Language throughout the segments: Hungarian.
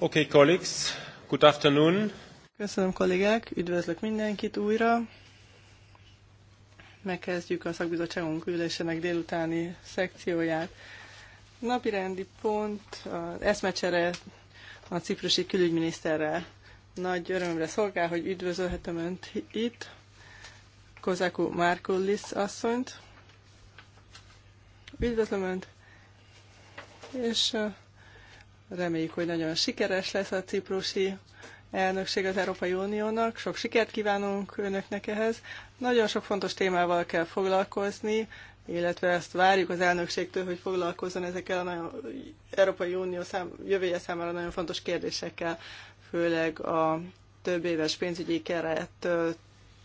Okay, colleagues, good afternoon. Köszönöm kollégák, üdvözlök mindenkit újra. Megkezdjük a szakbizottságunk ülésének délutáni szekcióját. Napirendi pont, az eszmecsere a ciprusi külügyminiszterrel. Nagy örömre szolgál, hogy üdvözölhetem Önt itt, Kozáku Márkullis asszonyt. Üdvözlöm Önt, és Reméljük, hogy nagyon sikeres lesz a ciprusi elnökség az Európai Uniónak. Sok sikert kívánunk önöknek ehhez. Nagyon sok fontos témával kell foglalkozni, illetve ezt várjuk az elnökségtől, hogy foglalkozzon ezekkel a nagyon, Európai Unió szám, jövője számára nagyon fontos kérdésekkel, főleg a több éves pénzügyi keret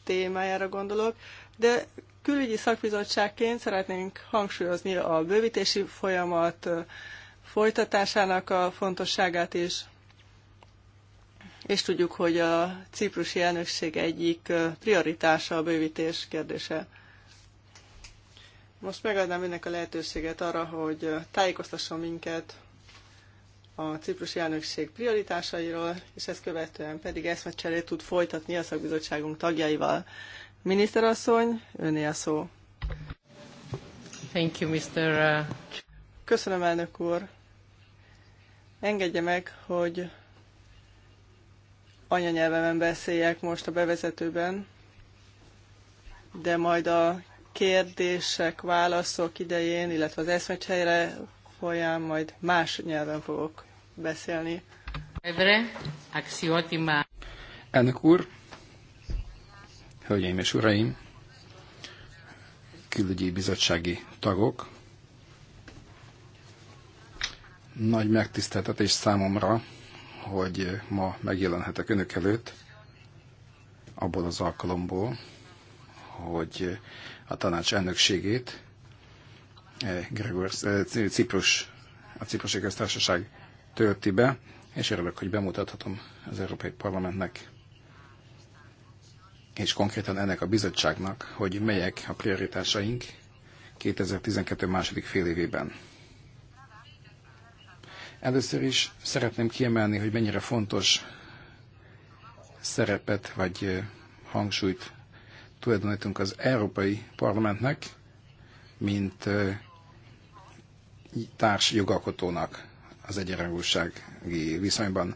témájára gondolok, de külügyi szakbizottságként szeretnénk hangsúlyozni a bővítési folyamat folytatásának a fontosságát is, és tudjuk, hogy a ciprusi elnökség egyik prioritása a bővítés kérdése. Most megadnám önnek a lehetőséget arra, hogy tájékoztasson minket a ciprusi elnökség prioritásairól, és ezt követően pedig eszmecserét tud folytatni a szakbizottságunk tagjaival. Miniszterasszony, öné a szó. Thank you, Mr. Köszönöm, elnök úr. Engedje meg, hogy anyanyelvemen beszéljek most a bevezetőben, de majd a kérdések, válaszok idején, illetve az eszmecsejre folyam majd más nyelven fogok beszélni. Elnök úr, hölgyeim és uraim, külügyi bizottsági tagok, nagy megtiszteltetés számomra, hogy ma megjelenhetek önök előtt abból az alkalomból, hogy a tanács elnökségét eh, Gregor, eh, Ciprus, a Ciprusi Köztársaság tölti be, és örülök, hogy bemutathatom az Európai Parlamentnek és konkrétan ennek a bizottságnak, hogy melyek a prioritásaink 2012 második fél évében. Először is szeretném kiemelni, hogy mennyire fontos szerepet vagy hangsúlyt tulajdonítunk az Európai Parlamentnek, mint társ jogalkotónak az egyenrangúsági viszonyban.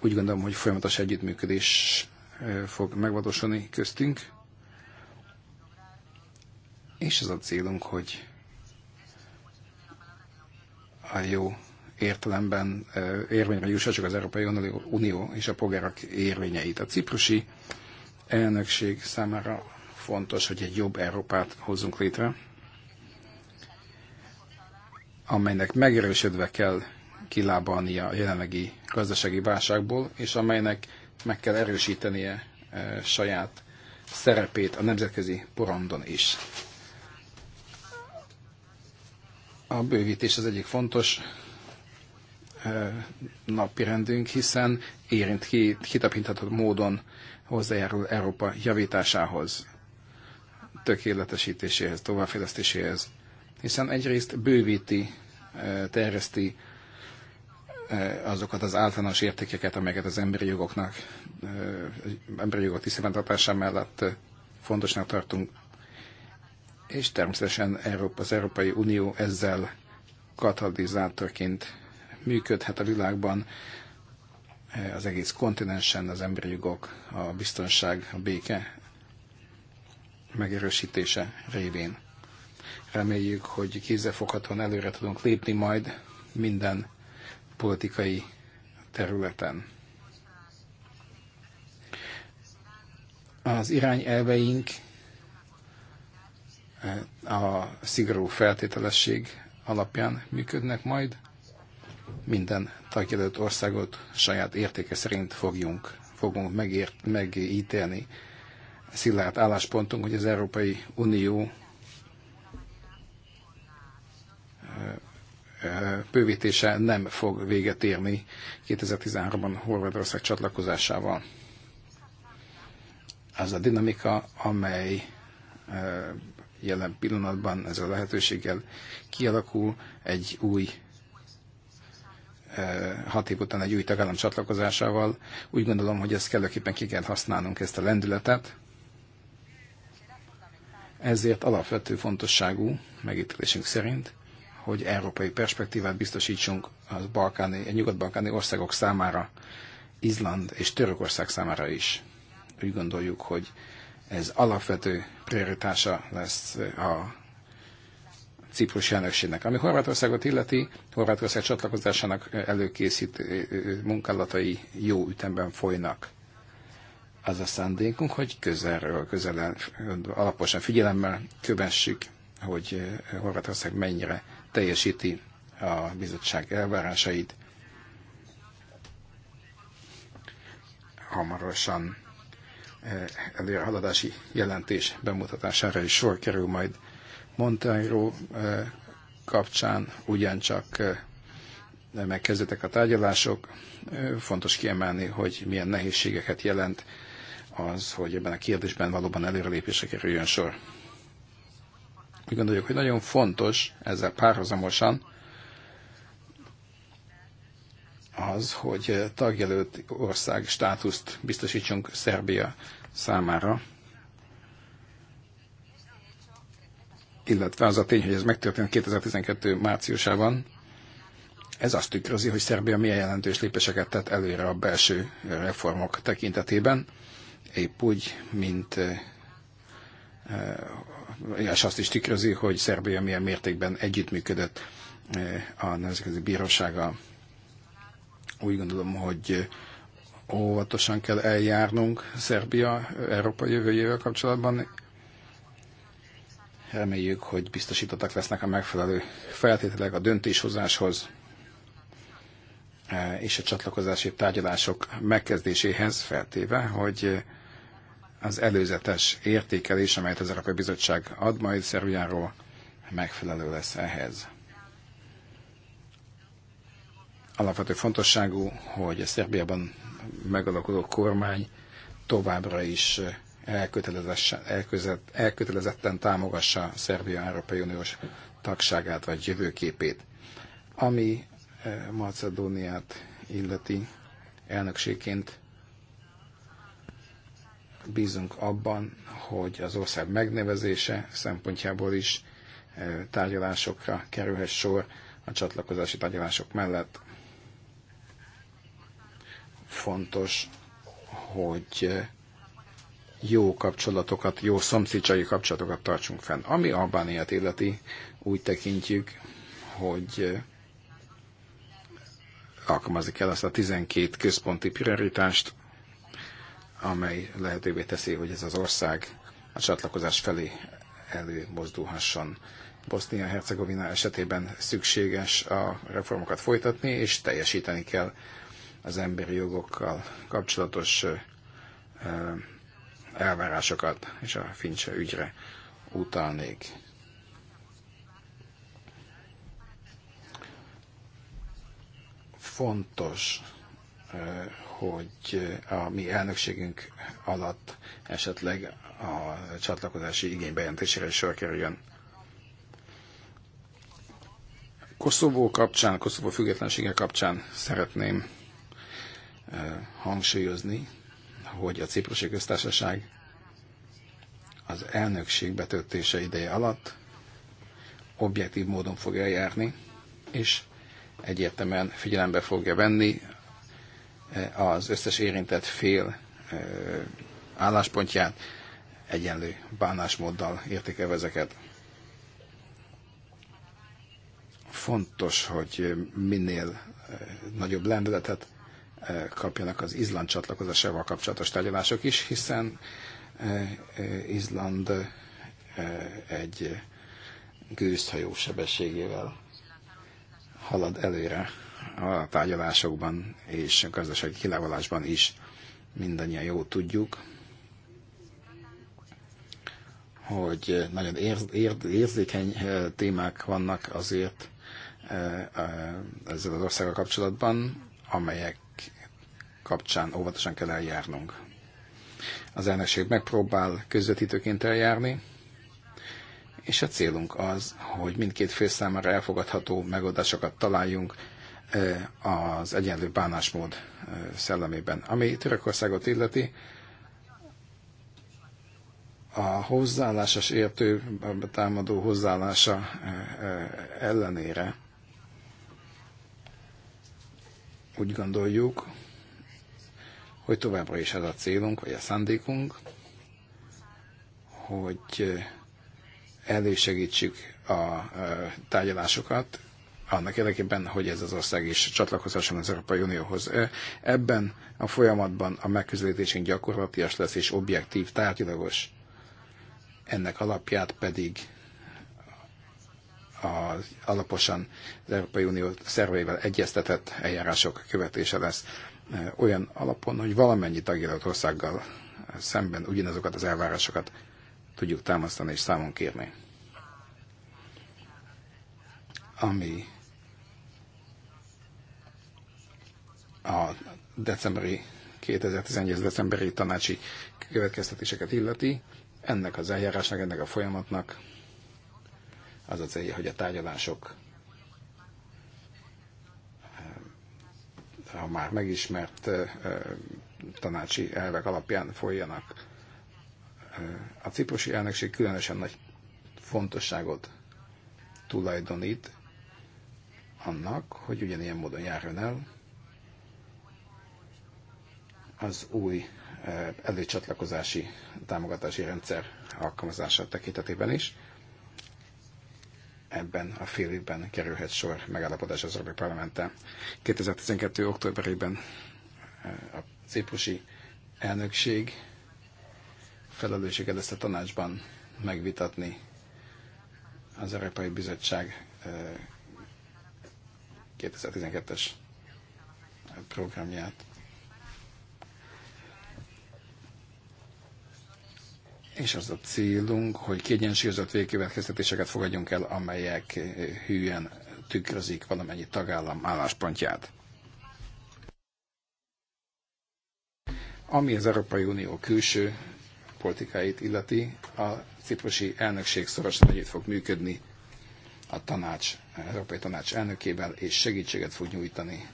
Úgy gondolom, hogy folyamatos együttműködés fog megvalósulni köztünk, és ez a célunk, hogy a jó értelemben érvényre jussassuk az Európai Unió és a polgárok érvényeit. A ciprusi elnökség számára fontos, hogy egy jobb Európát hozzunk létre, amelynek megerősödve kell kilábalnia a jelenlegi gazdasági válságból, és amelynek meg kell erősítenie saját szerepét a nemzetközi porondon is. A bővítés az egyik fontos napi rendünk, hiszen érint ki kitapintható módon hozzájárul Európa javításához, tökéletesítéséhez, továbbfejlesztéséhez, hiszen egyrészt bővíti, terjeszti azokat az általános értékeket, amelyeket az emberi jogoknak, emberi jogok tisztelettartása mellett fontosnak tartunk, és természetesen Európa, az Európai Unió ezzel katalizátorként működhet a világban, e, az egész kontinensen az emberi jogok, a biztonság, a béke megerősítése révén. Reméljük, hogy kézzelfoghatóan előre tudunk lépni majd minden politikai területen. Az irányelveink e, a szigorú feltételesség alapján működnek majd, minden tagjelölt országot saját értéke szerint fogjunk, fogunk megért, megítélni. Szilárd álláspontunk, hogy az Európai Unió bővítése nem fog véget érni 2013-ban Horvátország csatlakozásával. Az a dinamika, amely jelen pillanatban ezzel a lehetőséggel kialakul, egy új Eh, hat év után egy új tagállam csatlakozásával. Úgy gondolom, hogy ezt kellőképpen ki kell használnunk ezt a lendületet. Ezért alapvető fontosságú, megítélésünk szerint, hogy európai perspektívát biztosítsunk az balkáni, a nyugat-balkáni országok számára, Izland és Törökország számára is. Úgy gondoljuk, hogy ez alapvető prioritása lesz a Ciprus elnökségnek. Ami Horvátországot illeti, Horvátország csatlakozásának előkészít munkálatai jó ütemben folynak. Az a szándékunk, hogy közelről, közelen, alaposan figyelemmel kövessük, hogy Horvátország mennyire teljesíti a bizottság elvárásait. Hamarosan előrehaladási jelentés bemutatására is sor kerül majd Montenegro eh, kapcsán ugyancsak eh, megkezdődtek a tárgyalások. Eh, fontos kiemelni, hogy milyen nehézségeket jelent az, hogy ebben a kérdésben valóban előrelépésre kerüljön sor. Úgy gondoljuk, hogy nagyon fontos ezzel párhuzamosan az, hogy tagjelölt ország státuszt biztosítsunk Szerbia számára, illetve az a tény, hogy ez megtörtént 2012 márciusában, ez azt tükrözi, hogy Szerbia milyen jelentős lépéseket tett előre a belső reformok tekintetében, épp úgy, mint és azt is tükrözi, hogy Szerbia milyen mértékben együttműködött a Nemzetközi bírósága. Úgy gondolom, hogy óvatosan kell eljárnunk Szerbia Európa jövőjével kapcsolatban, Reméljük, hogy biztosítottak lesznek a megfelelő feltételek a döntéshozáshoz eh, és a csatlakozási tárgyalások megkezdéséhez, feltéve, hogy az előzetes értékelés, amelyet az Európai Bizottság ad majd Szerbiáról, megfelelő lesz ehhez. Alapvető fontosságú, hogy a Szerbiában megalakuló kormány továbbra is eh, elkötelezetten támogassa Szerbia Európai Uniós tagságát vagy jövőképét. Ami eh, Macedóniát illeti elnökségként bízunk abban, hogy az ország megnevezése szempontjából is eh, tárgyalásokra kerülhet sor a csatlakozási tárgyalások mellett. Fontos, hogy eh, jó kapcsolatokat, jó szomszédsági kapcsolatokat tartsunk fenn. Ami Albániát illeti, úgy tekintjük, hogy alkalmazni kell azt a 12 központi prioritást, amely lehetővé teszi, hogy ez az ország a csatlakozás felé előmozdulhasson. Bosznia-Hercegovina esetében szükséges a reformokat folytatni, és teljesíteni kell az emberi jogokkal kapcsolatos elvárásokat, és a fincse ügyre utalnék. Fontos, hogy a mi elnökségünk alatt esetleg a csatlakozási igény bejelentésére sor kerüljön. Koszovó kapcsán, Koszovó függetlensége kapcsán szeretném hangsúlyozni, hogy a Ciprusi Köztársaság az elnökség betöltése ideje alatt objektív módon fog eljárni, és egyértelműen figyelembe fogja venni e, az összes érintett fél e, álláspontját, egyenlő bánásmóddal értékelve ezeket. Fontos, hogy minél e, nagyobb lendületet E, kapjanak az Izland csatlakozásával kapcsolatos tárgyalások is, hiszen e, e, Izland egy gőzhajó sebességével halad előre a tárgyalásokban és a gazdasági kilávalásban is. Mindannyian jó tudjuk, hogy nagyon ér, érzékeny témák vannak azért ezzel az országgal kapcsolatban, amelyek kapcsán óvatosan kell eljárnunk. Az elnökség megpróbál közvetítőként eljárni, és a célunk az, hogy mindkét fél számára elfogadható megoldásokat találjunk az egyenlő bánásmód szellemében. Ami Törökországot illeti, a hozzáállásos értő támadó hozzáállása ellenére úgy gondoljuk, hogy továbbra is az a célunk, vagy a szándékunk, hogy elősegítsük a tárgyalásokat, annak érdekében, hogy ez az ország is csatlakozhasson az Európai Unióhoz. Ebben a folyamatban a megközelítésünk gyakorlatias lesz és objektív, tárgyalagos. Ennek alapját pedig az alaposan az Európai Unió szerveivel egyeztetett eljárások követése lesz. Eh, olyan alapon, hogy valamennyi tagjelölt országgal eh, szemben ugyanazokat az elvárásokat tudjuk támasztani és számon kérni. Ami a decemberi 2011. decemberi tanácsi következtetéseket illeti, ennek az eljárásnak, ennek a folyamatnak az a célja, hogy a tárgyalások a már megismert tanácsi elvek alapján folyjanak. A ciprusi elnökség különösen nagy fontosságot tulajdonít annak, hogy ugyanilyen módon járjon el az új előcsatlakozási támogatási rendszer alkalmazása tekintetében is ebben a fél évben kerülhet sor megállapodás az Európai Parlamenttel. 2012. októberében eh, a ciprusi elnökség felelőssége ezt a tanácsban megvitatni az Európai Bizottság 2012-es eh, programját. és az a célunk, hogy kiegyensúlyozott végkövetkeztetéseket fogadjunk el, amelyek hűen tükrözik valamennyi tagállam álláspontját. Ami az Európai Unió külső politikáit illeti, a ciprusi elnökség szorosan együtt fog működni a tanács, a Európai Tanács elnökével, és segítséget fog nyújtani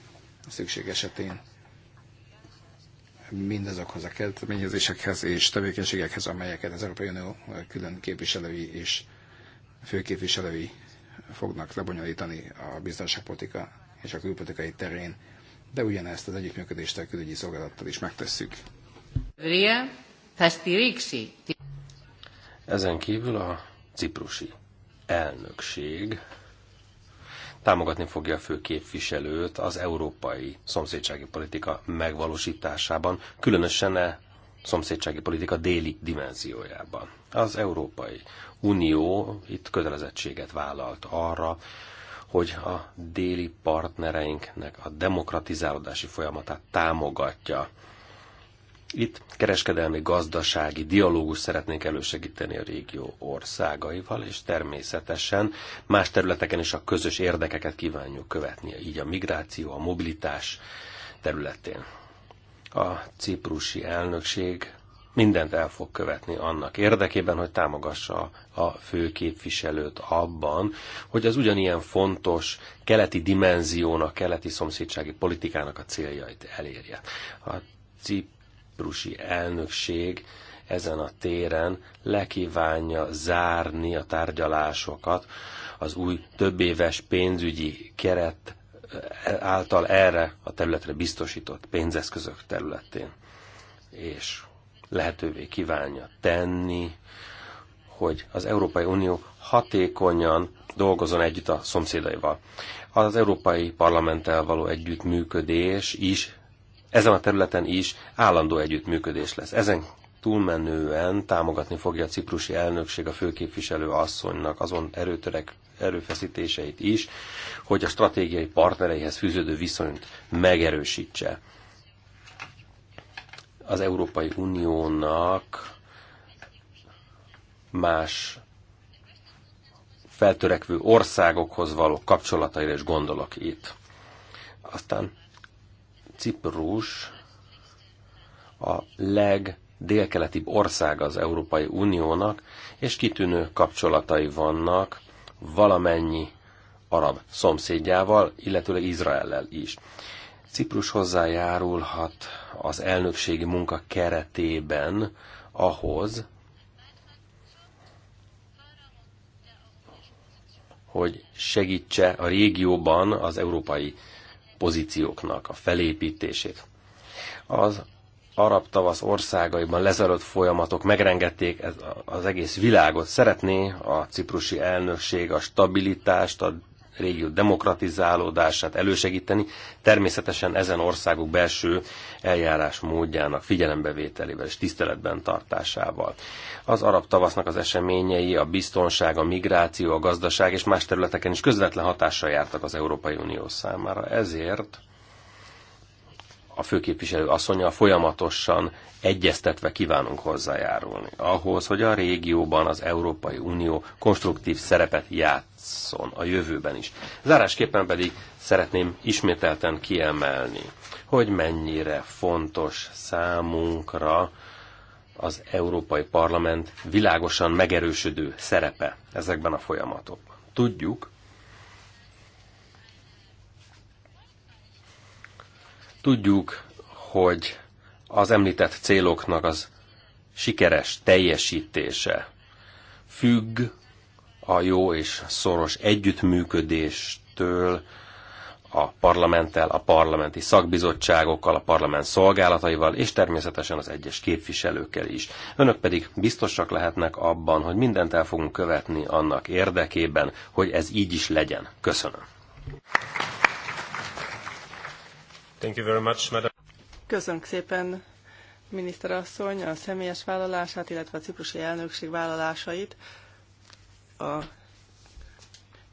a szükség esetén mindazokhoz a kezdeményezésekhez és tevékenységekhez, amelyeket az Európai Unió külön képviselői és főképviselői fognak lebonyolítani a biztonságpolitika és a külpolitikai terén, de ugyanezt az együttműködést a külügyi szolgálattal is megtesszük. Ezen kívül a ciprusi elnökség támogatni fogja a fő képviselőt az európai szomszédsági politika megvalósításában, különösen a e szomszédsági politika déli dimenziójában. Az Európai Unió itt kötelezettséget vállalt arra, hogy a déli partnereinknek a demokratizálódási folyamatát támogatja. Itt kereskedelmi, gazdasági dialógus szeretnénk elősegíteni a régió országaival, és természetesen más területeken is a közös érdekeket kívánjuk követni, így a migráció, a mobilitás területén. A ciprusi elnökség mindent el fog követni annak érdekében, hogy támogassa a fő képviselőt abban, hogy az ugyanilyen fontos keleti dimenziónak, keleti szomszédsági politikának a céljait elérje. A cip ciprusi elnökség ezen a téren lekívánja zárni a tárgyalásokat az új többéves pénzügyi keret e, által erre a területre biztosított pénzeszközök területén. És lehetővé kívánja tenni, hogy az Európai Unió hatékonyan dolgozon együtt a szomszédaival. Az Európai Parlamenttel való együttműködés is ezen a területen is állandó együttműködés lesz. Ezen túlmenően támogatni fogja a ciprusi elnökség a főképviselő asszonynak azon erőtörek, erőfeszítéseit is, hogy a stratégiai partnereihez fűződő viszonyt megerősítse. Az Európai Uniónak más feltörekvő országokhoz való kapcsolataira is gondolok itt. Aztán Ciprus a legdélkeletibb ország az Európai Uniónak, és kitűnő kapcsolatai vannak valamennyi arab szomszédjával, illetőleg Izraellel is. Ciprus hozzájárulhat az elnökségi munka keretében ahhoz, hogy segítse a régióban az európai pozícióknak a felépítését. Az arab tavasz országaiban lezajlott folyamatok megrengették ez az egész világot. Szeretné a ciprusi elnökség a stabilitást, a régió demokratizálódását elősegíteni, természetesen ezen országok belső eljárás módjának figyelembevételével és tiszteletben tartásával. Az arab tavasznak az eseményei, a biztonság, a migráció, a gazdaság és más területeken is közvetlen hatással jártak az Európai Unió számára. Ezért a főképviselő asszonya folyamatosan egyeztetve kívánunk hozzájárulni. Ahhoz, hogy a régióban az Európai Unió konstruktív szerepet játszon a jövőben is. Zárásképpen pedig szeretném ismételten kiemelni, hogy mennyire fontos számunkra az Európai Parlament világosan megerősödő szerepe ezekben a folyamatokban. Tudjuk, Tudjuk, hogy az említett céloknak az sikeres teljesítése függ a jó és szoros együttműködéstől a parlamenttel, a parlamenti szakbizottságokkal, a parlament szolgálataival, és természetesen az egyes képviselőkkel is. Önök pedig biztosak lehetnek abban, hogy mindent el fogunk követni annak érdekében, hogy ez így is legyen. Köszönöm. Thank you very much, madam. Köszönöm szépen, miniszterasszony, a személyes vállalását, illetve a ciprusi elnökség vállalásait a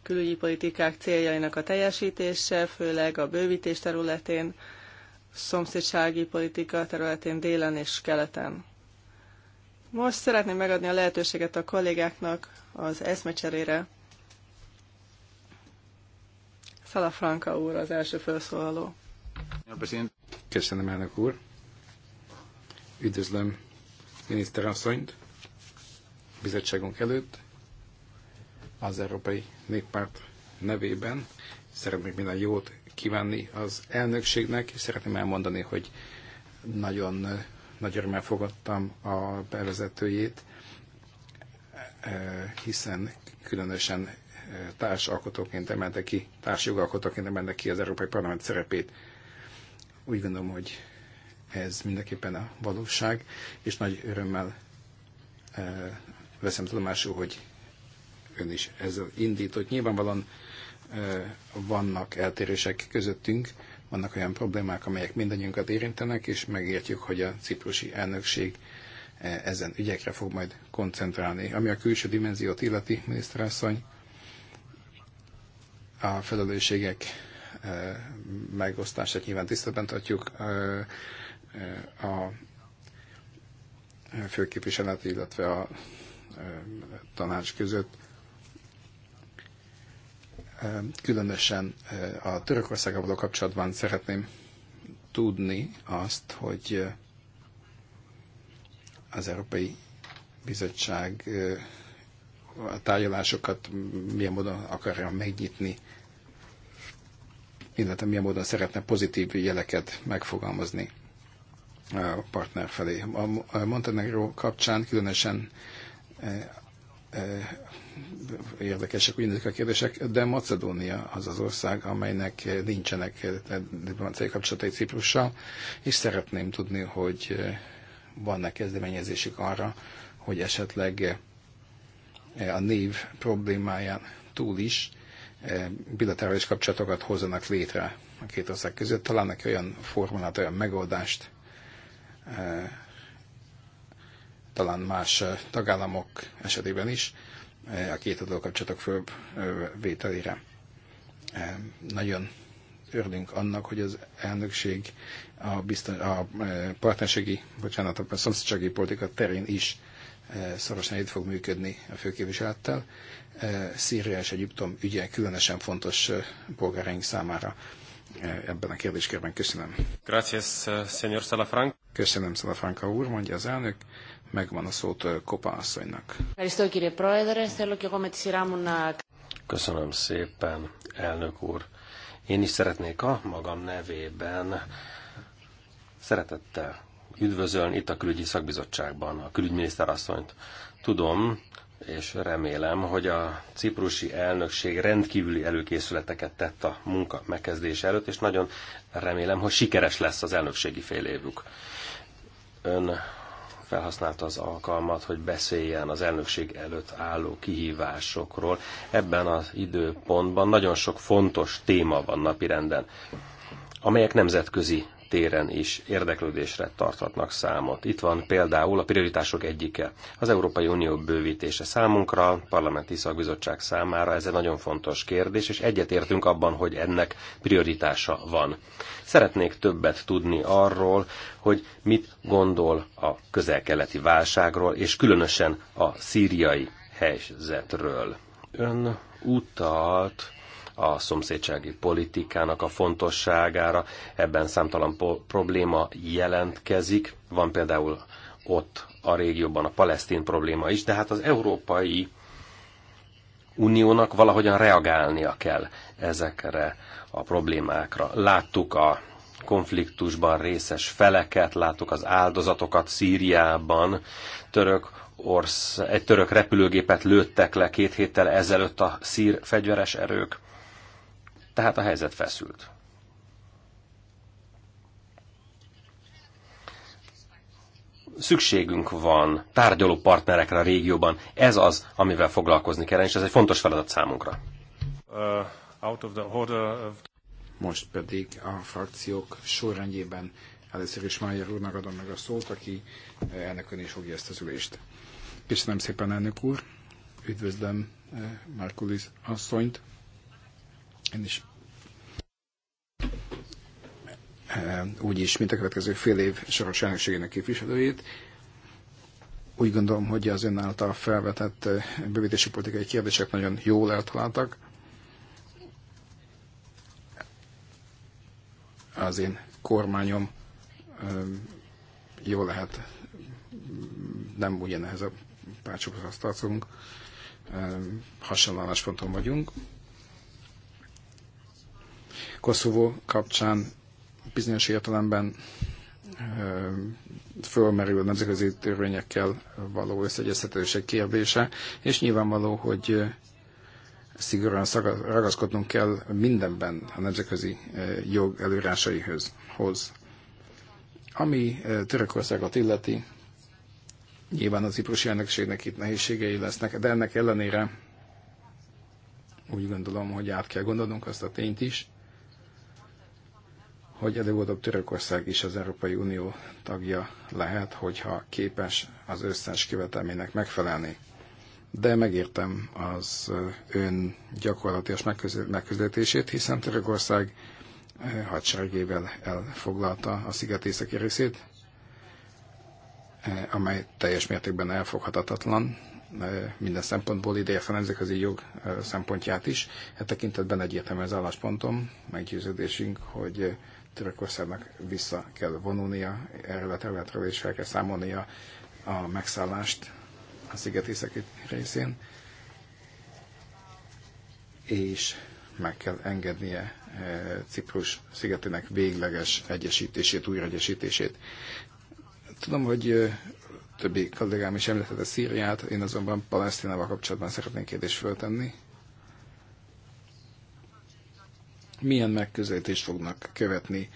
külügyi politikák céljainak a teljesítése, főleg a bővítés területén, szomszédsági politika területén délen és keleten. Most szeretném megadni a lehetőséget a kollégáknak az eszmecserére. Salafranca úr az első felszólaló. Köszönöm, elnök úr. Üdvözlöm miniszterasszonyt bizottságunk előtt az Európai Néppárt nevében. Szeretnék minden jót kívánni az elnökségnek, és szeretném elmondani, hogy nagyon nagy örömmel fogadtam a bevezetőjét, hiszen különösen társalkotóként emelte ki, társjogalkotóként emelte ki az Európai Parlament szerepét úgy gondolom, hogy ez mindenképpen a valóság, és nagy örömmel eh, veszem tudomásul, hogy ön is ezzel indított. Nyilvánvalóan eh, vannak eltérések közöttünk, vannak olyan problémák, amelyek mindannyiunkat érintenek, és megértjük, hogy a ciprusi elnökség eh, ezen ügyekre fog majd koncentrálni. Ami a külső dimenziót illeti, miniszterasszony, a felelősségek megosztását nyilván tiszteletben tartjuk. A főképviselet, illetve a tanács között különösen a Törökországgal való kapcsolatban szeretném tudni azt, hogy az Európai Bizottság a tárgyalásokat milyen módon akarja megnyitni illetve milyen módon szeretne pozitív jeleket megfogalmazni a partner felé. A Montenegro kapcsán különösen eh, eh, érdekesek ugyanezek a kérdések, de Macedónia az az ország, amelynek nincsenek eh, diplomáciai kapcsolatai Ciprussal, és szeretném tudni, hogy vannak kezdeményezésük arra, hogy esetleg a név problémáján túl is Eh, bilaterális kapcsolatokat hozzanak létre a két ország között, találnak olyan formulát, olyan megoldást, eh, talán más eh, tagállamok esetében is a két kapcsolatok főbb vételére. Nagyon örülünk annak, hogy az elnökség a, bizton, a partnerségi, bocsánat, a szomszédsági politika terén is szorosan együtt fog működni a főképviselettel. Eh, Szíria és Egyiptom ügye különösen fontos eh, polgáraink számára eh, ebben a kérdéskörben. Köszönöm. Gracias, señor Salafranca. Köszönöm, Salafranca úr, mondja az elnök. Megvan a szót Kopa asszonynak. Köszönöm szépen, elnök úr. Én is szeretnék a magam nevében szeretettel üdvözölni itt a külügyi szakbizottságban a külügyminiszter asszonyt. Tudom, és remélem, hogy a ciprusi elnökség rendkívüli előkészületeket tett a munka megkezdése előtt, és nagyon remélem, hogy sikeres lesz az elnökségi fél évük. Ön felhasználta az alkalmat, hogy beszéljen az elnökség előtt álló kihívásokról. Ebben az időpontban nagyon sok fontos téma van napirenden, amelyek nemzetközi téren is érdeklődésre tarthatnak számot. Itt van például a prioritások egyike. Az Európai Unió bővítése számunkra, parlamenti szakbizottság számára ez egy nagyon fontos kérdés, és egyetértünk abban, hogy ennek prioritása van. Szeretnék többet tudni arról, hogy mit gondol a közel-keleti válságról, és különösen a szíriai helyzetről. Ön utalt a szomszédsági politikának a fontosságára. Ebben számtalan probléma jelentkezik. Van például ott a régióban a palesztin probléma is, de hát az európai uniónak valahogyan reagálnia kell ezekre a problémákra. Láttuk a konfliktusban részes feleket, láttuk az áldozatokat Szíriában, török orsz, egy török repülőgépet lőttek le két héttel ezelőtt a szír fegyveres erők. Tehát a helyzet feszült. Szükségünk van tárgyaló partnerekre a régióban. Ez az, amivel foglalkozni kell, és ez egy fontos feladat számunkra. Uh, Most pedig a frakciók sorrendjében először is Májer úrnak adom meg a szót, aki elnökön eh, is fogja ezt az ülést. Köszönöm szépen, elnök úr! Üdvözlöm eh, Márkulis asszonyt! Én is Eh, úgyis, mint a következő fél év soros elnökségének képviselőjét. Úgy gondolom, hogy az ön által felvetett eh, bővítési politikai kérdések nagyon jól eltaláltak. Az én kormányom eh, jó lehet nem ugyanehez a párcsokhoz tartozunk, hasonló állásponton vagyunk. Koszovó kapcsán bizonyos értelemben fölmerül a nemzetközi törvényekkel való összeegyeztetőség kérdése, és nyilvánvaló, hogy szigorúan ragaszkodnunk kell mindenben a nemzetközi jog előrásaihoz. Hoz. Ami Törökországot illeti, nyilván az iprusi elnökségnek itt nehézségei lesznek, de ennek ellenére úgy gondolom, hogy át kell gondolnunk azt a tényt is, hogy előbb-utóbb Törökország is az Európai Unió tagja lehet, hogyha képes az összes követelménynek megfelelni. De megértem az ön gyakorlatilag megközelítését, hiszen Törökország hadseregével elfoglalta a sziget északi részét, amely teljes mértékben elfoghatatlan, minden szempontból ideértve az jog szempontját is. E tekintetben egyértelmű az álláspontom, meggyőződésünk, hogy Törökországnak vissza kell vonulnia erről a területről, és fel kell számolnia a megszállást a sziget északi részén, és meg kell engednie eh, Ciprus szigetének végleges egyesítését, újraegyesítését. Tudom, hogy eh, többi kollégám is említette Szíriát, én azonban Palesztinával kapcsolatban szeretnék kérdést föltenni. milyen megközelítést fognak követni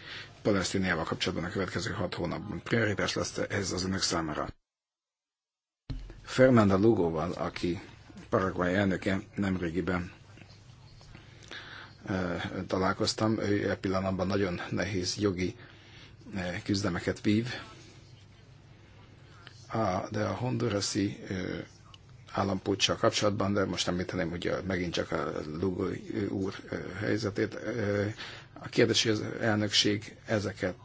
Palesztiniával kapcsolatban a következő hat hónapban? Prioritás lesz ez az önök számára? Fernanda Lugóval, aki Paraguay elnöke nemrégiben eh, találkoztam, ő e pillanatban nagyon nehéz jogi eh, küzdemeket vív, de a hondurasi eh, állampúcssal kapcsolatban, de most említeném ugye megint csak a Lugó úr helyzetét. A kérdés, hogy az elnökség ezeket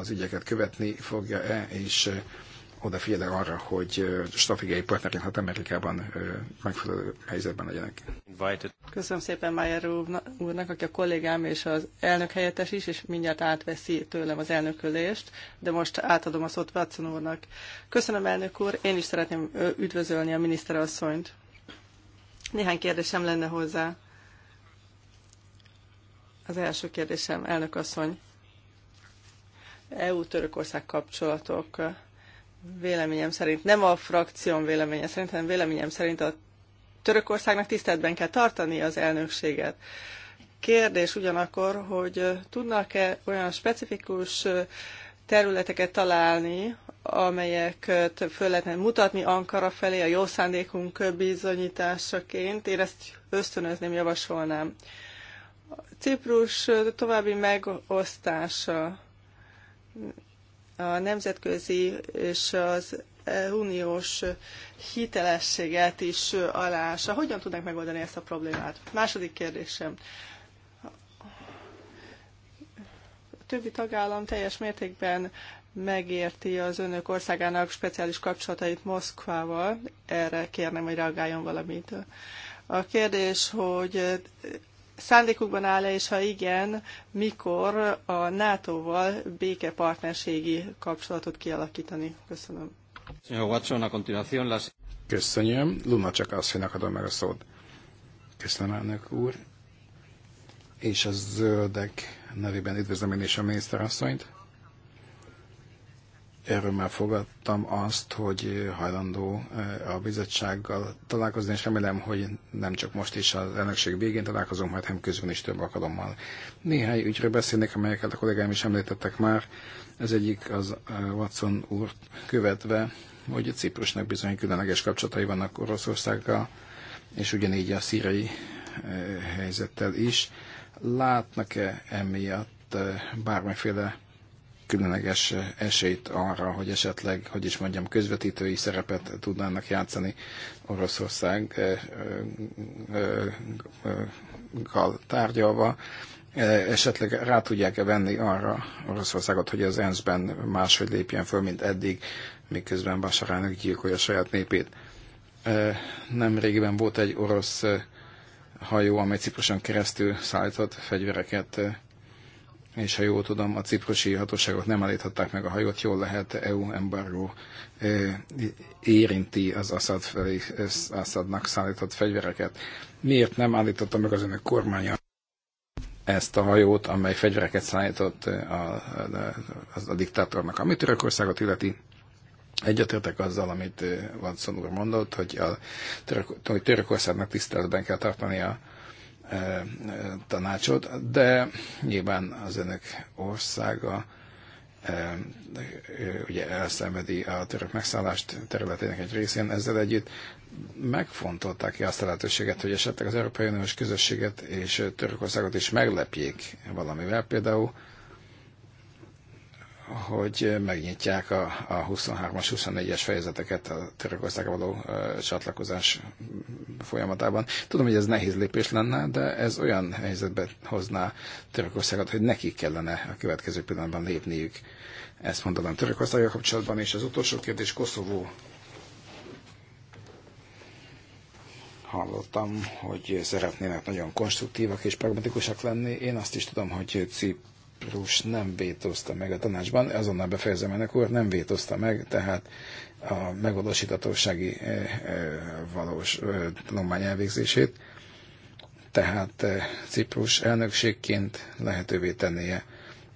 az ügyeket követni fogja-e, és odafigyel arra, hogy stratégiai partnerként hát Amerikában megfelelő helyzetben legyenek. Köszönöm szépen Mayer úrnak, aki a kollégám és az elnök helyettes is, és mindjárt átveszi tőlem az elnökölést, de most átadom a szót Watson úrnak. Köszönöm elnök úr, én is szeretném üdvözölni a miniszterasszonyt. Néhány kérdésem lenne hozzá. Az első kérdésem, elnök asszony. EU-Törökország kapcsolatok véleményem szerint, nem a frakcióm véleménye szerint, hanem véleményem szerint a Törökországnak tiszteletben kell tartani az elnökséget. Kérdés ugyanakkor, hogy tudnak-e olyan specifikus területeket találni, amelyeket föl lehetne mutatni Ankara felé a jó szándékunk bizonyításaként. Én ezt ösztönözném, javasolnám. Ciprus további megosztása a nemzetközi és az uniós hitelességet is alása. Hogyan tudnak megoldani ezt a problémát? Második kérdésem. A többi tagállam teljes mértékben megérti az önök országának speciális kapcsolatait Moszkvával. Erre kérnem, hogy reagáljon valamit. A kérdés, hogy szándékukban áll-e, és ha igen, mikor a NATO-val békepartnerségi kapcsolatot kialakítani? Köszönöm. Watson, a continuación las... Köszönöm. Luna csak asszonynak adom meg a szót. Köszönöm, elnök úr. És a zöldek nevében üdvözlöm én is a miniszterasszonyt már fogadtam azt, hogy hajlandó e, a bizottsággal találkozni, és remélem, hogy nem csak most is az elnökség végén találkozunk, majd hanem közben is több alkalommal. Néhány ügyről beszélnék, amelyeket a kollégáim is említettek már. Ez egyik az e, Watson úr követve, hogy a Ciprusnak bizony különleges kapcsolatai vannak Oroszországgal, és ugyanígy a szírai e, helyzettel is. Látnak-e emiatt bármiféle különleges eh, esélyt arra, hogy esetleg, hogy is mondjam, közvetítői szerepet tudnának játszani Oroszországgal eh, eh, tárgyalva, esetleg rá tudják-e venni arra Oroszországot, hogy az ENSZ-ben máshogy lépjen föl, mint eddig, miközben Bashar elnök gyilkolja saját népét. Nemrégiben volt egy orosz hajó, amely Cipruson keresztül szállított fegyvereket és ha jól tudom, a ciprusi hatóságok nem állíthatták meg a hajót, jól lehet EU embargo e, érinti az Assad felé, Assadnak szállított fegyvereket. Miért nem állította meg az önök kormánya ezt a hajót, amely fegyvereket szállított e, a, a, e, a, a diktátornak, ami Törökországot illeti? Egyetértek azzal, amit Vanszon úr mondott, hogy a török, hogy Törökországnak tiszteletben kell tartani a tanácsot, de nyilván az önök országa ugye elszenvedi a török megszállást területének egy részén, ezzel együtt megfontolták ki azt a lehetőséget, hogy esetleg az Európai Uniós közösséget és Törökországot is meglepjék valamivel, például hogy megnyitják a, a 23-as, 24-es fejezeteket a Törökországra való csatlakozás folyamatában. Tudom, hogy ez nehéz lépés lenne, de ez olyan helyzetbe hozná Törökországot, hogy nekik kellene a következő pillanatban lépniük. Ezt mondanám Törökországgal kapcsolatban, és az utolsó kérdés Koszovó. hallottam, hogy szeretnének nagyon konstruktívak és pragmatikusak lenni. Én azt is tudom, hogy Cip Rus nem vétózta meg a tanácsban, azonnal befejezem ennek úr, nem vétózta meg, tehát a megvalósítatósági eh, eh, valós eh, tanulmány elvégzését, tehát Ciprus elnökségként lehetővé tennie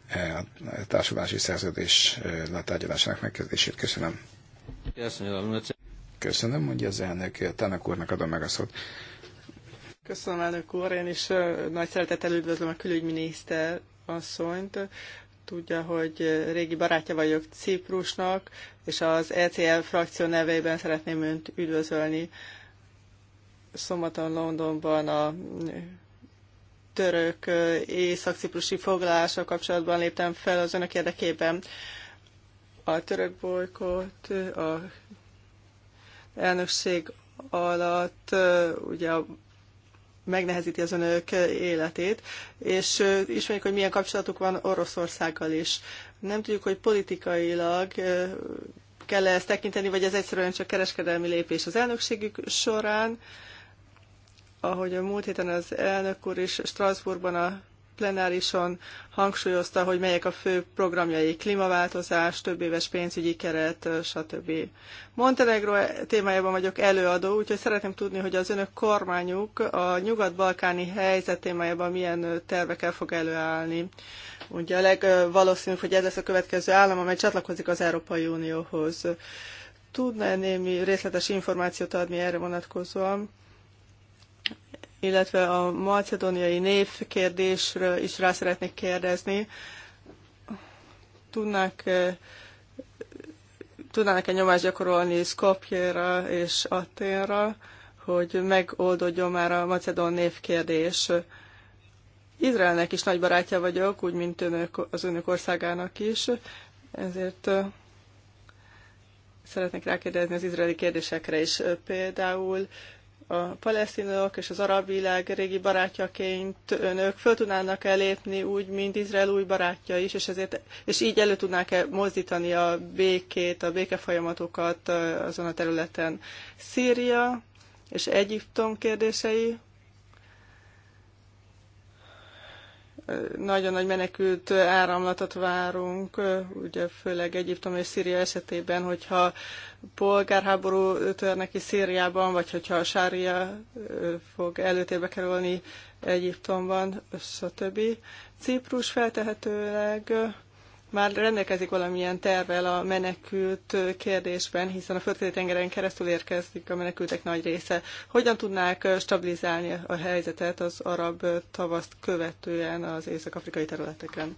a társulási szerződés letárgyalásának megkezdését. Köszönöm. Köszönöm, mondja az elnök. Tanak úrnak adom meg a szót. Köszönöm, elnök úr. Én is nagy szeretettel üdvözlöm a külügyminiszter asszonyt. Tudja, hogy régi barátja vagyok Ciprusnak, és az ECL frakció nevében szeretném önt üdvözölni. Szombaton Londonban a török észak-ciprusi foglalása kapcsolatban léptem fel az önök érdekében. A török bolykot a elnökség alatt ugye a megnehezíti az önök életét, és ismerjük, hogy milyen kapcsolatuk van Oroszországgal is. Nem tudjuk, hogy politikailag kell -e ezt tekinteni, vagy ez egyszerűen csak kereskedelmi lépés az elnökségük során. Ahogy a múlt héten az elnök úr is Strasbourgban a plenárison hangsúlyozta, hogy melyek a fő programjai, klímaváltozás, többéves pénzügyi keret, stb. Montenegro témájában vagyok előadó, úgyhogy szeretném tudni, hogy az önök kormányuk a nyugat-balkáni helyzet témájában milyen tervekkel fog előállni. Ugye a legvalószínűbb, hogy ez lesz a következő állam, amely csatlakozik az Európai Unióhoz. Tudna-e némi részletes információt adni erre vonatkozóan? illetve a macedóniai név kérdésről is rá szeretnék kérdezni. Tudnak eh, tudnának-e nyomást gyakorolni Skopjéra és Aténra, hogy megoldódjon már a macedón névkérdés. Izraelnek is nagy barátja vagyok, úgy, mint önök, az önök országának is, ezért eh, szeretnék rákérdezni az izraeli kérdésekre is. Például a palesztinok és az arab világ régi barátjaként önök föl tudnának elépni úgy, mint Izrael új barátja is, és, ezért, és így elő tudnák -e mozdítani a békét, a békefolyamatokat azon a területen. Szíria és Egyiptom kérdései nagyon nagy menekült áramlatot várunk, ugye főleg Egyiptom és Szíria esetében, hogyha polgárháború törnek ki Szíriában, vagy hogyha a sária fog előtérbe kerülni Egyiptomban, stb. Ciprus feltehetőleg már rendelkezik valamilyen tervel a menekült kérdésben, hiszen a földközi tengeren keresztül érkezik a menekültek nagy része. Hogyan tudnák stabilizálni a helyzetet az arab tavaszt követően az észak-afrikai területeken?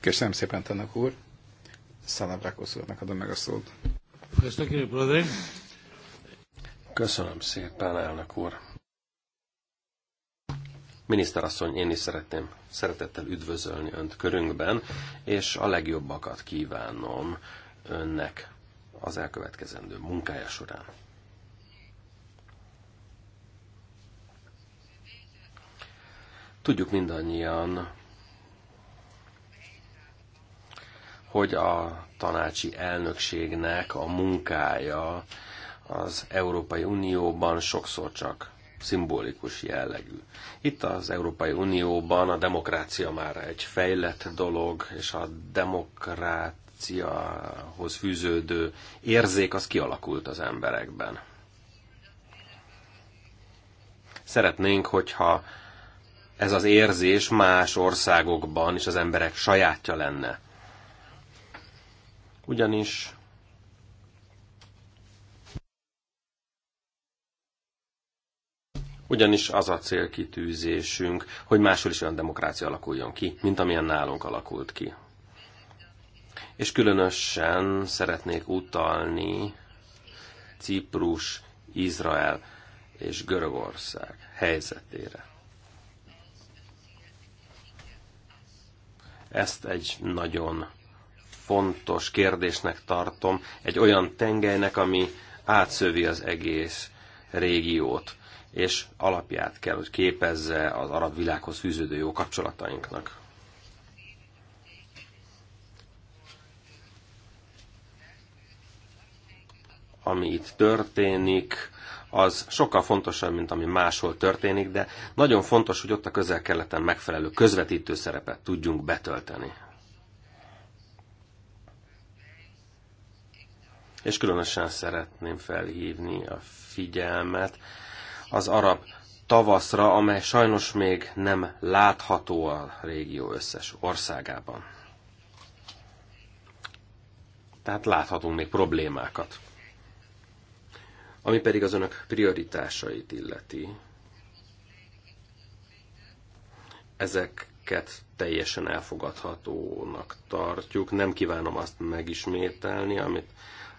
Köszönöm szépen, Tanak úr. Szalabrakosz úrnak adom meg a szót. Köszönöm szépen, elnök úr. Miniszterasszony, én is szeretném szeretettel üdvözölni Önt körünkben, és a legjobbakat kívánom Önnek az elkövetkezendő munkája során. Tudjuk mindannyian, hogy a tanácsi elnökségnek a munkája az Európai Unióban sokszor csak szimbolikus jellegű. Itt az Európai Unióban a demokrácia már egy fejlett dolog, és a demokráciahoz fűződő érzék az kialakult az emberekben. Szeretnénk, hogyha ez az érzés más országokban is az emberek sajátja lenne. Ugyanis Ugyanis az a célkitűzésünk, hogy máshol is olyan demokrácia alakuljon ki, mint amilyen nálunk alakult ki. És különösen szeretnék utalni Ciprus, Izrael és Görögország helyzetére. Ezt egy nagyon fontos kérdésnek tartom, egy olyan tengelynek, ami átszövi az egész régiót és alapját kell, hogy képezze az arab világhoz fűződő jó kapcsolatainknak. Ami itt történik, az sokkal fontosabb, mint ami máshol történik, de nagyon fontos, hogy ott a közel-keleten megfelelő közvetítő szerepet tudjunk betölteni. És különösen szeretném felhívni a figyelmet az arab tavaszra, amely sajnos még nem látható a régió összes országában. Tehát láthatunk még problémákat. Ami pedig az önök prioritásait illeti, ezeket teljesen elfogadhatónak tartjuk. Nem kívánom azt megismételni, amit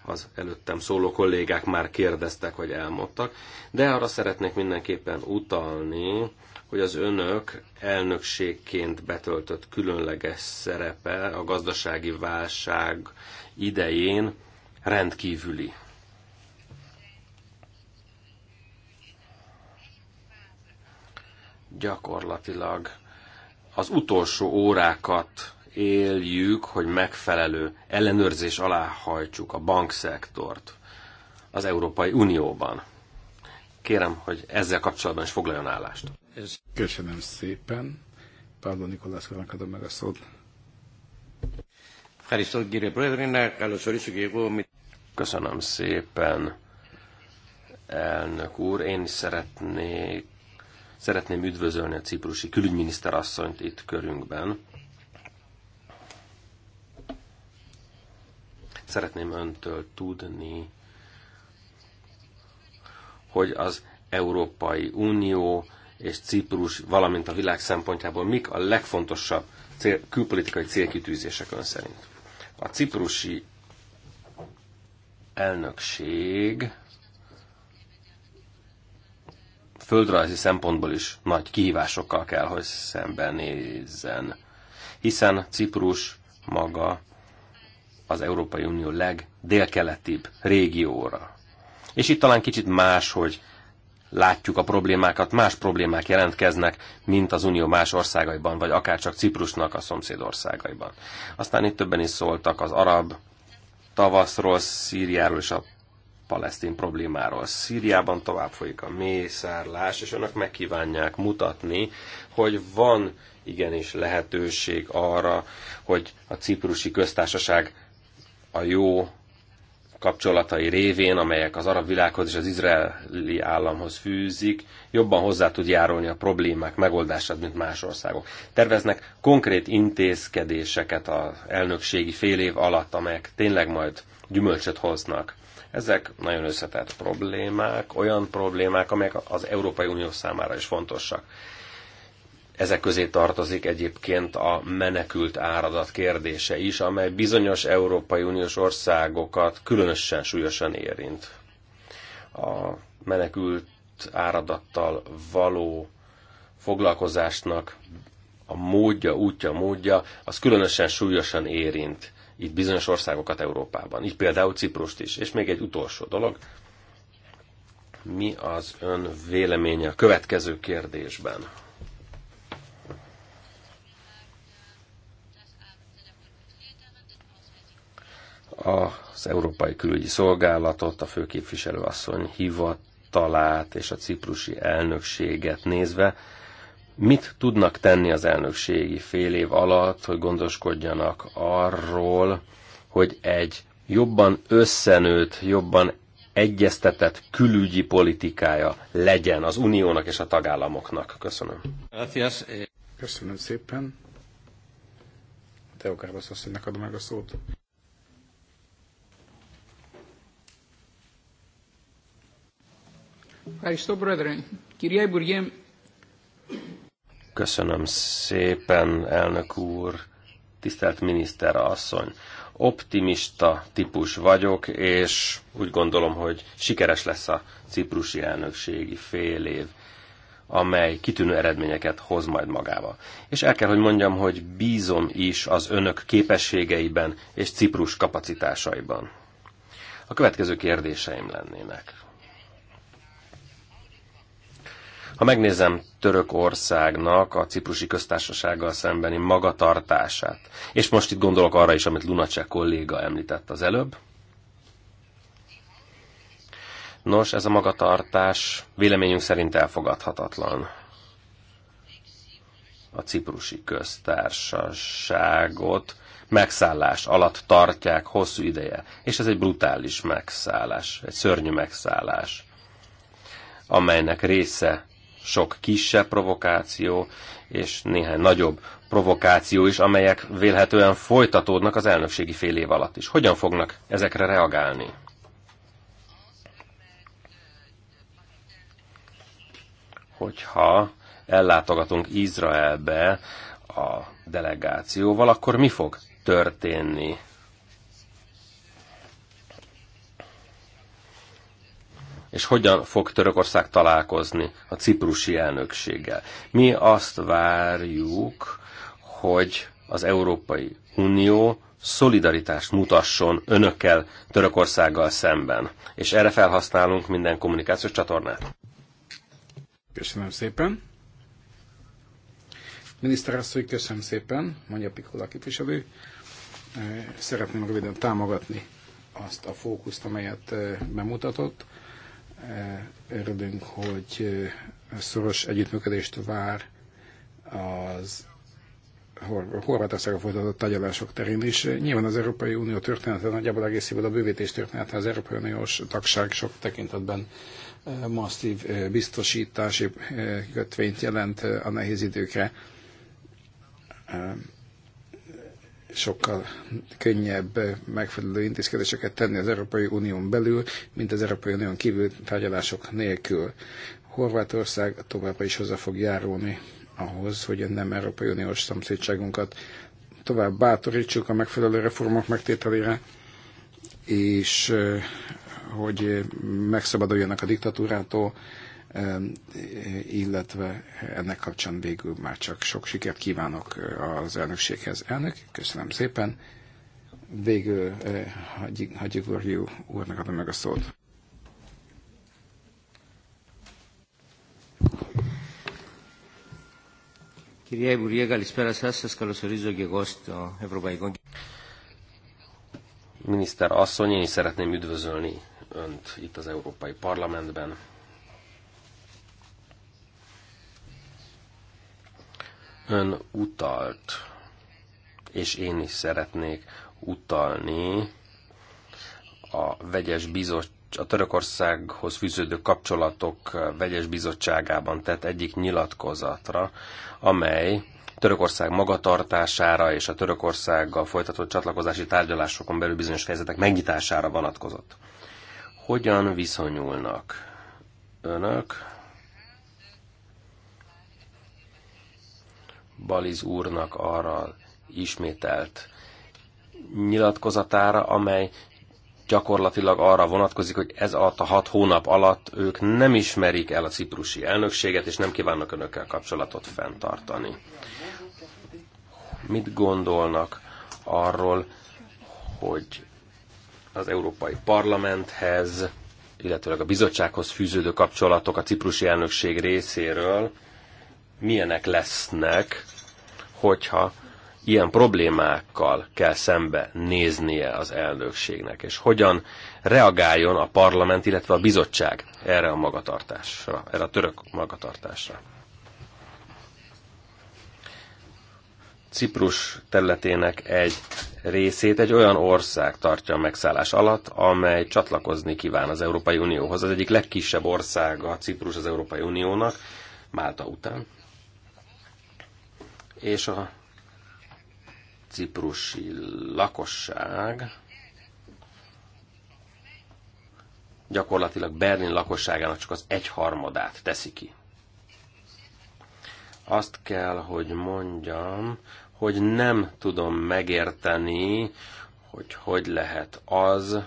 az előttem szóló kollégák már kérdeztek, hogy elmondtak, de arra szeretnék mindenképpen utalni, hogy az önök elnökségként betöltött különleges szerepe a gazdasági válság idején rendkívüli. Gyakorlatilag az utolsó órákat éljük, hogy megfelelő ellenőrzés alá hajtsuk a bankszektort az Európai Unióban. Kérem, hogy ezzel kapcsolatban is foglaljon állást. Köszönöm szépen. Pavlo Nikolászkonak adom meg a szót. Köszönöm szépen, elnök úr. Én is szeretnék, szeretném üdvözölni a ciprusi külügyminiszter asszonyt itt körünkben. Szeretném öntől tudni, hogy az Európai Unió és Ciprus, valamint a világ szempontjából mik a legfontosabb cél, külpolitikai célkitűzések ön szerint. A ciprusi elnökség földrajzi szempontból is nagy kihívásokkal kell, hogy szembenézzen, hiszen Ciprus maga az Európai Unió legdélkeletibb régióra. És itt talán kicsit más, hogy látjuk a problémákat, más problémák jelentkeznek, mint az Unió más országaiban, vagy akár csak Ciprusnak a szomszéd országaiban. Aztán itt többen is szóltak az arab tavaszról, Szíriáról és a palesztin problémáról. Szíriában tovább folyik a mészárlás, és önök megkívánják mutatni, hogy van igenis lehetőség arra, hogy a ciprusi köztársaság a jó kapcsolatai révén, amelyek az arab világhoz és az izraeli államhoz fűzik, jobban hozzá tud járulni a problémák megoldását, mint más országok. Terveznek konkrét intézkedéseket az elnökségi fél év alatt, amelyek tényleg majd gyümölcsöt hoznak. Ezek nagyon összetett problémák, olyan problémák, amelyek az Európai Unió számára is fontosak. Ezek közé tartozik egyébként a menekült áradat kérdése is, amely bizonyos Európai Uniós országokat különösen súlyosan érint. A menekült áradattal való foglalkozásnak a módja, útja, módja, az különösen súlyosan érint itt bizonyos országokat Európában, így például Ciprust is. És még egy utolsó dolog, mi az ön véleménye a következő kérdésben? az Európai Külügyi Szolgálatot, a főképviselőasszony hivatalát és a ciprusi elnökséget nézve, mit tudnak tenni az elnökségi fél év alatt, hogy gondoskodjanak arról, hogy egy jobban összenőtt, jobban egyeztetett külügyi politikája legyen az uniónak és a tagállamoknak. Köszönöm. Köszönöm szépen. Teokárosz asszonynak adom meg a szót. Ευχαριστώ, Πρόεδρε. Κυρία Υπουργέ... Köszönöm szépen, elnök úr, tisztelt miniszter asszony. Optimista típus vagyok, és úgy gondolom, hogy sikeres lesz a ciprusi elnökségi fél év amely kitűnő eredményeket hoz majd magába. És el kell, hogy mondjam, hogy bízom is az önök képességeiben és Ciprus kapacitásaiban. A következő kérdéseim lennének. Ha megnézem Törökországnak a ciprusi köztársasággal szembeni magatartását, és most itt gondolok arra is, amit Lunacek kolléga említett az előbb, Nos, ez a magatartás véleményünk szerint elfogadhatatlan. A ciprusi köztársaságot megszállás alatt tartják hosszú ideje, és ez egy brutális megszállás, egy szörnyű megszállás, amelynek része sok kisebb provokáció és néhány nagyobb provokáció is, amelyek vélhetően folytatódnak az elnökségi fél év alatt is. Hogyan fognak ezekre reagálni? Hogyha ellátogatunk Izraelbe a delegációval, akkor mi fog történni? és hogyan fog Törökország találkozni a ciprusi elnökséggel. Mi azt várjuk, hogy az Európai Unió szolidaritást mutasson önökkel Törökországgal szemben. És erre felhasználunk minden kommunikációs csatornát. Köszönöm szépen. Miniszter asszony, köszönöm szépen, mondja Pikola képviselő. Szeretném röviden támogatni azt a fókuszt, amelyet eh, bemutatott. Eh, örülünk, hogy eh, szoros együttműködést vár az Hor- folytatott tárgyalások terén is. Nyilván az Európai Unió története nagyjából egész a bővítés története, az Európai Uniós tagság sok tekintetben eh, masszív biztosítási kötvényt jelent a nehéz időkre sokkal könnyebb megfelelő intézkedéseket tenni az Európai Unión belül, mint az Európai Unión kívül tárgyalások nélkül. Horvátország továbbra is hozzá fog járulni ahhoz, hogy a nem Európai Uniós szomszédságunkat tovább bátorítsuk a megfelelő reformok megtételére, és eh, hogy megszabaduljanak a diktatúrától, illetve ennek kapcsán végül már csak sok sikert kívánok eh, az elnökséghez. Elnök, köszönöm szépen. Végül eh, hagyjuk Varjú úrnak adom meg a szót. Miniszter asszony, én is szeretném üdvözölni Önt itt az Európai Parlamentben. ön utalt, és én is szeretnék utalni a vegyes bizottság a Törökországhoz fűződő kapcsolatok vegyes bizottságában tett egyik nyilatkozatra, amely Törökország magatartására és a Törökországgal folytatott csatlakozási tárgyalásokon belül bizonyos fejezetek megnyitására vonatkozott. Hogyan viszonyulnak önök Baliz úrnak arra ismételt nyilatkozatára, amely gyakorlatilag arra vonatkozik, hogy ez alatt a hat hónap alatt ők nem ismerik el a ciprusi elnökséget, és nem kívánnak önökkel kapcsolatot fenntartani. Mit gondolnak arról, hogy az Európai Parlamenthez, illetőleg a bizottsághoz fűződő kapcsolatok a ciprusi elnökség részéről milyenek lesznek, hogyha ilyen problémákkal kell szembe néznie az elnökségnek, és hogyan reagáljon a parlament, illetve a bizottság erre a magatartásra, erre a török magatartásra. Ciprus területének egy részét egy olyan ország tartja a megszállás alatt, amely csatlakozni kíván az Európai Unióhoz. Az egyik legkisebb országa Ciprus az Európai Uniónak, Málta után és a ciprusi lakosság gyakorlatilag Berlin lakosságának csak az egyharmadát teszi ki. Azt kell, hogy mondjam, hogy nem tudom megérteni, hogy hogy lehet az,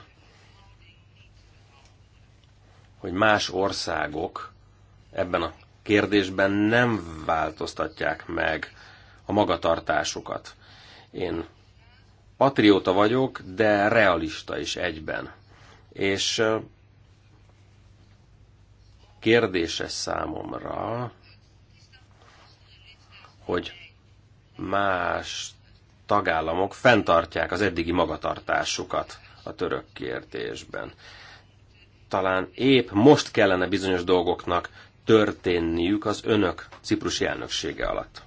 hogy más országok ebben a kérdésben nem változtatják meg a magatartásukat. Én patrióta vagyok, de realista is egyben. És kérdése számomra, hogy más tagállamok fenntartják az eddigi magatartásukat a török kérdésben. Talán épp most kellene bizonyos dolgoknak történniük az önök ciprusi elnöksége alatt.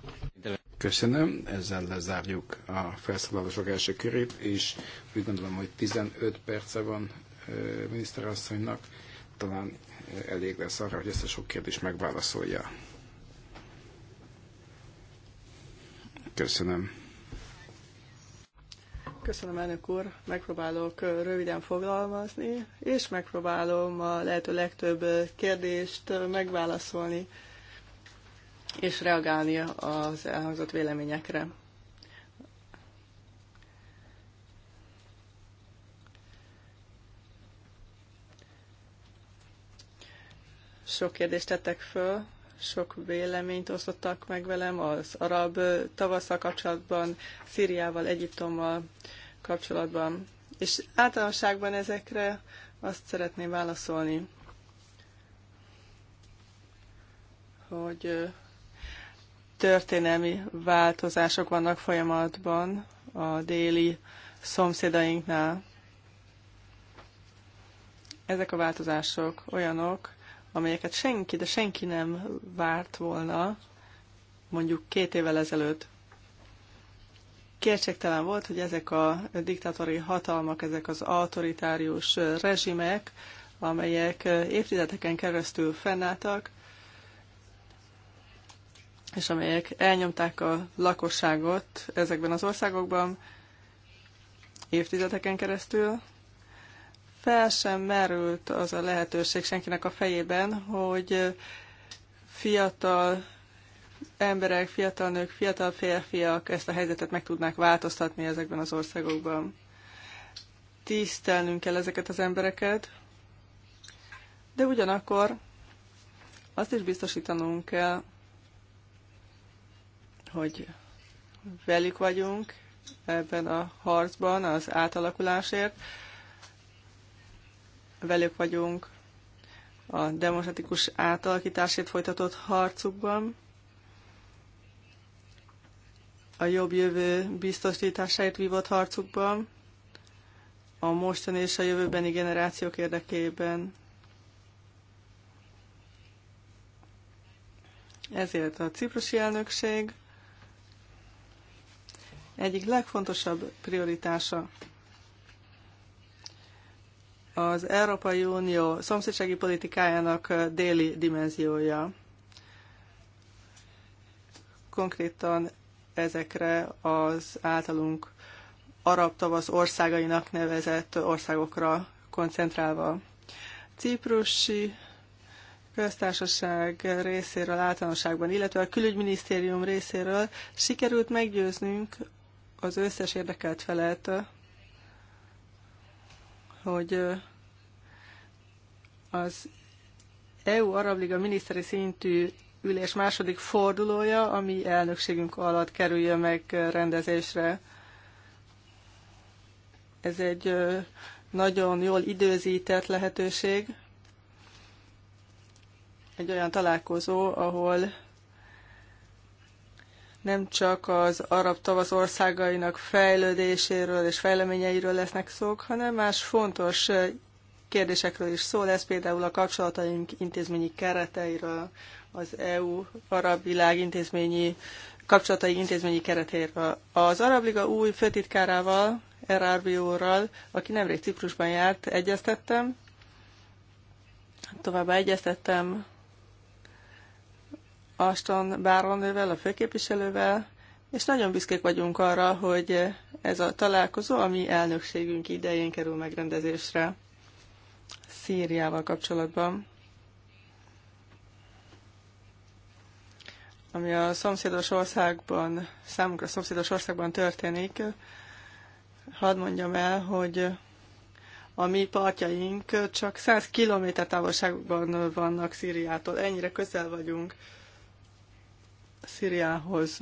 Köszönöm, ezzel lezárjuk a felszólalások első körét, és úgy gondolom, hogy 15 perce van miniszterasszonynak, talán elég lesz arra, hogy ezt a sok kérdést megválaszolja. Köszönöm. Köszönöm, elnök úr. Megpróbálok röviden foglalmazni, és megpróbálom a lehető legtöbb kérdést megválaszolni és reagálni az elhangzott véleményekre. Sok kérdést tettek föl, sok véleményt osztottak meg velem az arab tavasszal kapcsolatban, Szíriával, Egyiptommal kapcsolatban. És általánosságban ezekre azt szeretném válaszolni, hogy történelmi változások vannak folyamatban a déli szomszédainknál. Ezek a változások olyanok, amelyeket senki, de senki nem várt volna mondjuk két évvel ezelőtt. Kértségtelen volt, hogy ezek a diktatóri hatalmak, ezek az autoritárius rezsimek, amelyek évtizedeken keresztül fennálltak, és amelyek elnyomták a lakosságot ezekben az országokban évtizedeken keresztül, fel sem merült az a lehetőség senkinek a fejében, hogy fiatal emberek, fiatal nők, fiatal férfiak ezt a helyzetet meg tudnák változtatni ezekben az országokban. Tisztelnünk kell ezeket az embereket, de ugyanakkor azt is biztosítanunk kell, hogy velük vagyunk ebben a harcban, az átalakulásért. Velük vagyunk a demokratikus átalakításért folytatott harcukban, a jobb jövő biztosításáért vívott harcukban, a mostani és a jövőbeni generációk érdekében. Ezért a ciprusi elnökség egyik legfontosabb prioritása az Európai Unió szomszédsági politikájának déli dimenziója. Konkrétan ezekre az általunk arab tavasz országainak nevezett országokra koncentrálva. Ciprusi köztársaság részéről általánosságban, illetve a külügyminisztérium részéről sikerült meggyőznünk az összes érdekelt felelt, hogy az EU Arab Liga miniszteri szintű ülés második fordulója, ami elnökségünk alatt kerülje meg rendezésre. Ez egy nagyon jól időzített lehetőség. Egy olyan találkozó, ahol nem csak az arab tavasz országainak fejlődéséről és fejleményeiről lesznek szók, hanem más fontos kérdésekről is szó lesz, például a kapcsolataink intézményi kereteiről, az EU arab világ intézményi kapcsolatai intézményi keretéről. Az Arab Liga új főtitkárával, RRBO-ral, aki nemrég Ciprusban járt, egyeztettem. Továbbá egyeztettem Aston Báronővel, a főképviselővel, és nagyon büszkék vagyunk arra, hogy ez a találkozó, ami elnökségünk idején kerül megrendezésre Szíriával kapcsolatban. Ami a szomszédos országban, számunkra szomszédos országban történik, hadd mondjam el, hogy a mi partjaink csak 100 km távolságban vannak Szíriától, ennyire közel vagyunk Szíriához.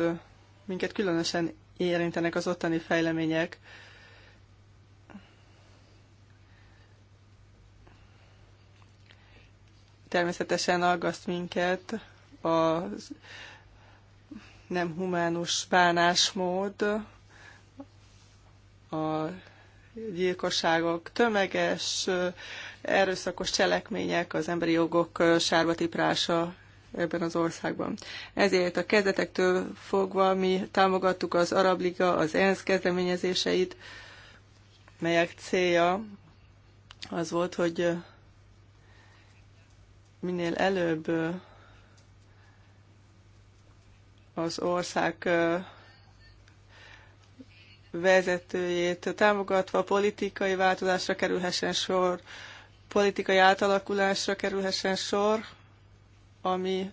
Minket különösen érintenek az ottani fejlemények. Természetesen aggaszt minket a nem humánus bánásmód, a gyilkosságok, tömeges, erőszakos cselekmények, az emberi jogok sárba tiprása ebben az országban. Ezért a kezdetektől fogva mi támogattuk az Arab Liga, az ENSZ kezdeményezéseit, melyek célja az volt, hogy minél előbb az ország vezetőjét támogatva politikai változásra kerülhessen sor, politikai átalakulásra kerülhessen sor, ami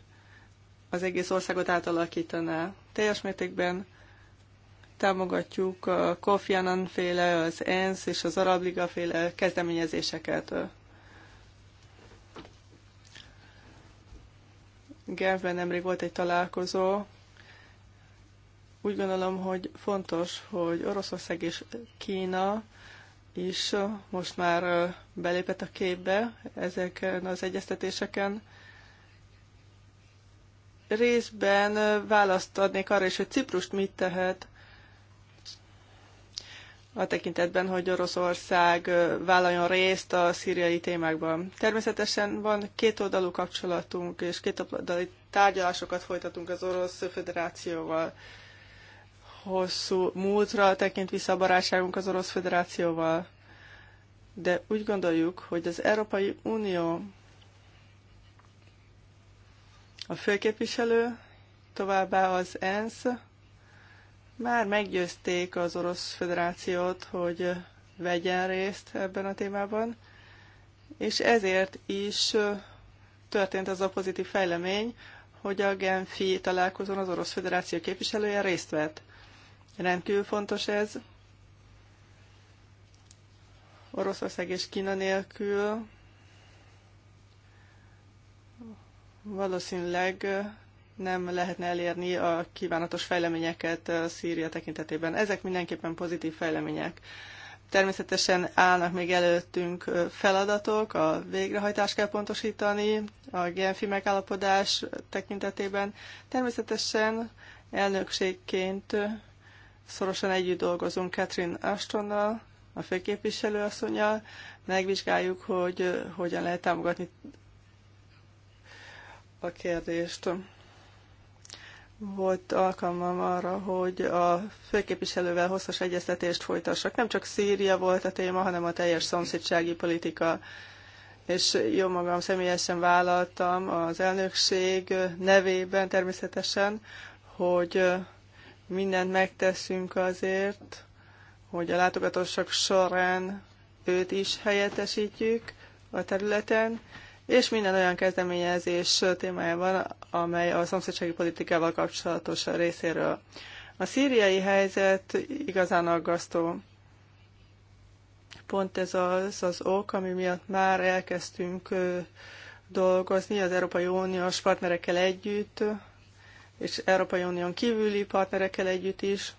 az egész országot átalakítaná. Teljes mértékben támogatjuk a Kofi Annan féle, az ENSZ és az Arab Liga féle kezdeményezéseket. Genfben nemrég volt egy találkozó. Úgy gondolom, hogy fontos, hogy Oroszország és Kína is most már belépett a képbe ezeken az egyeztetéseken részben választ adnék arra is, hogy Ciprust mit tehet a tekintetben, hogy Oroszország vállaljon részt a szíriai témákban. Természetesen van két oldalú kapcsolatunk, és két oldalú tárgyalásokat folytatunk az Orosz Föderációval. Hosszú múltra tekint vissza a barátságunk az Orosz Föderációval. De úgy gondoljuk, hogy az Európai Unió a főképviselő, továbbá az ENSZ már meggyőzték az Orosz Föderációt, hogy vegyen részt ebben a témában, és ezért is történt az a pozitív fejlemény, hogy a Genfi találkozón az Orosz Föderáció képviselője részt vett. Rendkívül fontos ez. Oroszország és Kína nélkül valószínűleg nem lehetne elérni a kívánatos fejleményeket a Szíria tekintetében. Ezek mindenképpen pozitív fejlemények. Természetesen állnak még előttünk feladatok, a végrehajtást kell pontosítani, a Genfi megállapodás tekintetében. Természetesen elnökségként szorosan együtt dolgozunk Catherine Ashtonnal, a főképviselőasszonyjal, megvizsgáljuk, hogy hogyan lehet támogatni a kérdést. Volt alkalmam arra, hogy a főképviselővel hosszas egyeztetést folytassak. Nem csak Szíria volt a téma, hanem a teljes szomszédsági politika és jó magam személyesen vállaltam az elnökség nevében természetesen, hogy mindent megteszünk azért, hogy a látogatósok során őt is helyettesítjük a területen, és minden olyan kezdeményezés témájában, amely a szomszédsági politikával kapcsolatos részéről. A szíriai helyzet igazán aggasztó. Pont ez az az ok, ami miatt már elkezdtünk dolgozni az Európai Uniós partnerekkel együtt, és Európai Unión kívüli partnerekkel együtt is.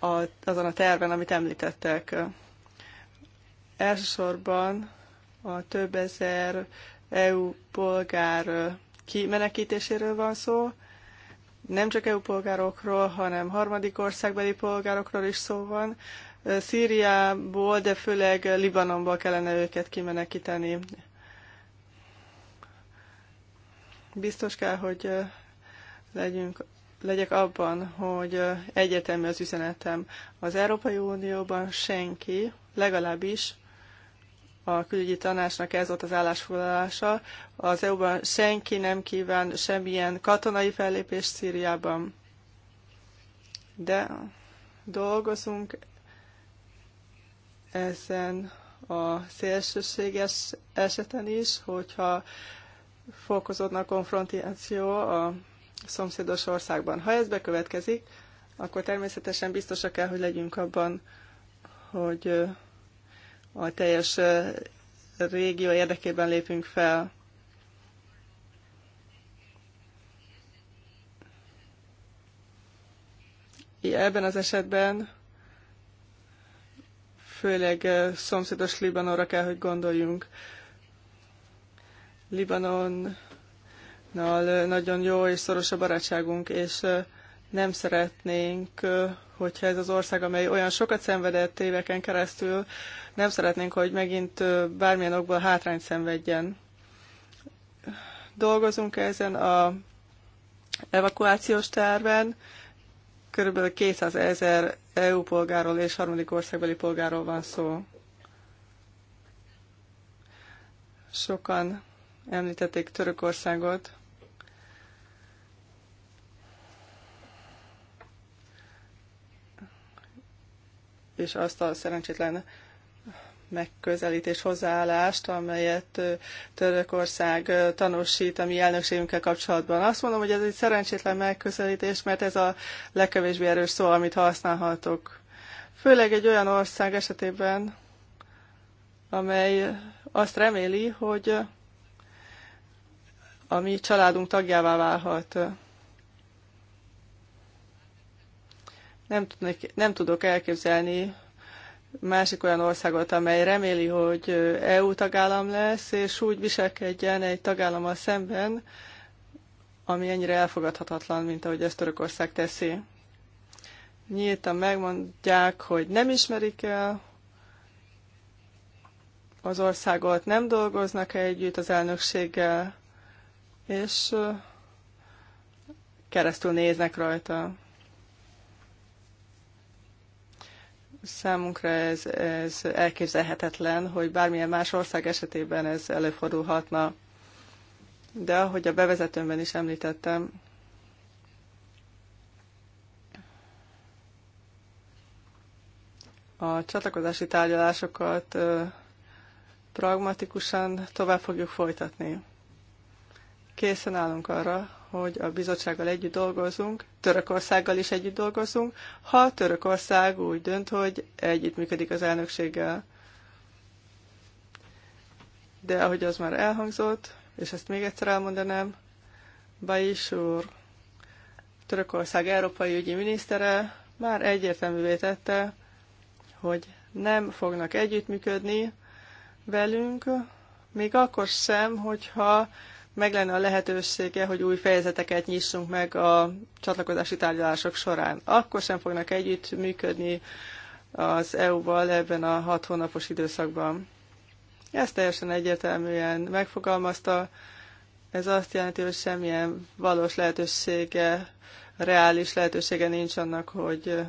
A, azon a terven, amit említettek elsősorban a több ezer EU polgár kimenekítéséről van szó, nem csak EU polgárokról, hanem harmadik országbeli polgárokról is szó van. Szíriából, de főleg Libanonból kellene őket kimenekíteni. Biztos kell, hogy legyünk, legyek abban, hogy egyetemű az üzenetem. Az Európai Unióban senki, legalábbis a külügyi tanácsnak ez volt az állásfoglalása. Az EU-ban senki nem kíván semmilyen katonai fellépést Szíriában. De dolgozunk ezen a szélsőséges eseten is, hogyha fokozódna a konfrontáció a szomszédos országban. Ha ez bekövetkezik, akkor természetesen biztosak kell, hogy legyünk abban, hogy a teljes régió érdekében lépünk fel. Ebben az esetben főleg szomszédos Libanonra kell, hogy gondoljunk. Libanonnal nagyon jó és szoros a barátságunk, és nem szeretnénk, hogyha ez az ország, amely olyan sokat szenvedett éveken keresztül, nem szeretnénk, hogy megint bármilyen okból hátrányt szenvedjen. Dolgozunk ezen a evakuációs terven, körülbelül 200 ezer EU polgáról és harmadik országbeli polgáról van szó. Sokan említették Törökországot, és azt a szerencsétlen megközelítés, hozzáállást, amelyet Törökország tanúsít a mi elnökségünkkel kapcsolatban. Azt mondom, hogy ez egy szerencsétlen megközelítés, mert ez a legkevésbé erős szó, amit használhatok. Főleg egy olyan ország esetében, amely azt reméli, hogy a mi családunk tagjává válhat. Nem, tudnék, nem tudok elképzelni másik olyan országot, amely reméli, hogy EU tagállam lesz, és úgy viselkedjen egy tagállammal szemben, ami ennyire elfogadhatatlan, mint ahogy ezt Törökország teszi. Nyíltan megmondják, hogy nem ismerik el az országot, nem dolgoznak együtt az elnökséggel, és keresztül néznek rajta. Számunkra ez, ez elképzelhetetlen, hogy bármilyen más ország esetében ez előfordulhatna. De ahogy a bevezetőmben is említettem, a csatlakozási tárgyalásokat pragmatikusan tovább fogjuk folytatni. Készen állunk arra, hogy a bizottsággal együtt dolgozunk, Törökországgal is együtt dolgozunk, ha Törökország úgy dönt, hogy együttműködik az elnökséggel. De ahogy az már elhangzott, és ezt még egyszer elmondanám, Bajis úr, Törökország európai ügyi minisztere már egyértelművé tette, hogy nem fognak együttműködni velünk, még akkor sem, hogyha meg lenne a lehetősége, hogy új fejezeteket nyissunk meg a csatlakozási tárgyalások során. Akkor sem fognak együtt működni az EU-val ebben a hat hónapos időszakban. Ezt teljesen egyértelműen megfogalmazta. Ez azt jelenti, hogy semmilyen valós lehetősége, reális lehetősége nincs annak, hogy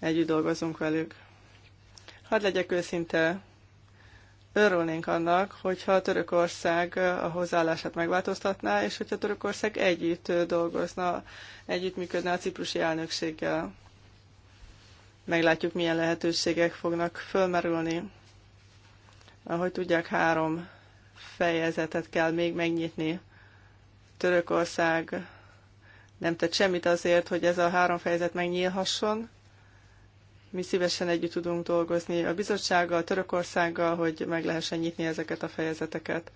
együtt dolgozunk velük. Hadd legyek őszinte, örülnénk annak, hogyha Törökország a hozzáállását megváltoztatná, és hogyha Törökország együtt dolgozna, együttműködne a ciprusi elnökséggel. Meglátjuk, milyen lehetőségek fognak fölmerülni. Ahogy tudják, három fejezetet kell még megnyitni. Törökország nem tett semmit azért, hogy ez a három fejezet megnyílhasson, mi szívesen együtt tudunk dolgozni a bizottsággal, a Törökországgal, hogy meg lehessen nyitni ezeket a fejezeteket.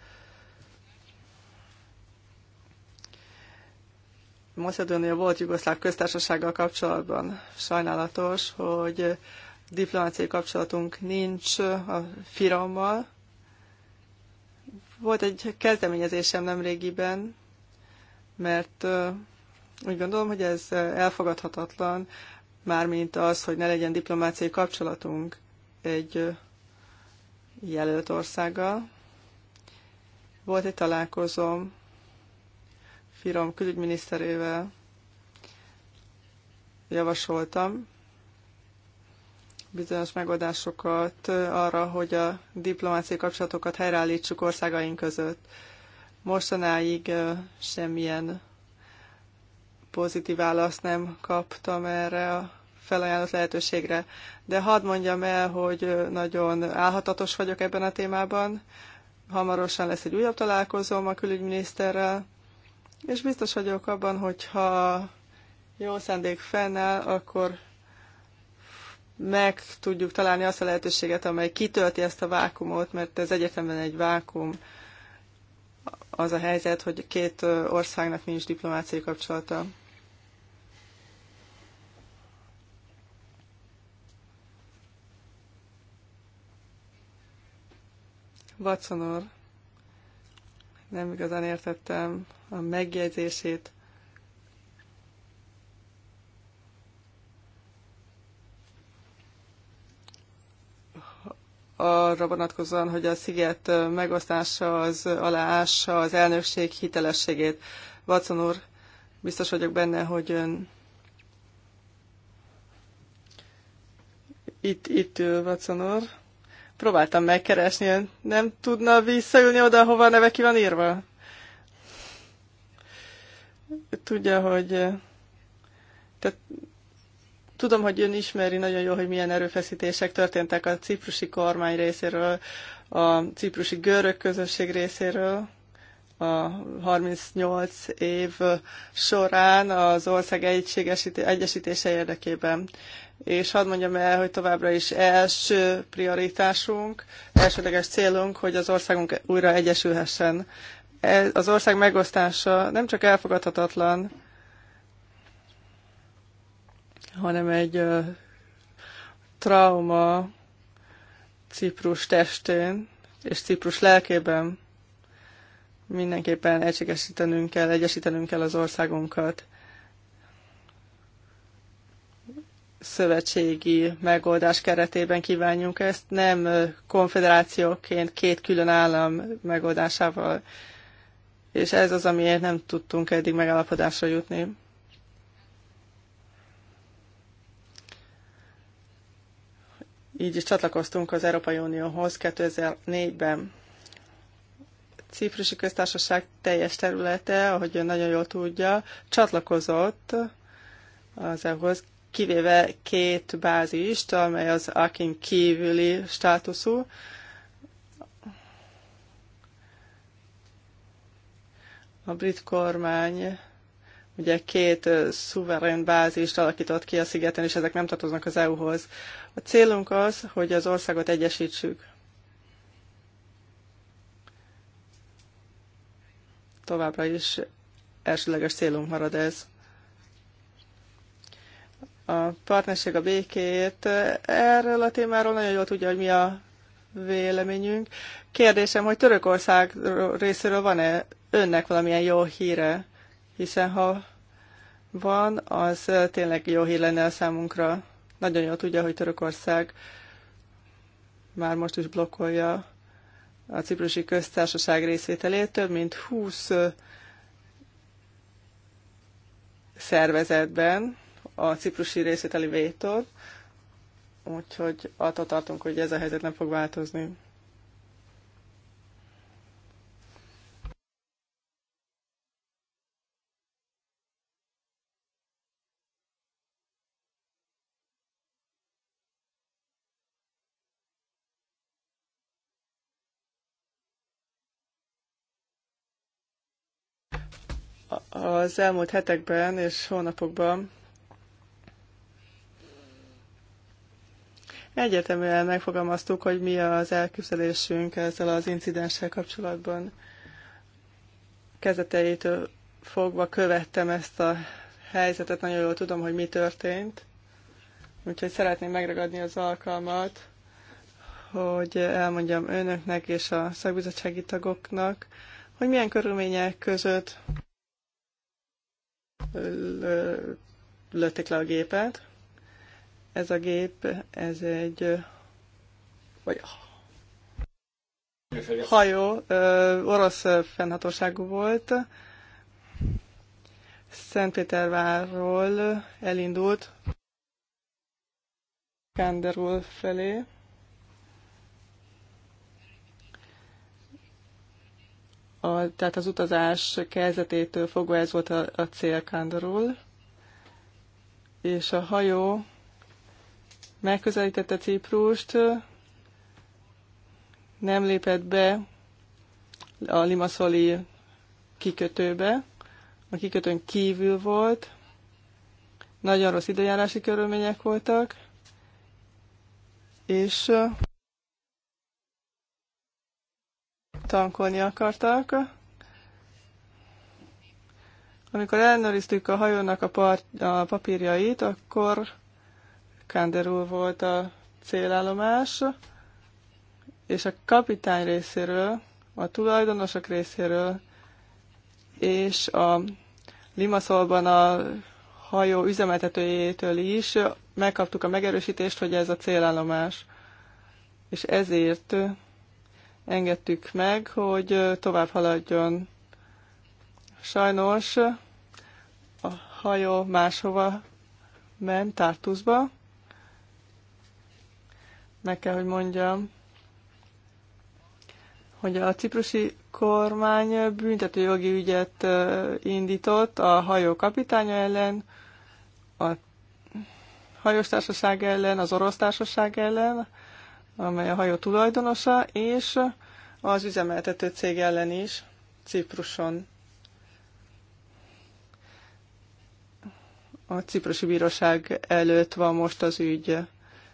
Macedónia volt Jugoszláv köztársasággal kapcsolatban sajnálatos, hogy diplomáciai kapcsolatunk nincs a Firommal. Volt egy kezdeményezésem nemrégiben, mert úgy gondolom, hogy ez elfogadhatatlan mármint az, hogy ne legyen diplomáciai kapcsolatunk egy jelölt országgal. Volt egy találkozom Firom külügyminiszterével, javasoltam bizonyos megoldásokat arra, hogy a diplomáciai kapcsolatokat helyreállítsuk országaink között. Mostanáig semmilyen pozitív választ nem kaptam erre a felajánlott lehetőségre. De hadd mondjam el, hogy nagyon álhatatos vagyok ebben a témában. Hamarosan lesz egy újabb találkozóm a külügyminiszterrel, és biztos vagyok abban, hogyha jó szándék fennáll, akkor meg tudjuk találni azt a lehetőséget, amely kitölti ezt a vákumot, mert ez egyetemben egy vákum. Az a helyzet, hogy két országnak nincs diplomáciai kapcsolata. Watson úr, nem igazán értettem a megjegyzését. arra vonatkozóan, hogy a sziget megosztása az aláássa az elnökség hitelességét. Watson úr, biztos vagyok benne, hogy ön itt, itt ül Watson úr. Próbáltam megkeresni, nem tudna visszaülni oda, hova a neve ki van írva? Tudja, hogy... Eh, tehát, tudom, hogy ön ismeri nagyon jól, hogy milyen erőfeszítések történtek a ciprusi kormány részéről, a ciprusi görög közösség részéről, a 38 év során az ország egyesítése érdekében. És hadd mondjam el, hogy továbbra is első prioritásunk, elsődleges célunk, hogy az országunk újra egyesülhessen. Ez, az ország megosztása nem csak elfogadhatatlan, hanem egy trauma Ciprus testén és Ciprus lelkében mindenképpen egységesítenünk kell, egyesítenünk kell az országunkat. Szövetségi megoldás keretében kívánjunk ezt, nem konfederációként két külön állam megoldásával. És ez az, amiért nem tudtunk eddig megállapodásra jutni. Így is csatlakoztunk az Európai Unióhoz 2004-ben. Ciprusi köztársaság teljes területe, ahogy ön nagyon jól tudja, csatlakozott az EU-hoz, kivéve két bázist, amely az Akin kívüli státuszú. A brit kormány ugye két szuverén bázist alakított ki a szigeten, és ezek nem tartoznak az EU-hoz. A célunk az, hogy az országot egyesítsük. továbbra is elsőleges célunk marad ez. A partnerség a békét. Erről a témáról nagyon jól tudja, hogy mi a véleményünk. Kérdésem, hogy Törökország részéről van-e önnek valamilyen jó híre? Hiszen ha van, az tényleg jó hír lenne a számunkra. Nagyon jól tudja, hogy Törökország már most is blokkolja a ciprusi köztársaság részvételét több mint 20 szervezetben a ciprusi részvételi vétót, úgyhogy attól tartunk, hogy ez a helyzet nem fog változni. az elmúlt hetekben és hónapokban egyértelműen megfogalmaztuk, hogy mi az elképzelésünk ezzel az incidenssel kapcsolatban. Kezdeteitől fogva követtem ezt a helyzetet, nagyon jól tudom, hogy mi történt. Úgyhogy szeretném megragadni az alkalmat, hogy elmondjam önöknek és a szakbizottsági tagoknak, hogy milyen körülmények között lőtték le a gépet. Ez a gép, ez egy vagy hajó, orosz fennhatóságú volt. Szentpétervárról elindult Kanderul felé. A, tehát az utazás kezdetétől fogva ez volt a, a cél Kándorul, és a hajó megközelítette Ciprust, nem lépett be a Limassoli kikötőbe, a kikötőn kívül volt, nagyon rossz időjárási körülmények voltak, és tankolni akartak. Amikor ellenőriztük a hajónak a, part, a papírjait, akkor Kanderul volt a célállomás, és a kapitány részéről, a tulajdonosok részéről, és a Limaszolban a hajó üzemeltetőjétől is megkaptuk a megerősítést, hogy ez a célállomás. És ezért engedtük meg, hogy tovább haladjon. Sajnos a hajó máshova ment, Tartusba. Meg kell, hogy mondjam, hogy a ciprusi kormány büntetőjogi ügyet indított a hajó kapitánya ellen, a hajós társaság ellen, az orosz társaság ellen, amely a hajó tulajdonosa, és az üzemeltető cég ellen is, Cipruson. A Ciprusi Bíróság előtt van most az ügy.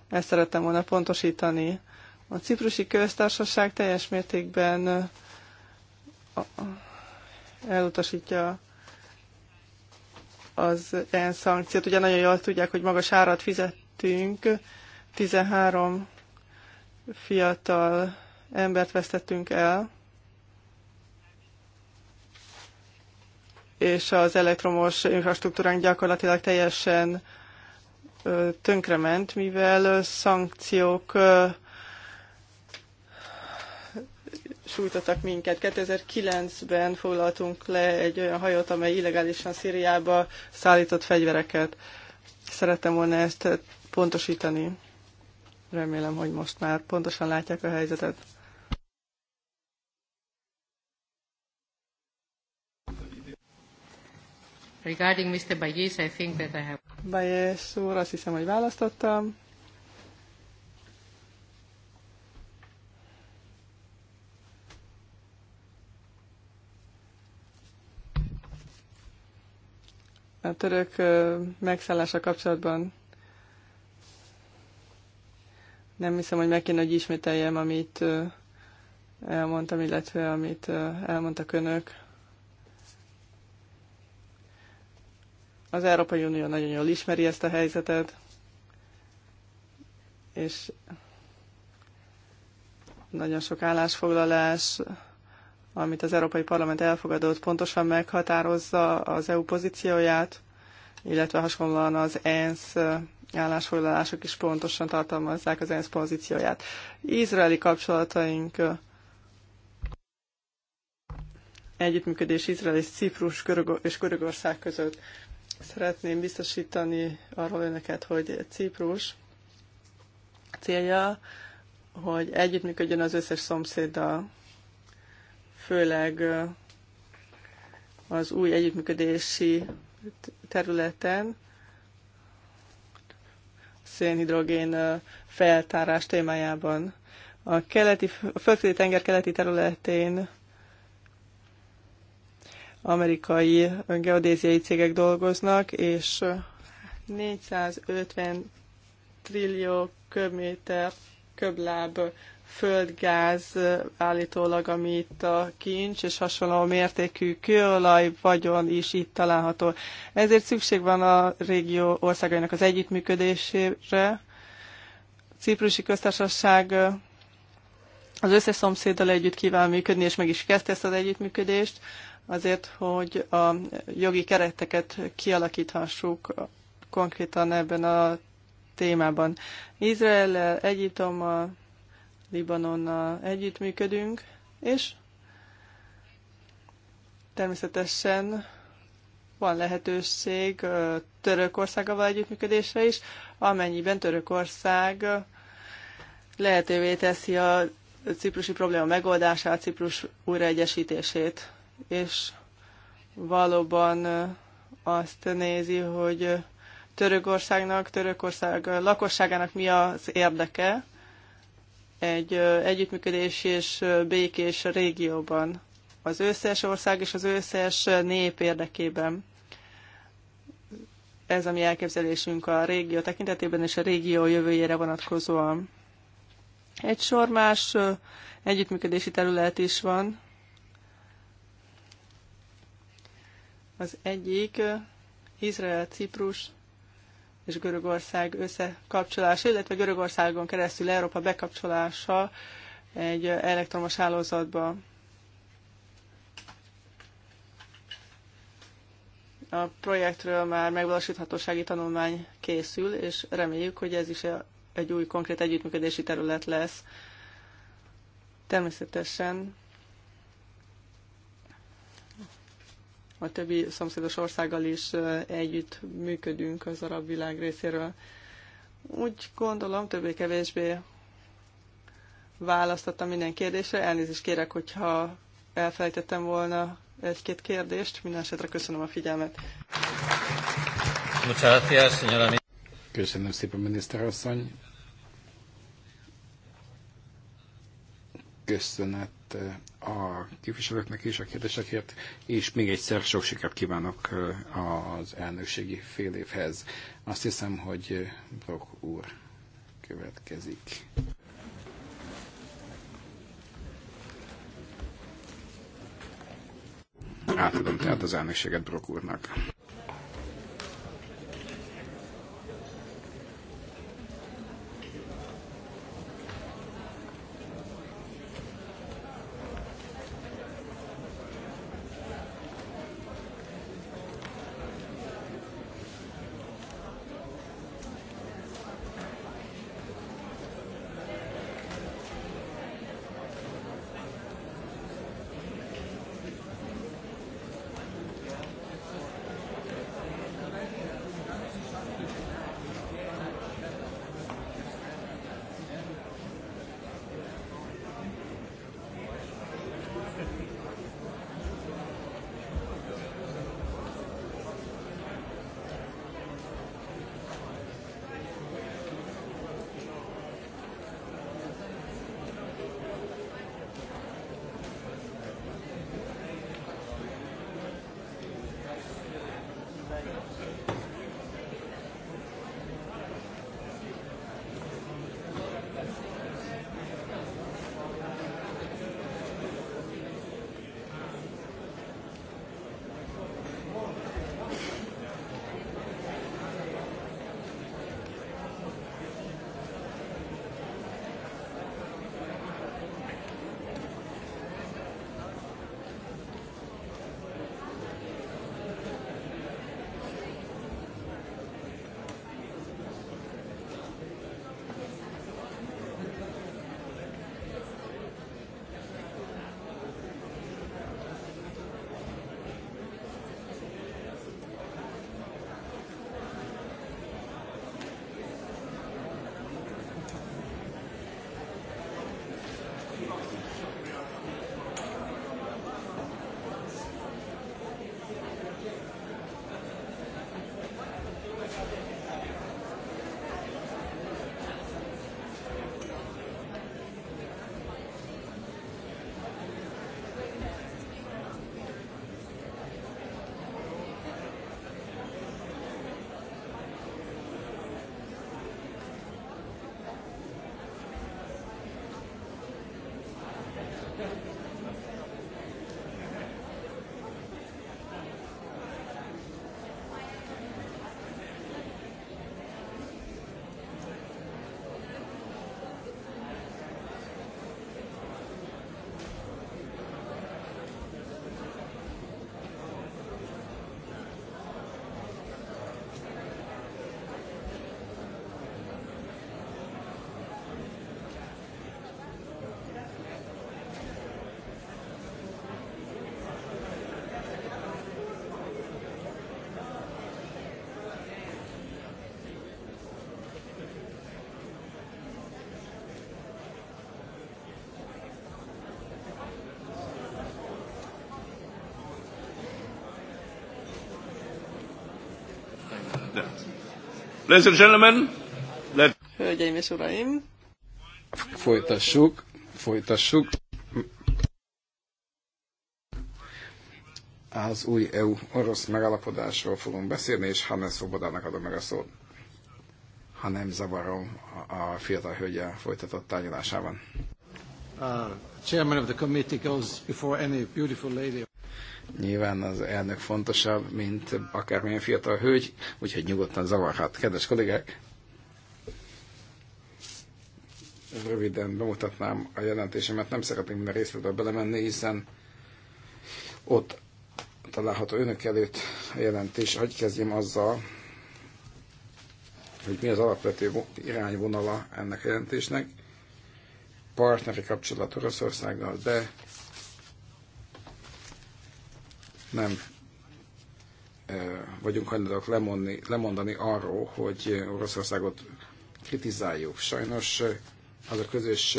Ezt szerettem volna pontosítani. A Ciprusi Köztársaság teljes mértékben elutasítja az ENSZ szankciót. Ugye nagyon jól tudják, hogy magas árat fizettünk, 13 fiatal embert vesztettünk el, és az elektromos infrastruktúránk gyakorlatilag teljesen tönkrement, mivel szankciók sújtottak minket. 2009-ben foglaltunk le egy olyan hajót, amely illegálisan Szíriába szállított fegyvereket. Szerettem volna ezt pontosítani. Remélem, hogy most már pontosan látják a helyzetet. Regarding Mr. Bayes, I think that I have... Bayes úr, azt hiszem, hogy választottam. A török megszállása kapcsolatban nem hiszem, hogy meg kéne, hogy ismételjem, amit elmondtam, illetve amit elmondtak önök. Az Európai Unió nagyon jól ismeri ezt a helyzetet, és nagyon sok állásfoglalás, amit az Európai Parlament elfogadott, pontosan meghatározza az EU pozícióját, illetve hasonlóan az ENSZ állásfoglalások is pontosan tartalmazzák az ENSZ pozícióját. Izraeli kapcsolataink együttműködés Izrael és Ciprus és Görögország között. Szeretném biztosítani arról önöket, hogy Ciprus célja, hogy együttműködjön az összes szomszéddal, főleg az új együttműködési területen szénhidrogén feltárás témájában. A, keleti, a földközi tenger keleti területén amerikai geodéziai cégek dolgoznak, és 450 trillió köbméter köbláb földgáz állítólag, ami itt a kincs, és hasonló mértékű kőolaj, vagyon is itt található. Ezért szükség van a régió országainak az együttműködésére. Ciprusi köztársaság az összes szomszéddal együtt kíván működni, és meg is kezdte ezt az együttműködést, azért, hogy a jogi kereteket kialakíthassuk konkrétan ebben a témában. Izrael, Egyiptommal, Libanonnal együttműködünk, és természetesen van lehetőség Törökországgal együttműködésre is, amennyiben Törökország lehetővé teszi a ciprusi probléma megoldását, Ciprus újraegyesítését, és valóban azt nézi, hogy Törökországnak, Törökország lakosságának mi az érdeke, egy együttműködés és békés régióban, az összes ország és az összes nép érdekében. Ez a mi elképzelésünk a régió tekintetében és a régió jövőjére vonatkozóan. Egy sor más együttműködési terület is van. Az egyik Izrael-Ciprus és Görögország összekapcsolása, illetve Görögországon keresztül Európa bekapcsolása egy elektromos hálózatba. A projektről már megvalósíthatósági tanulmány készül, és reméljük, hogy ez is egy új konkrét együttműködési terület lesz. Természetesen a többi szomszédos országgal is együtt működünk az arab világ részéről. Úgy gondolom, többé-kevésbé választottam minden kérdésre. Elnézést kérek, hogyha elfelejtettem volna egy-két kérdést. Minden esetre köszönöm a figyelmet. Köszönöm szépen, miniszterasszony. köszönet eh, a képviselőknek és a kérdésekért, és még egyszer sok sikert kívánok eh, az elnökségi fél évhez. Azt hiszem, hogy eh, Brok úr következik. Átadom tehát az elnökséget Brok úrnak. Ladies and gentlemen, let... Hölgyeim és uraim! Folytassuk, folytassuk. Az új EU-orosz megalapodásról fogunk beszélni, és Hannes Szobodának adom meg a szót, ha nem zavarom a fiatal hölgye folytatott tárgyalásában. Uh, chairman of the committee goes before any beautiful lady. Nyilván az elnök fontosabb, mint akármilyen fiatal hölgy, úgyhogy nyugodtan zavarhat. Kedves kollégák, röviden bemutatnám a jelentésemet. Nem szeretnék minden részletbe belemenni, hiszen ott található önök előtt a jelentés. Hogy kezdjem azzal, hogy mi az alapvető irányvonala ennek a jelentésnek. Partneri kapcsolat Oroszországgal, de nem vagyunk hajlandóak lemondani, lemondani arról, hogy Oroszországot kritizáljuk. Sajnos az a közös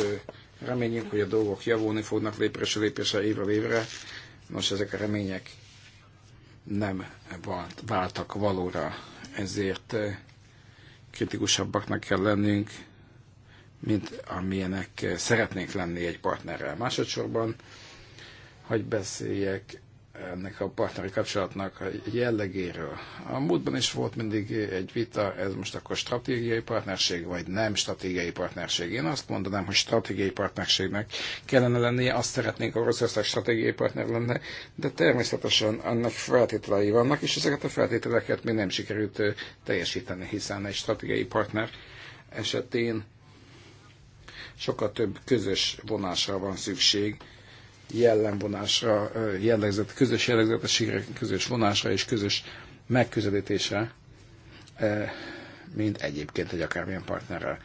reményünk, hogy a dolgok javulni fognak lépésről lépésre, évről évre. Nos, ezek a remények nem váltak valóra, ezért kritikusabbaknak kell lennünk, mint amilyenek szeretnénk lenni egy partnerrel. Másodszorban, hogy beszéljek ennek a partneri kapcsolatnak a jellegéről. A múltban is volt mindig egy vita, ez most akkor stratégiai partnerség, vagy nem stratégiai partnerség. Én azt mondanám, hogy stratégiai partnerségnek kellene lennie, azt szeretnénk, Oroszország stratégiai partner lenne, de természetesen annak feltételei vannak, és ezeket a feltételeket még nem sikerült teljesíteni, hiszen egy stratégiai partner esetén sokkal több közös vonásra van szükség, jellemvonásra, jellegzett, közös jellegzetességre, közös vonásra és közös megközelítésre, mint egyébként egy akármilyen partnerrel.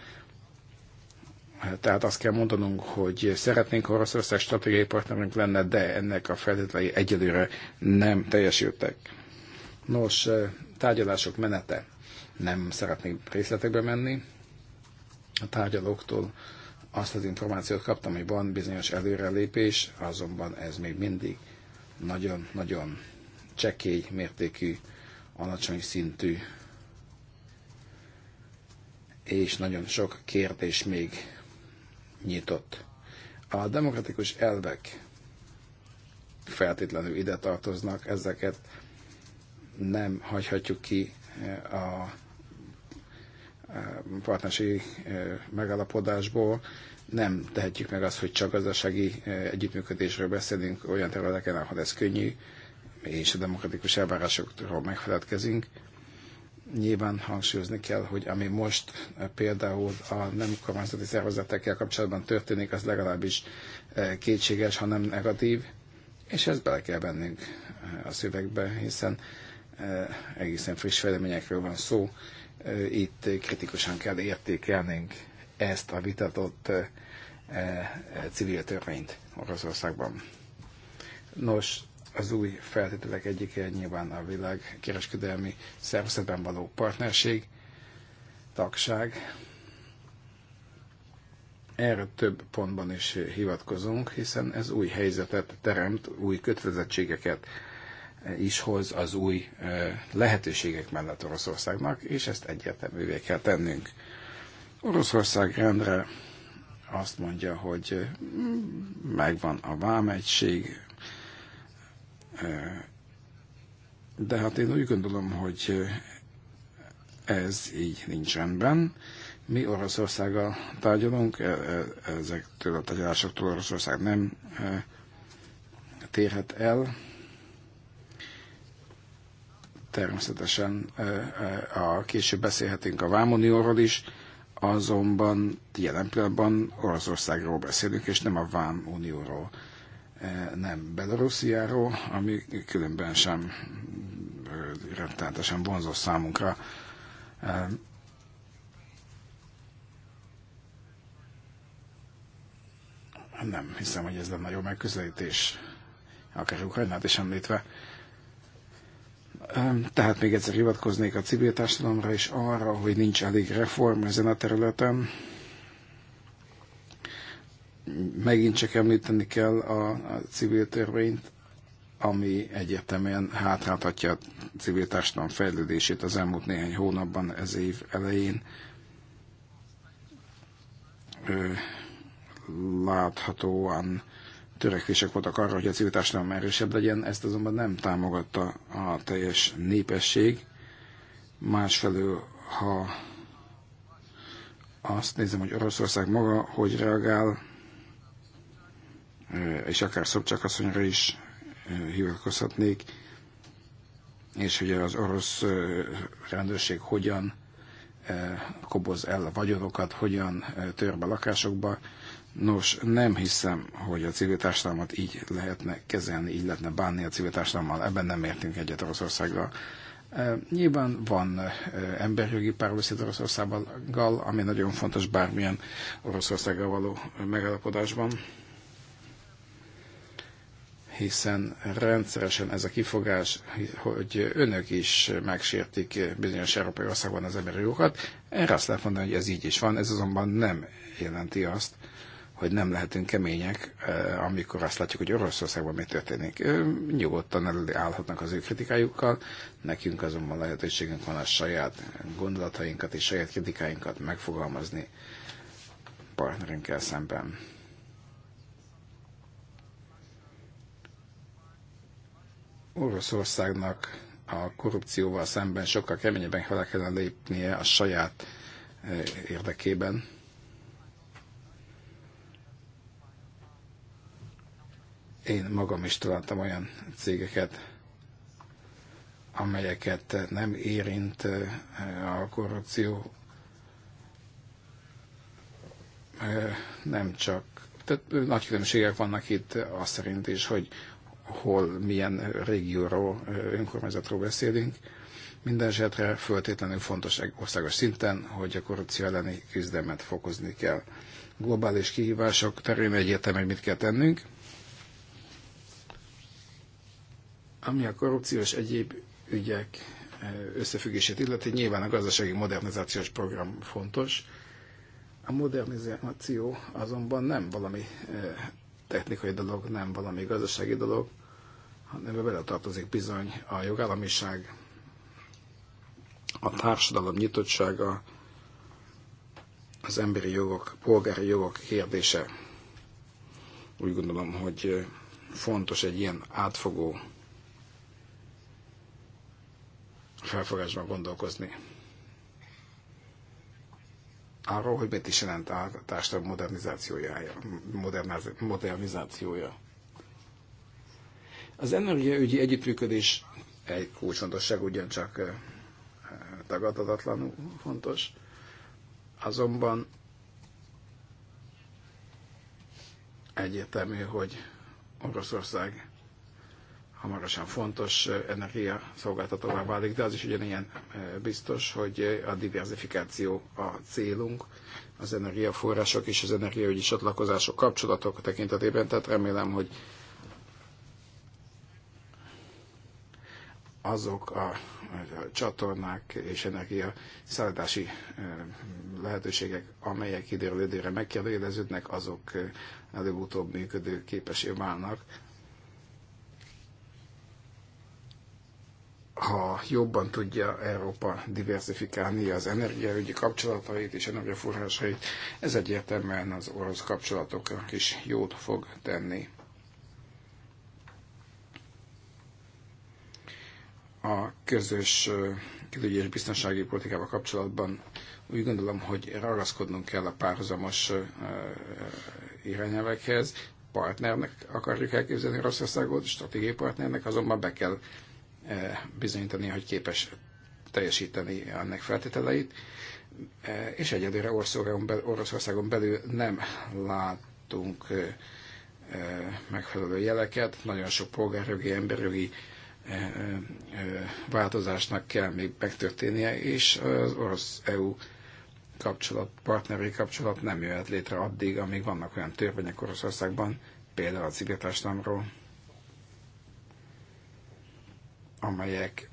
Tehát azt kell mondanunk, hogy szeretnénk Oroszország stratégiai partnerünk lenne, de ennek a feltételei egyelőre nem teljesültek. Nos, tárgyalások menete. Nem szeretnék részletekbe menni. A tárgyalóktól azt az információt kaptam, hogy van bizonyos előrelépés, azonban ez még mindig nagyon-nagyon csekély mértékű, alacsony szintű, és nagyon sok kérdés még nyitott. A demokratikus elvek feltétlenül ide tartoznak, ezeket nem hagyhatjuk ki eh, a partnerségi e, megállapodásból nem tehetjük meg azt, hogy csak gazdasági e, együttműködésről beszélünk olyan területeken, ahol ez könnyű, és a demokratikus elvárásokról megfeledkezünk. Nyilván hangsúlyozni kell, hogy ami most e, például a nem kormányzati szervezetekkel kapcsolatban történik, az legalábbis kétséges, ha nem negatív, és ezt bele kell vennünk a szövegbe, hiszen egészen friss fejleményekről van szó, itt kritikusan kell értékelnünk ezt a vitatott civil törvényt Oroszországban. Nos, az új feltételek egyike nyilván a világ kereskedelmi szervezetben való partnerség, tagság. Erre több pontban is hivatkozunk, hiszen ez új helyzetet teremt, új kötelezettségeket is hoz az új lehetőségek mellett Oroszországnak, és ezt egyértelművé kell tennünk. Oroszország rendre azt mondja, hogy megvan a vámegység, de hát én úgy gondolom, hogy ez így nincs rendben. Mi Oroszországgal tárgyalunk, e, e, ezektől a tárgyalásoktól Oroszország nem térhet el, Természetesen a később beszélhetünk a Vámunióról is, azonban jelen pillanatban Oroszországról beszélünk, és nem a Vámunióról, nem Belorussziáról, ami különben sem rettenetesen vonzó számunkra. Nem hiszem, hogy ez lenne jó megközelítés, akár Ukrajnát is említve. Tehát még egyszer hivatkoznék a civil társadalomra és arra, hogy nincs elég reform ezen a területen. Megint csak említeni kell a, a civil törvényt, ami egyetemen hátráltatja a civil társadalom fejlődését az elmúlt néhány hónapban, ez év elején. Ö, láthatóan törekvések voltak arra, hogy a civil társadalom erősebb legyen, ezt azonban nem támogatta a teljes népesség. Másfelől, ha azt nézem, hogy Oroszország maga hogy reagál, és akár Szobcsak asszonyra is hivatkozhatnék, és hogy az orosz rendőrség hogyan koboz el a vagyonokat, hogyan tör be lakásokba, Nos, nem hiszem, hogy a civil társadalmat így lehetne kezelni, így lehetne bánni a civil társadalommal, ebben nem értünk egyet Oroszországgal. E, nyilván van e, emberjogi párbeszéd Oroszországgal, ami nagyon fontos bármilyen Oroszországgal való megállapodásban, hiszen rendszeresen ez a kifogás, hogy önök is megsértik bizonyos európai országban az emberi jogokat. Erre azt lehet mondani, hogy ez így is van, ez azonban nem jelenti azt, hogy nem lehetünk kemények, amikor azt látjuk, hogy Oroszországban mi történik. Nyugodtan előállhatnak az ő kritikájukkal, nekünk azonban lehetőségünk van a saját gondolatainkat és saját kritikáinkat megfogalmazni partnerünkkel szemben. Oroszországnak a korrupcióval szemben sokkal keményebben fel kellene lépnie a saját érdekében, Én magam is találtam olyan cégeket, amelyeket nem érint eh, a korrupció, eh, nem csak, tehát nagy különbségek vannak itt eh, azt szerint is, hogy hol, milyen régióról, önkormányzatról beszélünk. Minden esetre föltétlenül fontos országos szinten, hogy a korrupció elleni küzdelmet fokozni kell. Globális kihívások terén egyértelmű, hogy mit kell tennünk – Ami a korrupció és egyéb ügyek eh, összefüggését illeti, nyilván a gazdasági modernizációs program fontos. A modernizáció azonban nem valami eh, technikai dolog, nem valami gazdasági dolog, hanem bele tartozik bizony a jogállamiság, a társadalom nyitottsága, az emberi jogok, polgári jogok kérdése. Úgy gondolom, hogy eh, fontos egy ilyen átfogó felfogásban gondolkozni. Arról, hogy mit is jelent a társadalom modernizációja. modernizációja. Az energiaügyi együttműködés egy kulcsfontosság ugyancsak tagadatlanul fontos, azonban egyértelmű, hogy Oroszország hamarosan fontos eh, energia szolgáltatóvá válik, de az is ugyanilyen eh, biztos, hogy eh, a diversifikáció a célunk, az energiaforrások és az energiaügyi csatlakozások kapcsolatok tekintetében, tehát remélem, hogy azok a csatornák és energia szállítási lehetőségek, amelyek időről időre megkérdőjeleződnek, azok előbb-utóbb működő képesé válnak ha jobban tudja Európa diversifikálni az energiaügyi kapcsolatait és energiaforrásait, ez egyértelműen az orosz kapcsolatoknak is jót fog tenni. A közös külügyi és biztonsági politikával kapcsolatban úgy gondolom, hogy ragaszkodnunk kell a párhuzamos irányelvekhez, partnernek akarjuk elképzelni Oroszországot, stratégiai partnernek, azonban be kell Eh, bizonyítani, hogy képes teljesíteni ennek feltételeit, eh, és egyelőre Oroszországon belül nem látunk eh, megfelelő jeleket. Nagyon sok polgárjogi, emberjogi változásnak kell még megtörténnie, és az orosz-EU kapcsolat, partneri kapcsolat nem jöhet létre addig, amíg vannak olyan törvények Oroszországban, például a civiltársadalomról, amelyek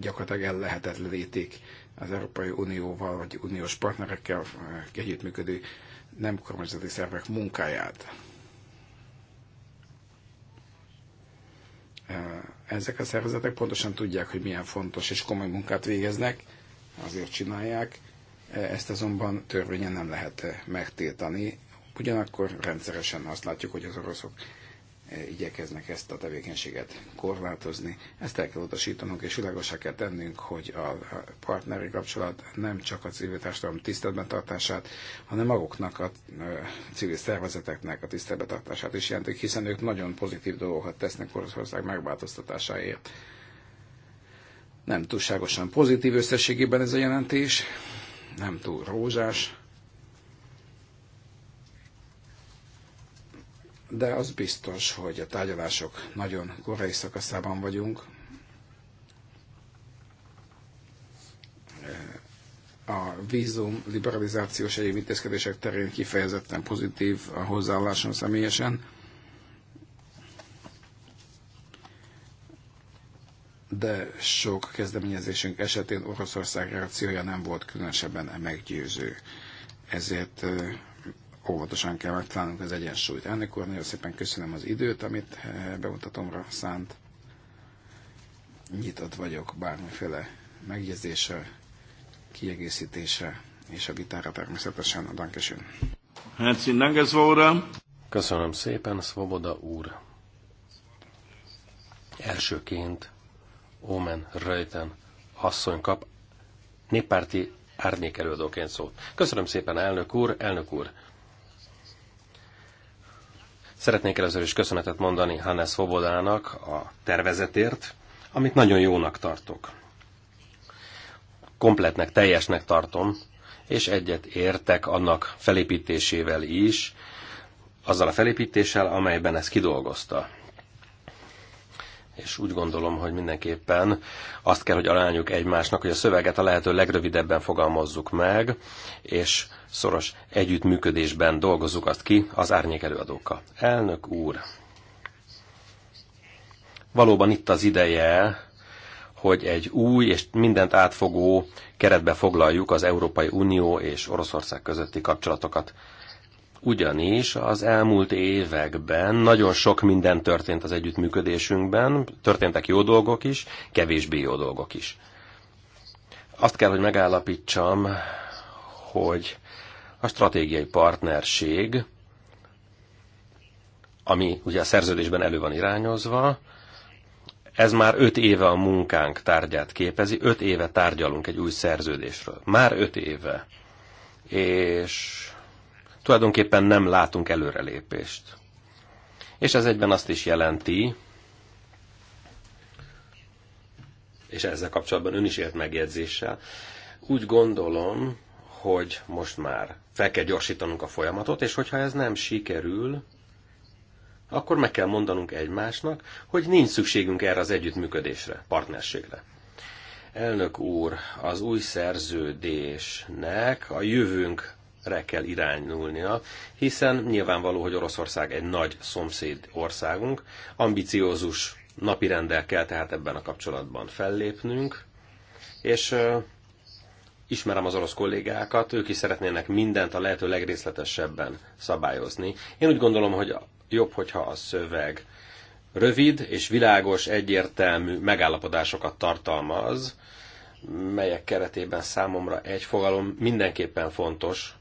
gyakorlatilag ellehetetlenítik az Európai Unióval vagy uniós partnerekkel eh, együttműködő nem kormányzati szervek munkáját. Eh, ezek a szervezetek pontosan tudják, hogy milyen fontos és komoly munkát végeznek, azért csinálják, eh, ezt azonban törvényen nem lehet megtiltani. Ugyanakkor rendszeresen azt látjuk, hogy az oroszok Eh, igyekeznek ezt a tevékenységet korlátozni. Ezt el kell utasítanunk, és világosá kell tennünk, hogy a partneri kapcsolat nem csak a civil társadalom tiszteletben tartását, hanem maguknak a eh, civil szervezeteknek a tiszteletben tartását is jelentik, hiszen ők nagyon pozitív dolgokat tesznek Oroszország megváltoztatásáért. Nem túlságosan pozitív összességében ez a jelentés, nem túl rózsás, de az biztos, hogy a tárgyalások nagyon korai szakaszában vagyunk. A vízum liberalizációs egyéb intézkedések terén kifejezetten pozitív a hozzáállásom személyesen. de sok kezdeményezésünk esetén Oroszország reakciója nem volt különösebben meggyőző. Ezért óvatosan kell megtalálnunk az egyensúlyt. Ennek úr, nagyon szépen köszönöm az időt, amit eh, bemutatomra szánt. Nyitott vagyok bármiféle megjegyzése, kiegészítése és a vitára természetesen. a dankesőn. Hát, köszönöm szépen, Svoboda úr. Elsőként Omen Röjten asszony kap néppárti árnyék előadóként szót. Köszönöm szépen, elnök úr, elnök úr. Szeretnék először is köszönetet mondani Hannes Fobodának a tervezetért, amit nagyon jónak tartok. Kompletnek, teljesnek tartom, és egyet értek annak felépítésével is, azzal a felépítéssel, amelyben ezt kidolgozta és úgy gondolom, hogy mindenképpen azt kell, hogy arányuk egymásnak, hogy a szöveget a lehető legrövidebben fogalmazzuk meg, és szoros együttműködésben dolgozzuk azt ki az árnyék előadókkal. Elnök úr, valóban itt az ideje, hogy egy új és mindent átfogó keretbe foglaljuk az Európai Unió és Oroszország közötti kapcsolatokat ugyanis az elmúlt években nagyon sok minden történt az együttműködésünkben, történtek jó dolgok is, kevésbé jó dolgok is. Azt kell, hogy megállapítsam, hogy a stratégiai partnerség, ami ugye a szerződésben elő van irányozva, ez már öt éve a munkánk tárgyát képezi, öt éve tárgyalunk egy új szerződésről. Már öt éve. És tulajdonképpen nem látunk előrelépést. És ez egyben azt is jelenti, és ezzel kapcsolatban ön is ért megjegyzéssel, úgy gondolom, hogy most már fel kell gyorsítanunk a folyamatot, és hogyha ez nem sikerül, akkor meg kell mondanunk egymásnak, hogy nincs szükségünk erre az együttműködésre, partnerségre. Elnök úr, az új szerződésnek a jövőnk re kell irányulnia, hiszen nyilvánvaló, hogy Oroszország egy nagy szomszéd országunk, ambiciózus napirendel kell tehát ebben a kapcsolatban fellépnünk, és ismerem az orosz kollégákat, ők is szeretnének mindent a lehető legrészletesebben szabályozni. Én úgy gondolom, hogy jobb, hogyha a szöveg rövid és világos, egyértelmű megállapodásokat tartalmaz, melyek keretében számomra egy fogalom mindenképpen fontos,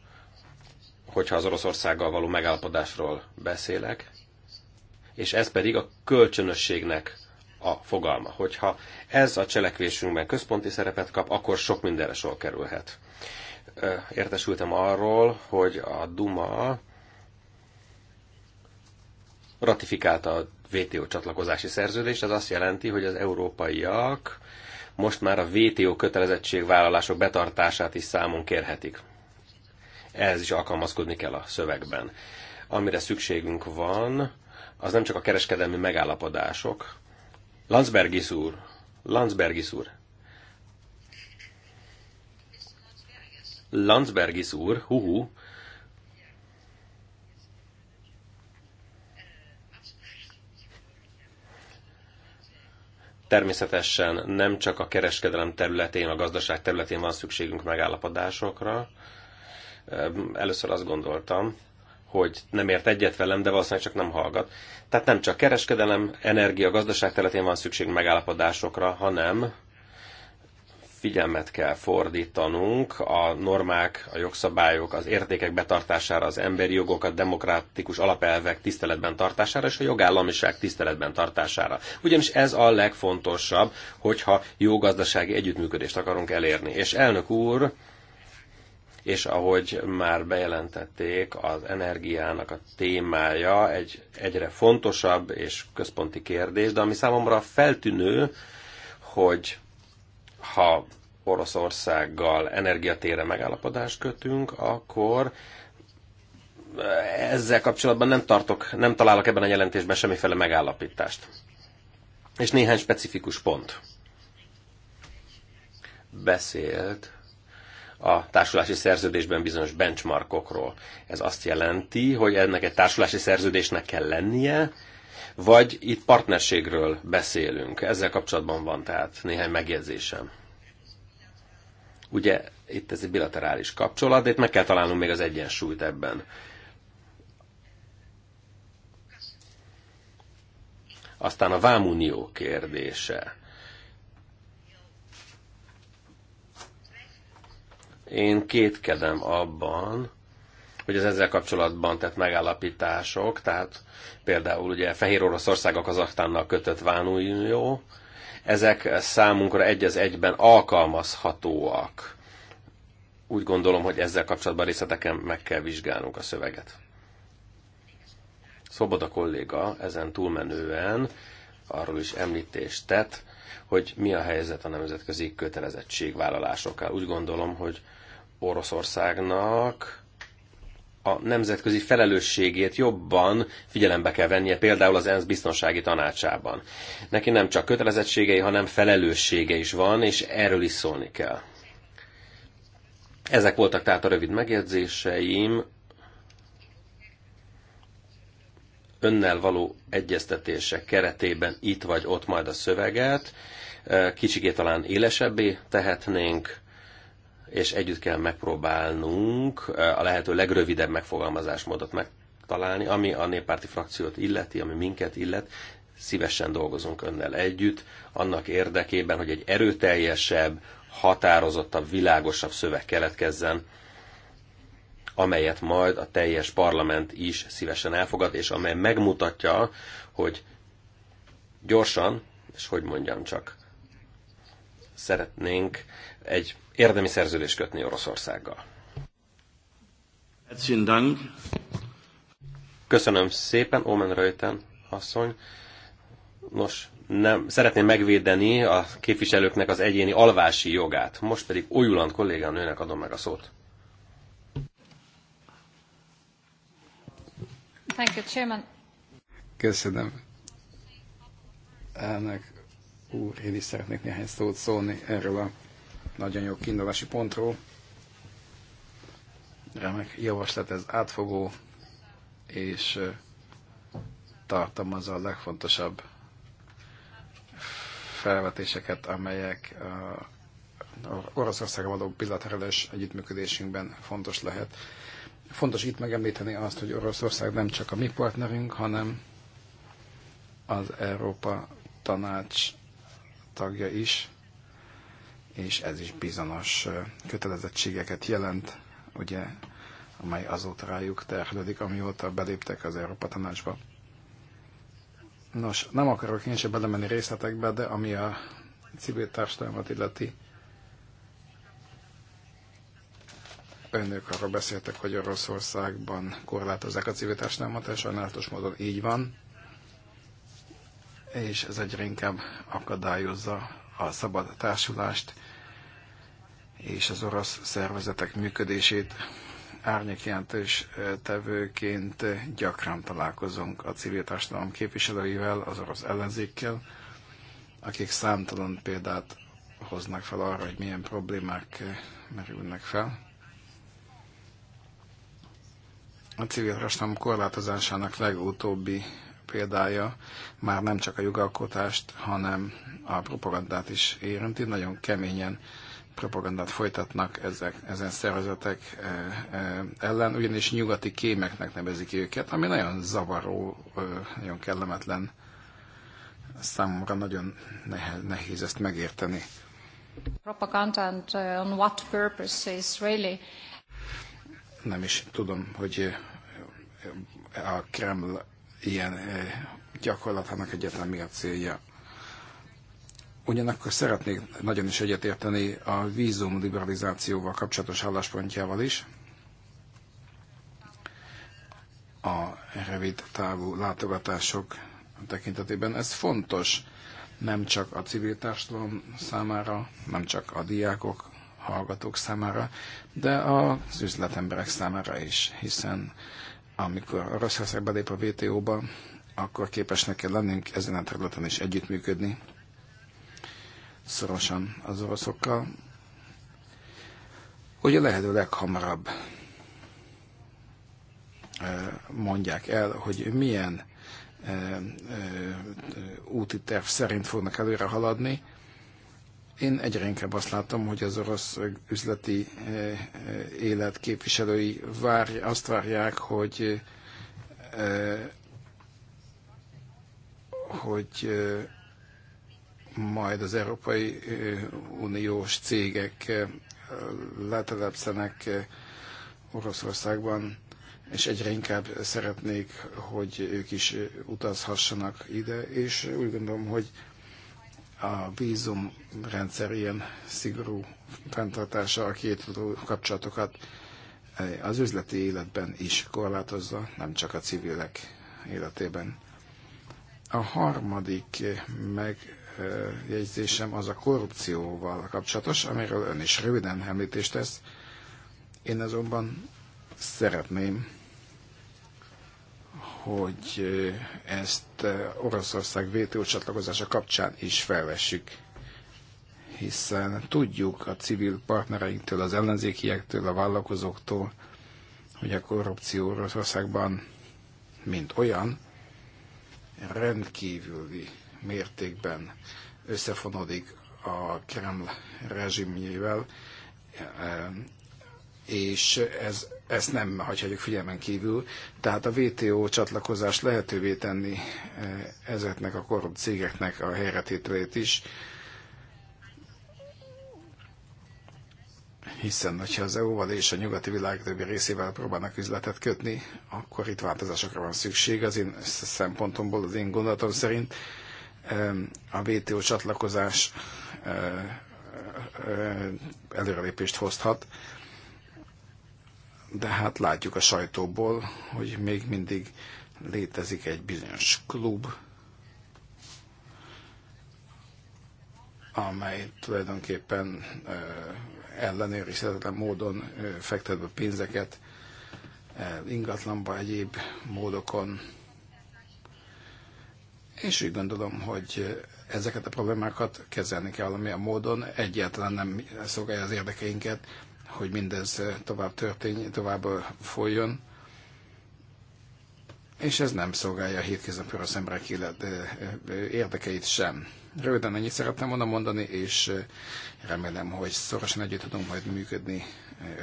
hogyha az Oroszországgal való megállapodásról beszélek, és ez pedig a kölcsönösségnek a fogalma. Hogyha ez a cselekvésünkben központi szerepet kap, akkor sok mindenre sor kerülhet. Értesültem arról, hogy a Duma ratifikálta a WTO csatlakozási szerződést, ez azt jelenti, hogy az európaiak most már a WTO kötelezettségvállalások betartását is számon kérhetik ehhez is alkalmazkodni kell a szövegben. Amire szükségünk van, az nem csak a kereskedelmi megállapodások. Landsbergis úr, Landsbergis úr, Landsbergis úr, huhu, természetesen nem csak a kereskedelem területén, a gazdaság területén van szükségünk megállapodásokra, Először azt gondoltam, hogy nem ért egyet velem, de valószínűleg csak nem hallgat. Tehát nem csak kereskedelem, energia, gazdaság területén van szükség megállapodásokra, hanem figyelmet kell fordítanunk a normák, a jogszabályok, az értékek betartására, az emberi jogok, a demokratikus alapelvek tiszteletben tartására és a jogállamiság tiszteletben tartására. Ugyanis ez a legfontosabb, hogyha jó gazdasági együttműködést akarunk elérni. És elnök úr, és ahogy már bejelentették, az energiának a témája egy egyre fontosabb és központi kérdés, de ami számomra feltűnő, hogy ha Oroszországgal energiatére megállapodást kötünk, akkor ezzel kapcsolatban nem, tartok, nem találok ebben a jelentésben semmiféle megállapítást. És néhány specifikus pont. Beszélt a társulási szerződésben bizonyos benchmarkokról. Ez azt jelenti, hogy ennek egy társulási szerződésnek kell lennie, vagy itt partnerségről beszélünk. Ezzel kapcsolatban van tehát néhány megjegyzésem. Ugye itt ez egy bilaterális kapcsolat, de itt meg kell találnunk még az egyensúlyt ebben. Aztán a vámunió kérdése. Én kétkedem abban, hogy az ezzel kapcsolatban tett megállapítások, tehát például ugye Fehér Oroszország a Kazahtánnal kötött Vánújó, ezek számunkra egy az egyben alkalmazhatóak. Úgy gondolom, hogy ezzel kapcsolatban részleteken meg kell vizsgálnunk a szöveget. Szoboda kolléga ezen túlmenően arról is említést tett, hogy mi a helyzet a nemzetközi kötelezettségvállalásokkal. Úgy gondolom, hogy Oroszországnak a nemzetközi felelősségét jobban figyelembe kell vennie, például az ENSZ biztonsági tanácsában. Neki nem csak kötelezettségei, hanem felelőssége is van, és erről is szólni kell. Ezek voltak tehát a rövid megjegyzéseim. Önnel való egyeztetése keretében itt vagy ott majd a szöveget. Kicsikét talán élesebbé tehetnénk, és együtt kell megpróbálnunk eh, a lehető legrövidebb megfogalmazásmódot megtalálni, ami a néppárti frakciót illeti, ami minket illet, szívesen dolgozunk önnel együtt, annak érdekében, hogy egy erőteljesebb, határozottabb, világosabb szöveg keletkezzen, amelyet majd a teljes parlament is szívesen elfogad, és amely megmutatja, hogy gyorsan, és hogy mondjam csak, szeretnénk egy érdemi szerződést kötni Oroszországgal. Köszönöm szépen, Omen Röjten asszony. Nos, nem, szeretném megvédeni a képviselőknek az egyéni alvási jogát. Most pedig Ojuland kolléganőnek adom meg a szót. Thank you, Chairman. Köszönöm. Elnök úr, én is szeretnék néhány szót szólni erről a nagyon jó kiindulási pontról. Remek javaslat, ez átfogó, és tartalmazza a legfontosabb felvetéseket, amelyek a Oroszországra való bilaterális együttműködésünkben fontos lehet. Fontos itt megemlíteni azt, hogy Oroszország nem csak a mi partnerünk, hanem az Európa Tanács tagja is, és ez is bizonyos kötelezettségeket jelent, ugye, amely azóta rájuk terhelődik, amióta beléptek az Európa Tanácsba. Nos, nem akarok én sem belemenni részletekbe, de ami a civil társadalmat illeti, önök arról beszéltek, hogy Oroszországban korlátozzák a civil társadalmat, és sajnálatos módon így van, és ez egyre inkább akadályozza a szabad társulást, és az orosz szervezetek működését árnyékjelentős tevőként gyakran találkozunk a civil társadalom képviselőivel, az orosz ellenzékkel, akik számtalan példát hoznak fel arra, hogy milyen problémák merülnek fel. A civil társadalom korlátozásának legutóbbi példája már nem csak a jogalkotást, hanem a propagandát is érinti. Nagyon keményen propagandát folytatnak ezek, ezen szervezetek e, e, ellen, ugyanis nyugati kémeknek nevezik őket, ami nagyon zavaró, nagyon kellemetlen. Számomra nagyon nehéz ezt megérteni. Propaganda and uh, on what purpose is really? Nem is tudom, hogy a Kreml ilyen gyakorlatának egyetlen mi a célja. Ugyanakkor szeretnék nagyon is egyetérteni a vízum liberalizációval kapcsolatos álláspontjával is. A rövid távú látogatások tekintetében ez fontos nem csak a civil társadalom számára, nem csak a diákok, hallgatók számára, de az üzletemberek számára is, hiszen amikor Oroszország belép a WTO-ba, akkor képesnek kell lennünk ezen a területen is együttműködni, szorosan az oroszokkal, hogy a lehető leghamarabb eh, mondják el, hogy milyen eh, eh, úti terv szerint fognak előre haladni. Én egyre inkább azt látom, hogy az orosz üzleti élet képviselői várj, azt várják, hogy hogy majd az Európai Uniós cégek letelepszenek Oroszországban, és egyre inkább szeretnék, hogy ők is utazhassanak ide, és úgy gondolom, hogy a vízumrendszer ilyen szigorú fenntartása a két kapcsolatokat az üzleti életben is korlátozza, nem csak a civilek életében. A harmadik meg megjegyzésem az a korrupcióval kapcsolatos, amiről ön is röviden említést tesz. Én azonban szeretném, hogy ezt Oroszország WTO csatlakozása kapcsán is felvessük, hiszen tudjuk a civil partnereinktől, az ellenzékiektől, a vállalkozóktól, hogy a korrupció Oroszországban, mint olyan, rendkívüli mértékben összefonódik a Kreml rezsimjével, eh, és ez, ezt nem hagyhatjuk figyelmen kívül. Tehát a WTO csatlakozás lehetővé tenni eh, ezeknek a korrupt cégeknek a helyretételét is, hiszen ha az EU-val és a nyugati világ többi részével próbálnak üzletet kötni, akkor itt változásokra van szükség. Az én szempontomból, az én gondolatom szerint a WTO csatlakozás eh, eh, előrelépést hozhat, de hát látjuk a sajtóból, hogy még mindig létezik egy bizonyos klub, amely tulajdonképpen eh, ellenőrizhetetlen módon fektetve pénzeket ingatlanba, egyéb módokon is úgy gondolom, hogy ezeket a problémákat kezelni kell valamilyen módon. Egyáltalán nem szolgálja az érdekeinket, hogy mindez tovább történj, tovább folyjon és ez nem szolgálja a hétköznapi orosz emberek élet, érdekeit sem. Röviden ennyit szerettem volna mondani, és remélem, hogy szorosan együtt tudunk majd működni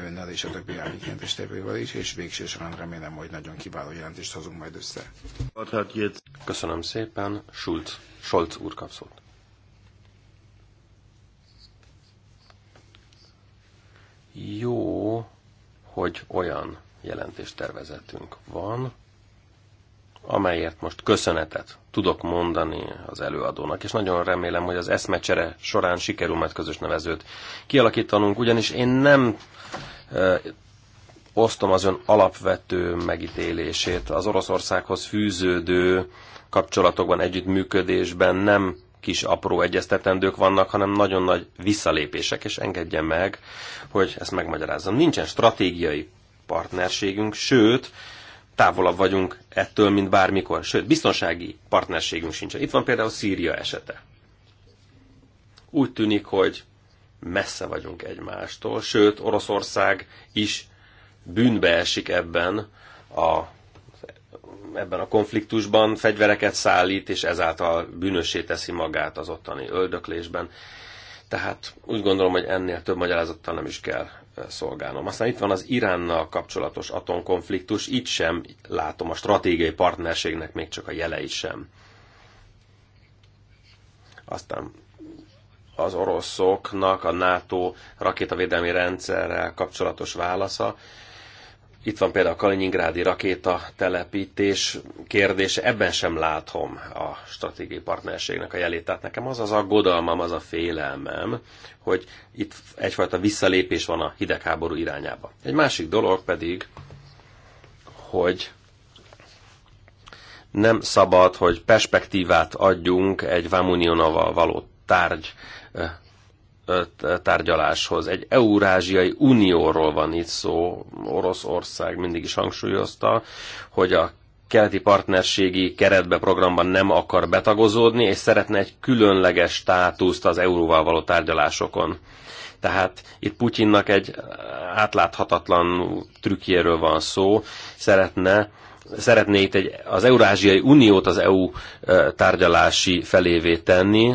önnel és a többi jelentéstevővel is, és végső során remélem, hogy nagyon kiváló jelentést hozunk majd össze. Köszönöm szépen, Schulz, Scholz úr kapszott. Jó, hogy olyan jelentéstervezetünk van, amelyért most köszönetet tudok mondani az előadónak, és nagyon remélem, hogy az eszmecsere során sikerül majd közös nevezőt kialakítanunk, ugyanis én nem ö, osztom az ön alapvető megítélését az Oroszországhoz fűződő kapcsolatokban, együttműködésben nem kis apró egyeztetendők vannak, hanem nagyon nagy visszalépések, és engedje meg, hogy ezt megmagyarázzam. Nincsen stratégiai partnerségünk, sőt, távolabb vagyunk ettől, mint bármikor. Sőt, biztonsági partnerségünk sincs. Itt van például Szíria esete. Úgy tűnik, hogy messze vagyunk egymástól, sőt, Oroszország is bűnbe esik ebben a, ebben a konfliktusban, fegyvereket szállít, és ezáltal bűnössé teszi magát az ottani öldöklésben. Tehát úgy gondolom, hogy ennél több magyarázattal nem is kell szolgálnom. Aztán itt van az Iránnal kapcsolatos atomkonfliktus, itt sem látom a stratégiai partnerségnek még csak a jelei sem. Aztán az oroszoknak a NATO rakétavédelmi rendszerrel kapcsolatos válasza. Itt van például a Kaliningrádi rakéta telepítés kérdése, ebben sem látom a stratégiai partnerségnek a jelét. Tehát nekem az az aggodalmam, az a félelmem, hogy itt egyfajta visszalépés van a hidegháború irányába. Egy másik dolog pedig, hogy nem szabad, hogy perspektívát adjunk egy Vámunionaval való tárgy tárgyaláshoz. Egy Eurázsiai Unióról van itt szó. Oroszország mindig is hangsúlyozta, hogy a keleti partnerségi keretbe programban nem akar betagozódni, és szeretne egy különleges státuszt az euróval való tárgyalásokon. Tehát itt Putyinnak egy átláthatatlan trükkjéről van szó, szeretne szeretné itt egy, az Eurázsiai Uniót az EU tárgyalási felévé tenni,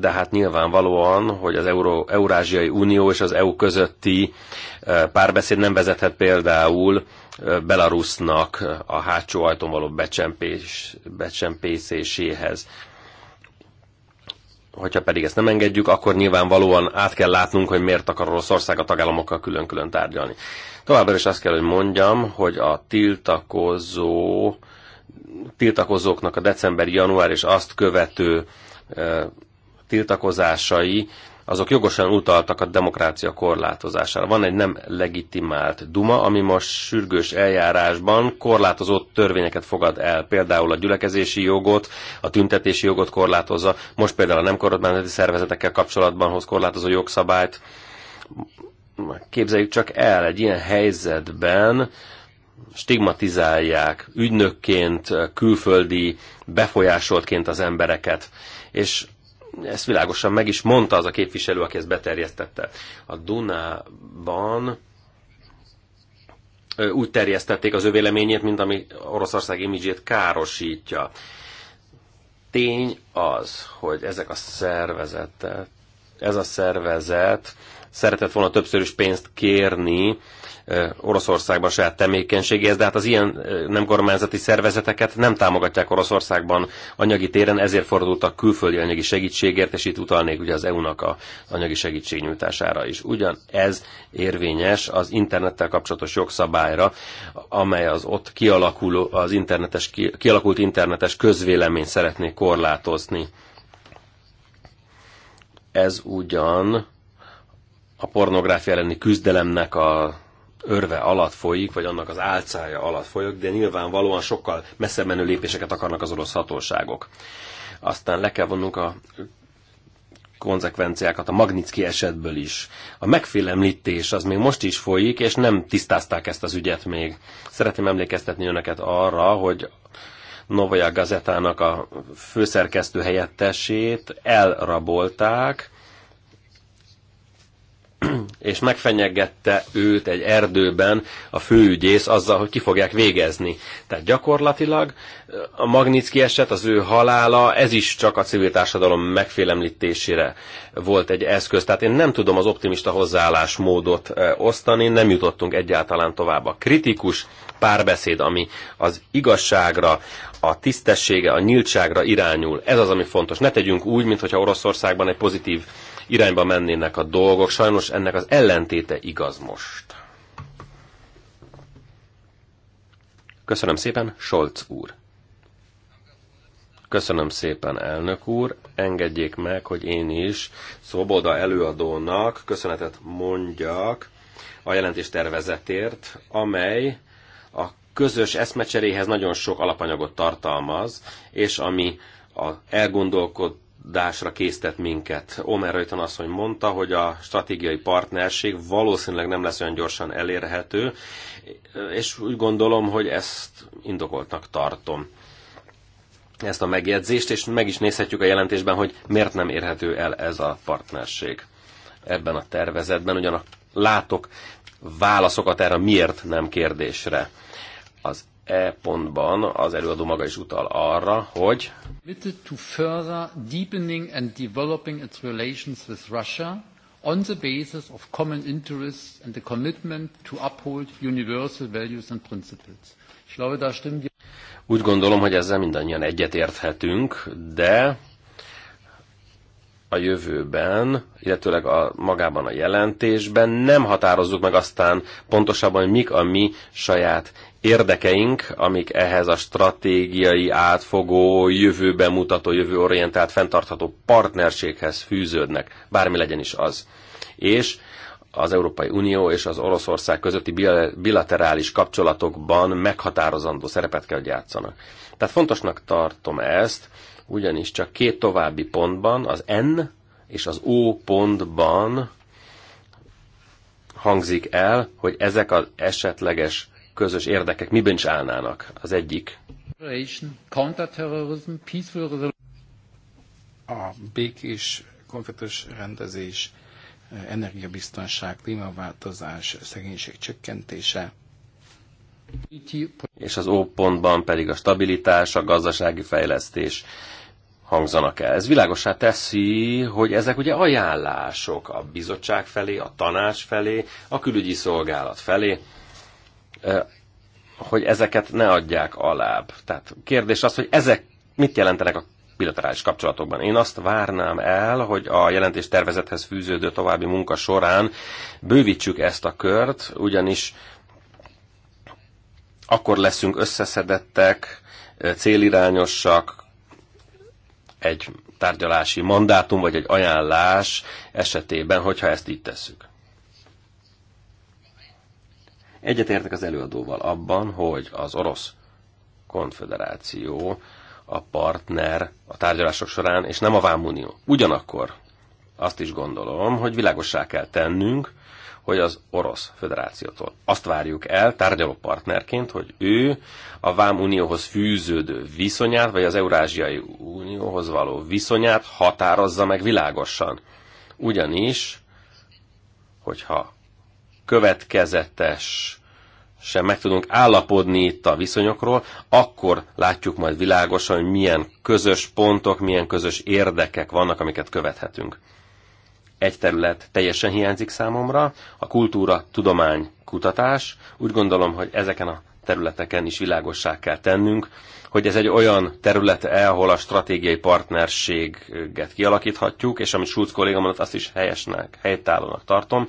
de hát nyilvánvalóan, hogy az Euró, Eurázsiai Unió és az EU közötti e, párbeszéd nem vezethet például e, Belarusnak a hátsó ajtón való becsempés, becsempészéséhez. Hogyha pedig ezt nem engedjük, akkor nyilvánvalóan át kell látnunk, hogy miért akar Oroszország a tagállamokkal külön-külön tárgyalni. Továbbra is azt kell, hogy mondjam, hogy a tiltakozó, tiltakozóknak a december, január és azt követő e, tiltakozásai azok jogosan utaltak a demokrácia korlátozására. Van egy nem legitimált Duma, ami most sürgős eljárásban korlátozott törvényeket fogad el, például a gyülekezési jogot, a tüntetési jogot korlátozza, most például a nem kormányzati szervezetekkel kapcsolatban hoz korlátozó jogszabályt. Képzeljük csak el, egy ilyen helyzetben stigmatizálják ügynökként, külföldi befolyásoltként az embereket. És ezt világosan meg is mondta az a képviselő, aki ezt beterjesztette. A Dunában úgy terjesztették az ő véleményét, mint ami Oroszország imidzsét károsítja. Tény az, hogy ezek a szervezetek, ez a szervezet szeretett volna többször is pénzt kérni Oroszországban saját tevékenységéhez, de hát az ilyen nem kormányzati szervezeteket nem támogatják Oroszországban anyagi téren, ezért fordultak külföldi anyagi segítségért, és itt utalnék ugye az EU-nak a anyagi segítségnyújtására is. Ugyan ez érvényes az internettel kapcsolatos jogszabályra, amely az ott kialakuló, az internetes, kialakult internetes közvélemény szeretné korlátozni. Ez ugyan a pornográfia elleni küzdelemnek a örve alatt folyik, vagy annak az álcája alatt folyik, de nyilvánvalóan sokkal messzebb menő lépéseket akarnak az orosz hatóságok. Aztán le kell vonnunk a konzekvenciákat a Magnitsky esetből is. A megfélemlítés az még most is folyik, és nem tisztázták ezt az ügyet még. Szeretném emlékeztetni önöket arra, hogy Novaya Gazetának a főszerkesztő helyettesét elrabolták, és megfenyegette őt egy erdőben a főügyész azzal, hogy ki fogják végezni. Tehát gyakorlatilag a Magnitsky eset, az ő halála, ez is csak a civil társadalom megfélemlítésére volt egy eszköz. Tehát én nem tudom az optimista hozzáállásmódot osztani, nem jutottunk egyáltalán tovább. A kritikus párbeszéd, ami az igazságra, a tisztessége, a nyíltságra irányul, ez az, ami fontos. Ne tegyünk úgy, mintha Oroszországban egy pozitív irányba mennének a dolgok. Sajnos ennek az ellentéte igaz most. Köszönöm szépen, Scholz úr. Köszönöm szépen, elnök úr. Engedjék meg, hogy én is Szoboda előadónak köszönetet mondjak a jelentés tervezetért, amely a közös eszmecseréhez nagyon sok alapanyagot tartalmaz, és ami a elgondolkod megoldásra késztet minket. Omer azt, hogy mondta, hogy a stratégiai partnerség valószínűleg nem lesz olyan gyorsan elérhető, és úgy gondolom, hogy ezt indokoltnak tartom ezt a megjegyzést, és meg is nézhetjük a jelentésben, hogy miért nem érhető el ez a partnerség ebben a tervezetben. Ugyanak látok válaszokat erre miért nem kérdésre. Az e pontban az előadó maga is utal arra, hogy to further deepening and developing its relations with Russia on the basis of common interests and the commitment to uphold universal values and principles. Ich glaube, da stimmen wir. Úgy gondolom, hogy ezzel mindannyian egyetérthetünk, de a jövőben, illetőleg a, magában a jelentésben nem határozzuk meg aztán pontosabban, hogy mik a mi saját érdekeink, amik ehhez a stratégiai, átfogó, jövőben mutató, jövőorientált, fenntartható partnerséghez fűződnek, bármi legyen is az. És az Európai Unió és az Oroszország közötti bilaterális kapcsolatokban meghatározandó szerepet kell, hogy játszanak. Tehát fontosnak tartom ezt, ugyanis csak két további pontban, az N és az O pontban hangzik el, hogy ezek az esetleges közös érdekek miben is állnának? Az egyik. A békés konfliktus rendezés, energiabiztonság, klímaváltozás, szegénység csökkentése. És az O pontban pedig a stabilitás, a gazdasági fejlesztés hangzanak el. Ez világosá teszi, hogy ezek ugye ajánlások a bizottság felé, a tanács felé, a külügyi szolgálat felé, hogy ezeket ne adják alább. Tehát kérdés az, hogy ezek mit jelentenek a bilaterális kapcsolatokban. Én azt várnám el, hogy a jelentés tervezethez fűződő további munka során bővítsük ezt a kört, ugyanis akkor leszünk összeszedettek, célirányosak, egy tárgyalási mandátum vagy egy ajánlás esetében, hogyha ezt így tesszük. Egyetértek az előadóval abban, hogy az orosz konfederáció a partner a tárgyalások során, és nem a Vámunió. Ugyanakkor azt is gondolom, hogy világossá kell tennünk, hogy az Orosz Föderációtól azt várjuk el tárgyaló partnerként, hogy ő a Vám Unióhoz fűződő viszonyát, vagy az Eurázsiai Unióhoz való viszonyát határozza meg világosan. Ugyanis, hogyha következetes sem meg tudunk állapodni itt a viszonyokról, akkor látjuk majd világosan, hogy milyen közös pontok, milyen közös érdekek vannak, amiket követhetünk. Egy terület teljesen hiányzik számomra, a kultúra, tudomány, kutatás. Úgy gondolom, hogy ezeken a területeken is világossá kell tennünk, hogy ez egy olyan terület, ahol a stratégiai partnerséget kialakíthatjuk, és amit Schulz kolléga mondott, azt is helyesnek, helytállónak tartom,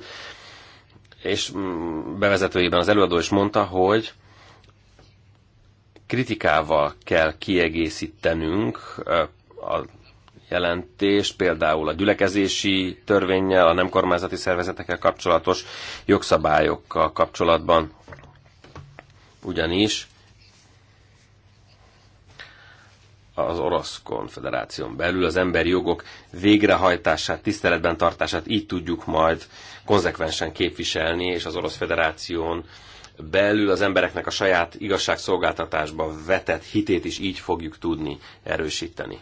és mm, bevezetőjében az előadó is mondta, hogy kritikával kell kiegészítenünk a jelentést, például a gyülekezési törvényel, a nem kormányzati szervezetekkel kapcsolatos jogszabályokkal kapcsolatban. Ugyanis az Orosz Konfederáción belül az emberi jogok végrehajtását, tiszteletben tartását így tudjuk majd konzekvensen képviselni, és az Orosz Federáción belül az embereknek a saját igazságszolgáltatásba vetett hitét is így fogjuk tudni erősíteni.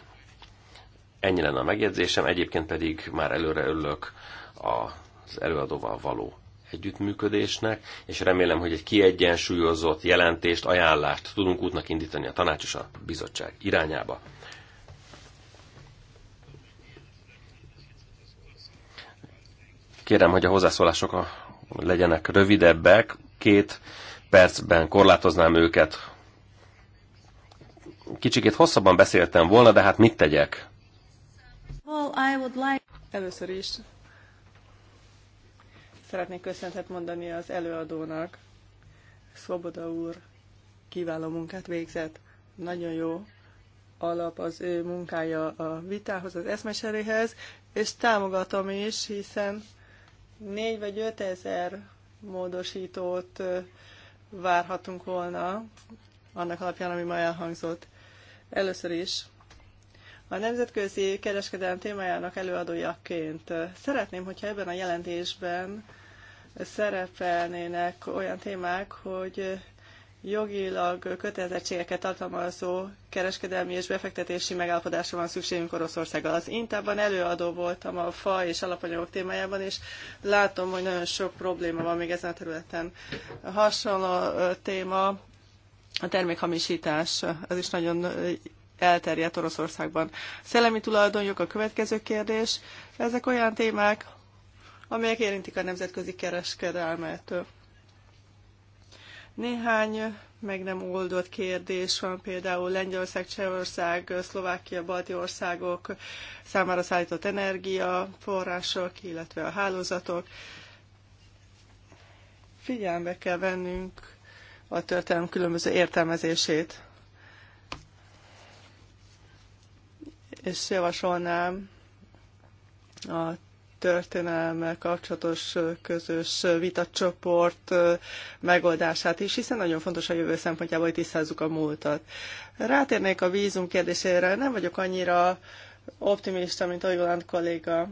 Ennyi lenne a megjegyzésem, egyébként pedig már előre örülök az előadóval való együttműködésnek, és remélem, hogy egy kiegyensúlyozott jelentést, ajánlást tudunk útnak indítani a tanács és a bizottság irányába. Kérem, hogy a hozzászólások a, legyenek rövidebbek. Két percben korlátoznám őket. Kicsikét hosszabban beszéltem volna, de hát mit tegyek? Well, I would like... Először is Szeretnék köszönetet mondani az előadónak. Szoboda úr kiváló munkát végzett. Nagyon jó alap az ő munkája a vitához, az eszmeseréhez, és támogatom is, hiszen négy vagy öt ezer módosítót várhatunk volna annak alapján, ami ma elhangzott. Először is a nemzetközi kereskedelem témájának előadójaként. Szeretném, hogyha ebben a jelentésben szerepelnének olyan témák, hogy jogilag kötelezettségeket tartalmazó kereskedelmi és befektetési megállapodásra van szükségünk Oroszországgal. Az Intában előadó voltam a fa és alapanyagok témájában, és látom, hogy nagyon sok probléma van még ezen a területen. hasonló téma a termékhamisítás, az is nagyon elterjedt Oroszországban. Szellemi tulajdonjog a következő kérdés. Ezek olyan témák, amelyek érintik a nemzetközi kereskedelmet. Néhány meg nem oldott kérdés van, például Lengyelország, Csehország, Szlovákia, balti országok számára szállított energia, források, illetve a hálózatok. Figyelme kell vennünk a történelem különböző értelmezését. és javasolnám a történelme kapcsolatos közös vitacsoport megoldását is, hiszen nagyon fontos a jövő szempontjából, hogy tisztázzuk a múltat. Rátérnék a vízum kérdésére, nem vagyok annyira optimista, mint a Olyvoland kolléga.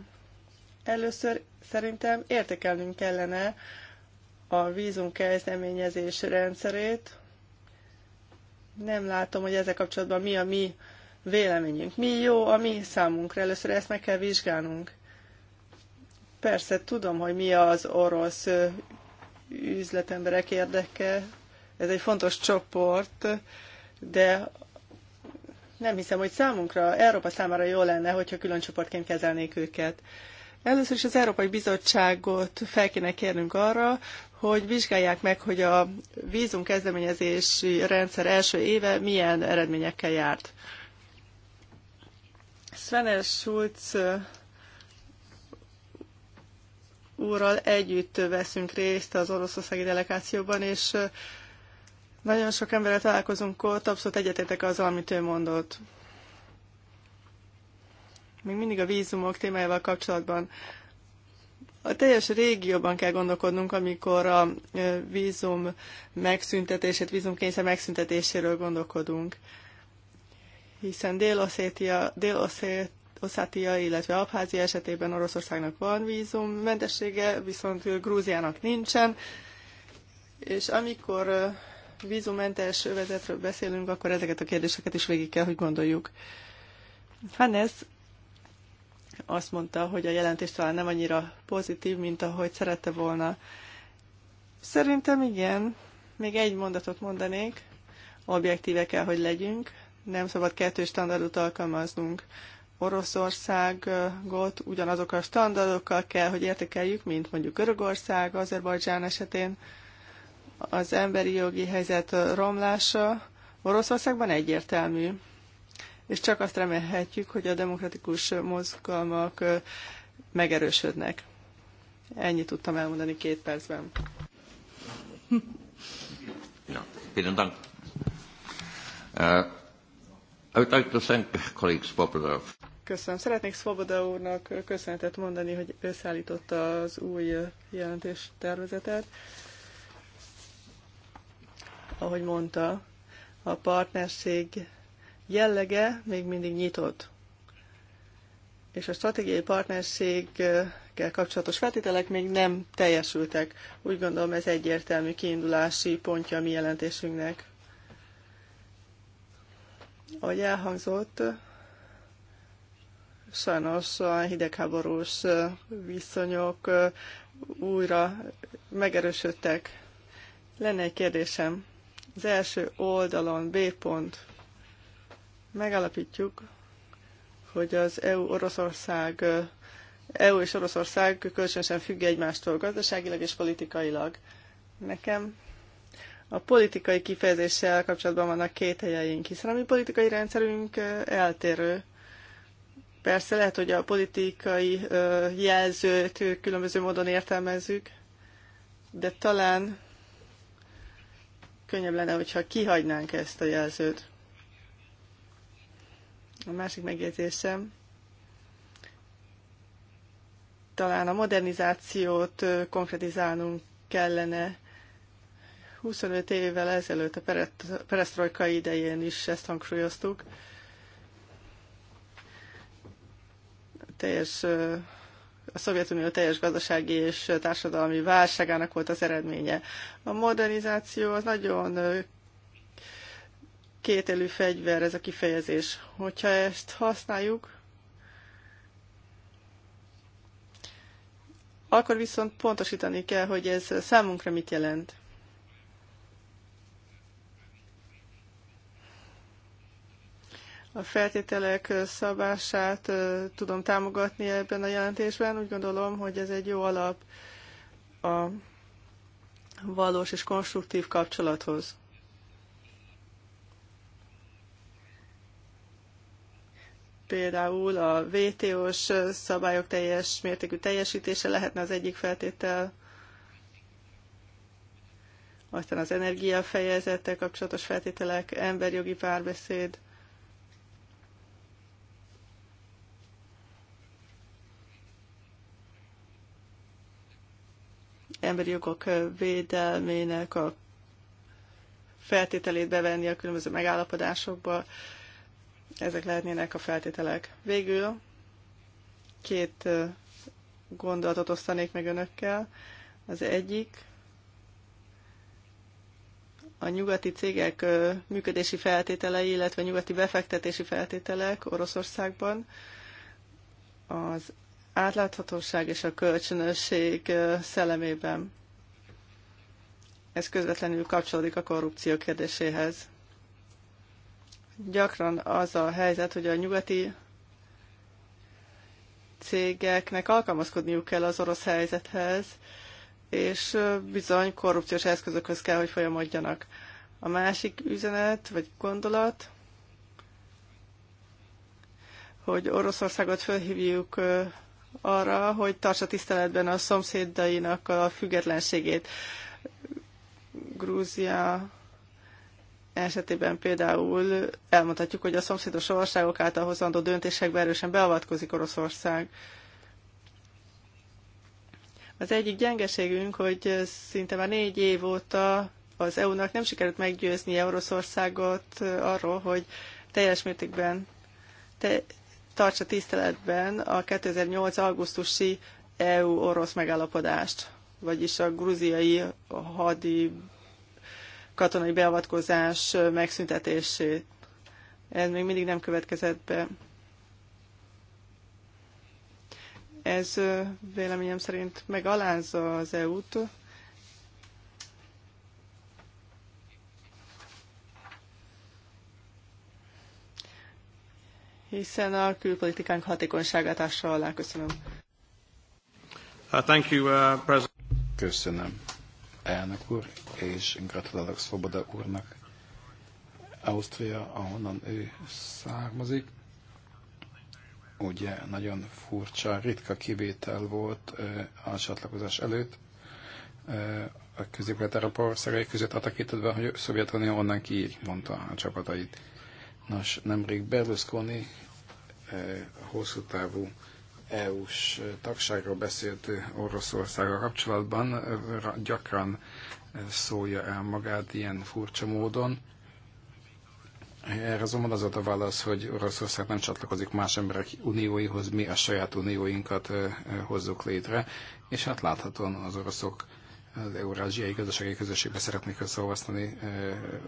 Először szerintem értékelnünk kellene a vízum kezdeményezés rendszerét. Nem látom, hogy ezzel kapcsolatban mi a mi véleményünk. Mi jó a mi számunkra? Először ezt meg kell vizsgálnunk. Persze tudom, hogy mi az orosz üzletemberek érdeke. Ez egy fontos csoport, de nem hiszem, hogy számunkra, Európa számára jó lenne, hogyha külön csoportként kezelnék őket. Először is az Európai Bizottságot fel kéne kérnünk arra, hogy vizsgálják meg, hogy a vízum kezdeményezési rendszer első éve milyen eredményekkel járt. Svene Schulz úrral együtt veszünk részt az oroszországi delegációban, és nagyon sok emberrel találkozunk ott, abszolút egyetértek azzal, amit ő mondott. Még mindig a vízumok témájával kapcsolatban. A teljes régióban kell gondolkodnunk, amikor a vízum megszüntetését, vízumkényszer megszüntetéséről gondolkodunk hiszen Dél-Oszátia, dél illetve Abházia esetében Oroszországnak van vízummentessége, viszont Grúziának nincsen, és amikor vízummentes övezetről beszélünk, akkor ezeket a kérdéseket is végig kell, hogy gondoljuk. Hannes azt mondta, hogy a jelentés talán nem annyira pozitív, mint ahogy szerette volna. Szerintem igen, még egy mondatot mondanék, objektívek kell, hogy legyünk, nem szabad kettő standardot alkalmaznunk. Oroszországot ugyanazok a standardokkal kell, hogy értékeljük, mint mondjuk Görögország, Azerbajdzsán esetén. Az emberi jogi helyzet romlása Oroszországban egyértelmű, és csak azt remélhetjük, hogy a demokratikus mozgalmak megerősödnek. Ennyit tudtam elmondani két percben. Ja, vielen Dank. I would like to thank colleague Köszönöm. Szeretnék Svoboda úrnak köszönetet mondani, hogy összeállította az új jelentés tervezetet. Ahogy mondta, a partnerség jellege még mindig nyitott. És a stratégiai partnerséggel kapcsolatos feltételek még nem teljesültek. Úgy gondolom ez egyértelmű kiindulási pontja a mi jelentésünknek. Ahogy elhangzott, sajnos a hidegháborús viszonyok újra megerősödtek. Lenne egy kérdésem. Az első oldalon, B pont, megalapítjuk, hogy az EU-Oroszország EU és Oroszország kölcsönösen függ egymástól gazdaságilag és politikailag. Nekem a politikai kifejezéssel kapcsolatban vannak két helyeink, hiszen a mi politikai rendszerünk eltérő. Persze lehet, hogy a politikai jelzőt különböző módon értelmezzük, de talán könnyebb lenne, hogyha kihagynánk ezt a jelzőt. A másik megjegyzésem, talán a modernizációt konkretizálnunk kellene, 25 évvel ezelőtt a perestrojka idején is ezt hangsúlyoztuk. A teljes, a Szovjetunió teljes gazdasági és társadalmi válságának volt az eredménye. A modernizáció az nagyon kételű fegyver, ez a kifejezés. Hogyha ezt használjuk, akkor viszont pontosítani kell, hogy ez számunkra mit jelent. a feltételek szabását tudom támogatni ebben a jelentésben. Úgy gondolom, hogy ez egy jó alap a valós és konstruktív kapcsolathoz. Például a VTO-s szabályok teljes mértékű teljesítése lehetne az egyik feltétel, aztán az energiafejezettel kapcsolatos feltételek, emberjogi párbeszéd, emberi jogok védelmének a feltételét bevenni a különböző megállapodásokba. Ezek lehetnének a feltételek. Végül két gondolatot osztanék meg önökkel. Az egyik, a nyugati cégek működési feltételei, illetve nyugati befektetési feltételek Oroszországban az átláthatóság és a kölcsönösség szellemében. Ez közvetlenül kapcsolódik a korrupció kérdéséhez. Gyakran az a helyzet, hogy a nyugati cégeknek alkalmazkodniuk kell az orosz helyzethez, és bizony korrupciós eszközökhöz kell, hogy folyamodjanak. A másik üzenet vagy gondolat, hogy Oroszországot felhívjuk arra, hogy tartsa tiszteletben a szomszédainak a függetlenségét. Grúzia esetében például elmondhatjuk, hogy a szomszédos országok által hozandó döntésekbe erősen beavatkozik Oroszország. Az egyik gyengeségünk, hogy szinte már négy év óta az EU-nak nem sikerült meggyőzni Oroszországot arról, hogy teljes mértékben te, tartsa tiszteletben a 2008. augusztusi EU-orosz megállapodást, vagyis a gruziai hadi katonai beavatkozás megszüntetését. Ez még mindig nem következett be. Ez véleményem szerint megalázza az EU-t, hiszen a külpolitikánk hatékonyságát ássa alá. Köszönöm. Uh, thank you, uh, President. Köszönöm, elnök úr, és gratulálok Szoboda úrnak. Ausztria, ahonnan ő származik, ugye nagyon furcsa, ritka kivétel volt uh, a csatlakozás előtt uh, a közép kelet országai között a hogy Szovjetunió onnan ki mondta a csapatait. Nos, nemrég Berlusconi Eh, hosszú távú EU-s eh, tagságról beszélt eh, Oroszországgal kapcsolatban gyakran szólja el magát ilyen furcsa módon. Erre azonban az a válasz, hogy Oroszország nem csatlakozik más emberek unióihoz, mi a saját unióinkat hozzuk létre, és hát láthatóan az oroszok az Eurázsiai Gazdasági Közösségbe szeretnék összeolvasztani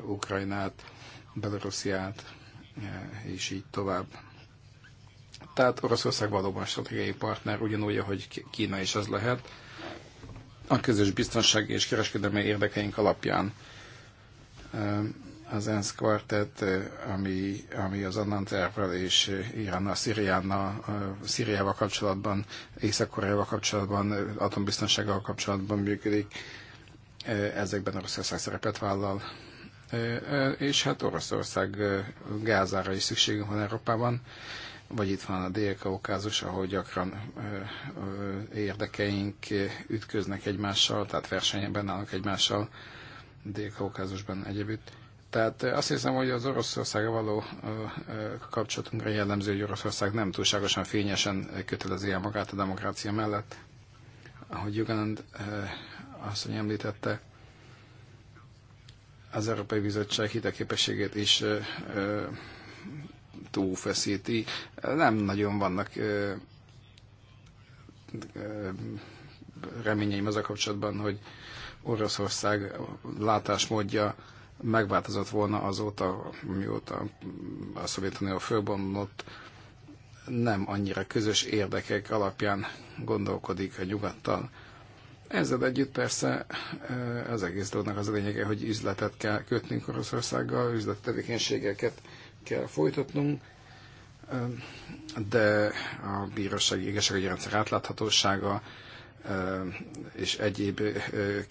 Ukrajnát, Belorussziát, és így tovább. Tehát Oroszország valóban stratégiai partner, ugyanúgy, ahogy Kína is az lehet, a közös biztonsági és kereskedelmi érdekeink alapján. Az ENSZ kvartett, ami, ami az Annan tervvel és Iránnal, Szíriánnal, Szíriával kapcsolatban, Észak-Koreával kapcsolatban, atombiztonsággal kapcsolatban működik, ezekben Oroszország szerepet vállal. És hát Oroszország gázára is szükségünk van Európában vagy itt van a Dél-Kaukázus, ahol gyakran érdekeink ütköznek egymással, tehát versenyben állnak egymással, Dél-Kaukázusban egyébként. Tehát azt hiszem, hogy az Oroszországa való kapcsolatunkra jellemző, hogy Oroszország nem túlságosan fényesen kötelezi el magát a demokrácia mellett. Ahogy Jugend azt, hogy említette, az Európai Bizottság hiteképességét is túlfeszíti. Nem nagyon vannak reményeim az a kapcsolatban, hogy Oroszország látásmódja megváltozott volna azóta, mióta a Szovjetunió fölbomlott, nem annyira közös érdekek alapján gondolkodik a nyugattal. Ezzel együtt persze az egész dolognak az a lényege, hogy üzletet kell kötnünk Oroszországgal, üzlettevékenységeket kell folytatnunk, de a bíróság igazságügyi rendszer átláthatósága és egyéb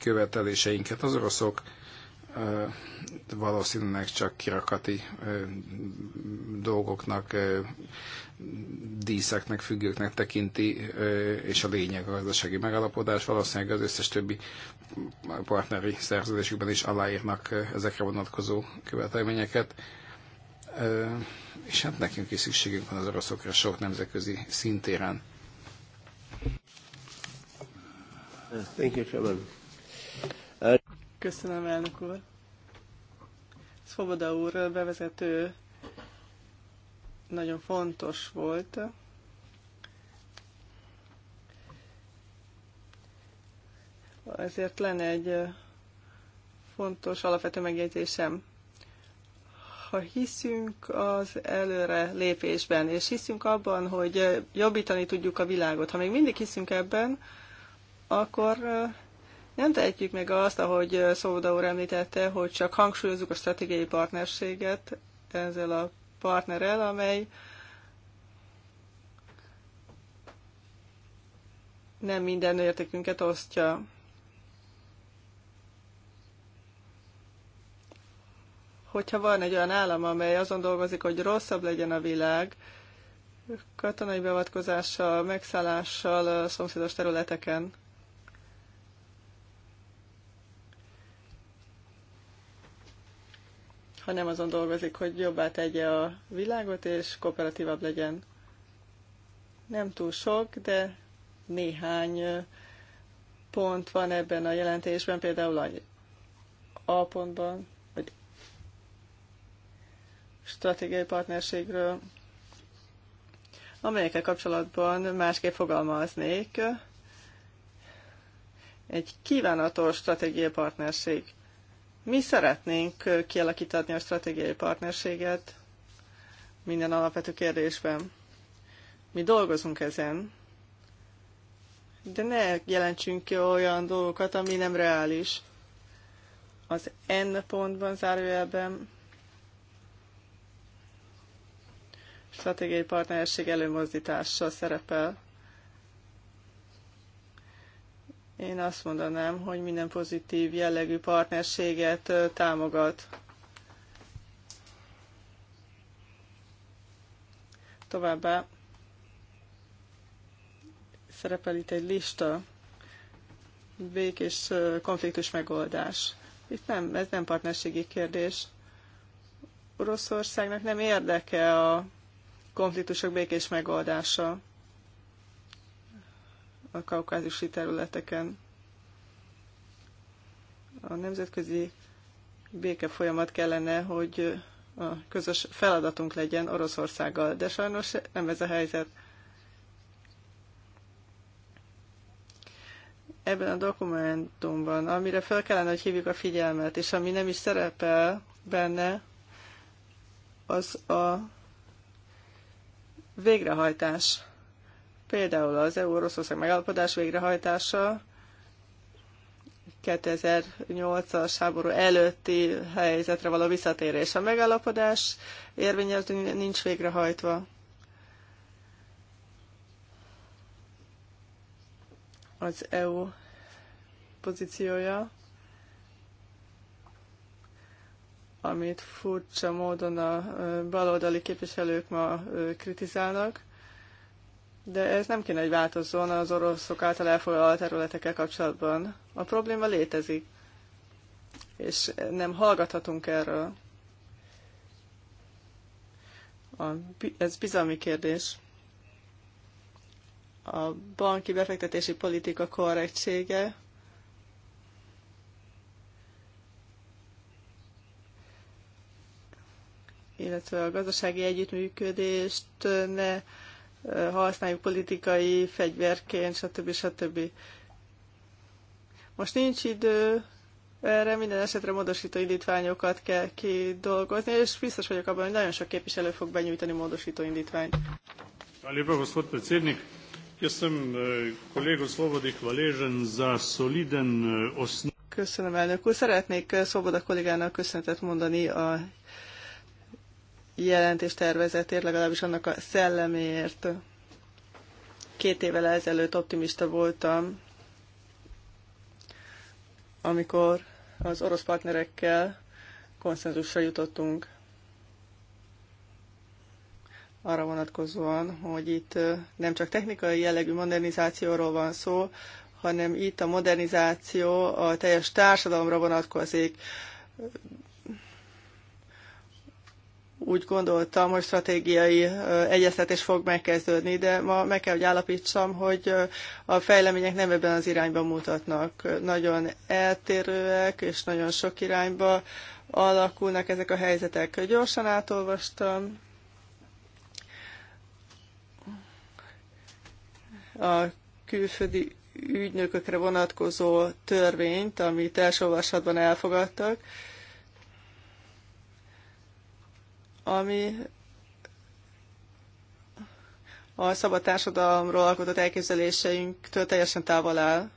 követeléseinket az oroszok valószínűleg csak kirakati dolgoknak, díszeknek, függőknek tekinti, és a lényeg a gazdasági megalapodás. Valószínűleg az összes többi partneri szerződésükben is aláírnak ezekre vonatkozó követelményeket és hát nekünk is szükségünk van az oroszokra sok nemzetközi szintéren. Thank you, Chairman. Köszönöm, elnök úr. Szoboda úr bevezető nagyon fontos volt. Ezért lenne egy fontos alapvető megjegyzésem ha hiszünk az előre lépésben, és hiszünk abban, hogy jobbítani tudjuk a világot, ha még mindig hiszünk ebben, akkor nem tehetjük meg azt, ahogy Szóda úr említette, hogy csak hangsúlyozzuk a stratégiai partnerséget ezzel a partnerrel, amely nem minden értékünket osztja. hogyha van egy olyan állam, amely azon dolgozik, hogy rosszabb legyen a világ, katonai beavatkozással, megszállással a szomszédos területeken, hanem azon dolgozik, hogy jobbá tegye a világot, és kooperatívabb legyen. Nem túl sok, de néhány pont van ebben a jelentésben, például a, a pontban stratégiai partnerségről, amelyekkel kapcsolatban másképp fogalmaznék. Egy kívánatos stratégiai partnerség. Mi szeretnénk kialakítani a stratégiai partnerséget minden alapvető kérdésben. Mi dolgozunk ezen, de ne jelentsünk ki olyan dolgokat, ami nem reális. Az N pontban zárójelben stratégiai partnerség előmozdítással szerepel. Én azt mondanám, hogy minden pozitív jellegű partnerséget támogat. Továbbá szerepel itt egy lista, békés konfliktus megoldás. Itt nem, ez nem partnerségi kérdés. Oroszországnak nem érdeke a konfliktusok békés megoldása a kaukázusi területeken. A nemzetközi béke folyamat kellene, hogy a közös feladatunk legyen Oroszországgal, de sajnos nem ez a helyzet. Ebben a dokumentumban, amire fel kellene, hogy hívjuk a figyelmet, és ami nem is szerepel benne, az a Végrehajtás. Például az EU-Oroszország megállapodás végrehajtása 2008-as háború előtti helyzetre való visszatérés. A megállapodás érvényesítő nincs végrehajtva. Az EU pozíciója amit furcsa módon a baloldali képviselők ma kritizálnak, de ez nem kéne, hogy változzon az oroszok által elfoglalt területekkel kapcsolatban. A probléma létezik, és nem hallgathatunk erről. A, ez bizalmi kérdés. A banki befektetési politika korrektsége illetve a gazdasági együttműködést ne eh, használjuk politikai fegyverként, stb. stb. Most nincs idő, erre minden esetre módosító indítványokat kell kidolgozni, és biztos vagyok abban, hogy nagyon sok képviselő fog benyújtani módosító indítványt. Lepa, gospod predsednik. Jaz sem eh, kollégu Svobodi za soliden eh, Köszönöm, elnök úr. Szeretnék Szoboda kollégának köszönetet mondani a jelentéstervezetért, legalábbis annak a szelleméért. Két évvel ezelőtt optimista voltam, amikor az orosz partnerekkel konszenzusra jutottunk arra vonatkozóan, hogy itt nem csak technikai jellegű modernizációról van szó, hanem itt a modernizáció a teljes társadalomra vonatkozik, úgy gondoltam, hogy stratégiai egyeztetés fog megkezdődni, de ma meg kell, hogy állapítsam, hogy a fejlemények nem ebben az irányban mutatnak. Nagyon eltérőek, és nagyon sok irányba alakulnak ezek a helyzetek. Gyorsan átolvastam. A külföldi ügynökökre vonatkozó törvényt, amit első olvasatban elfogadtak, ami a szabad társadalomról alkotott elképzeléseinktől teljesen távol áll.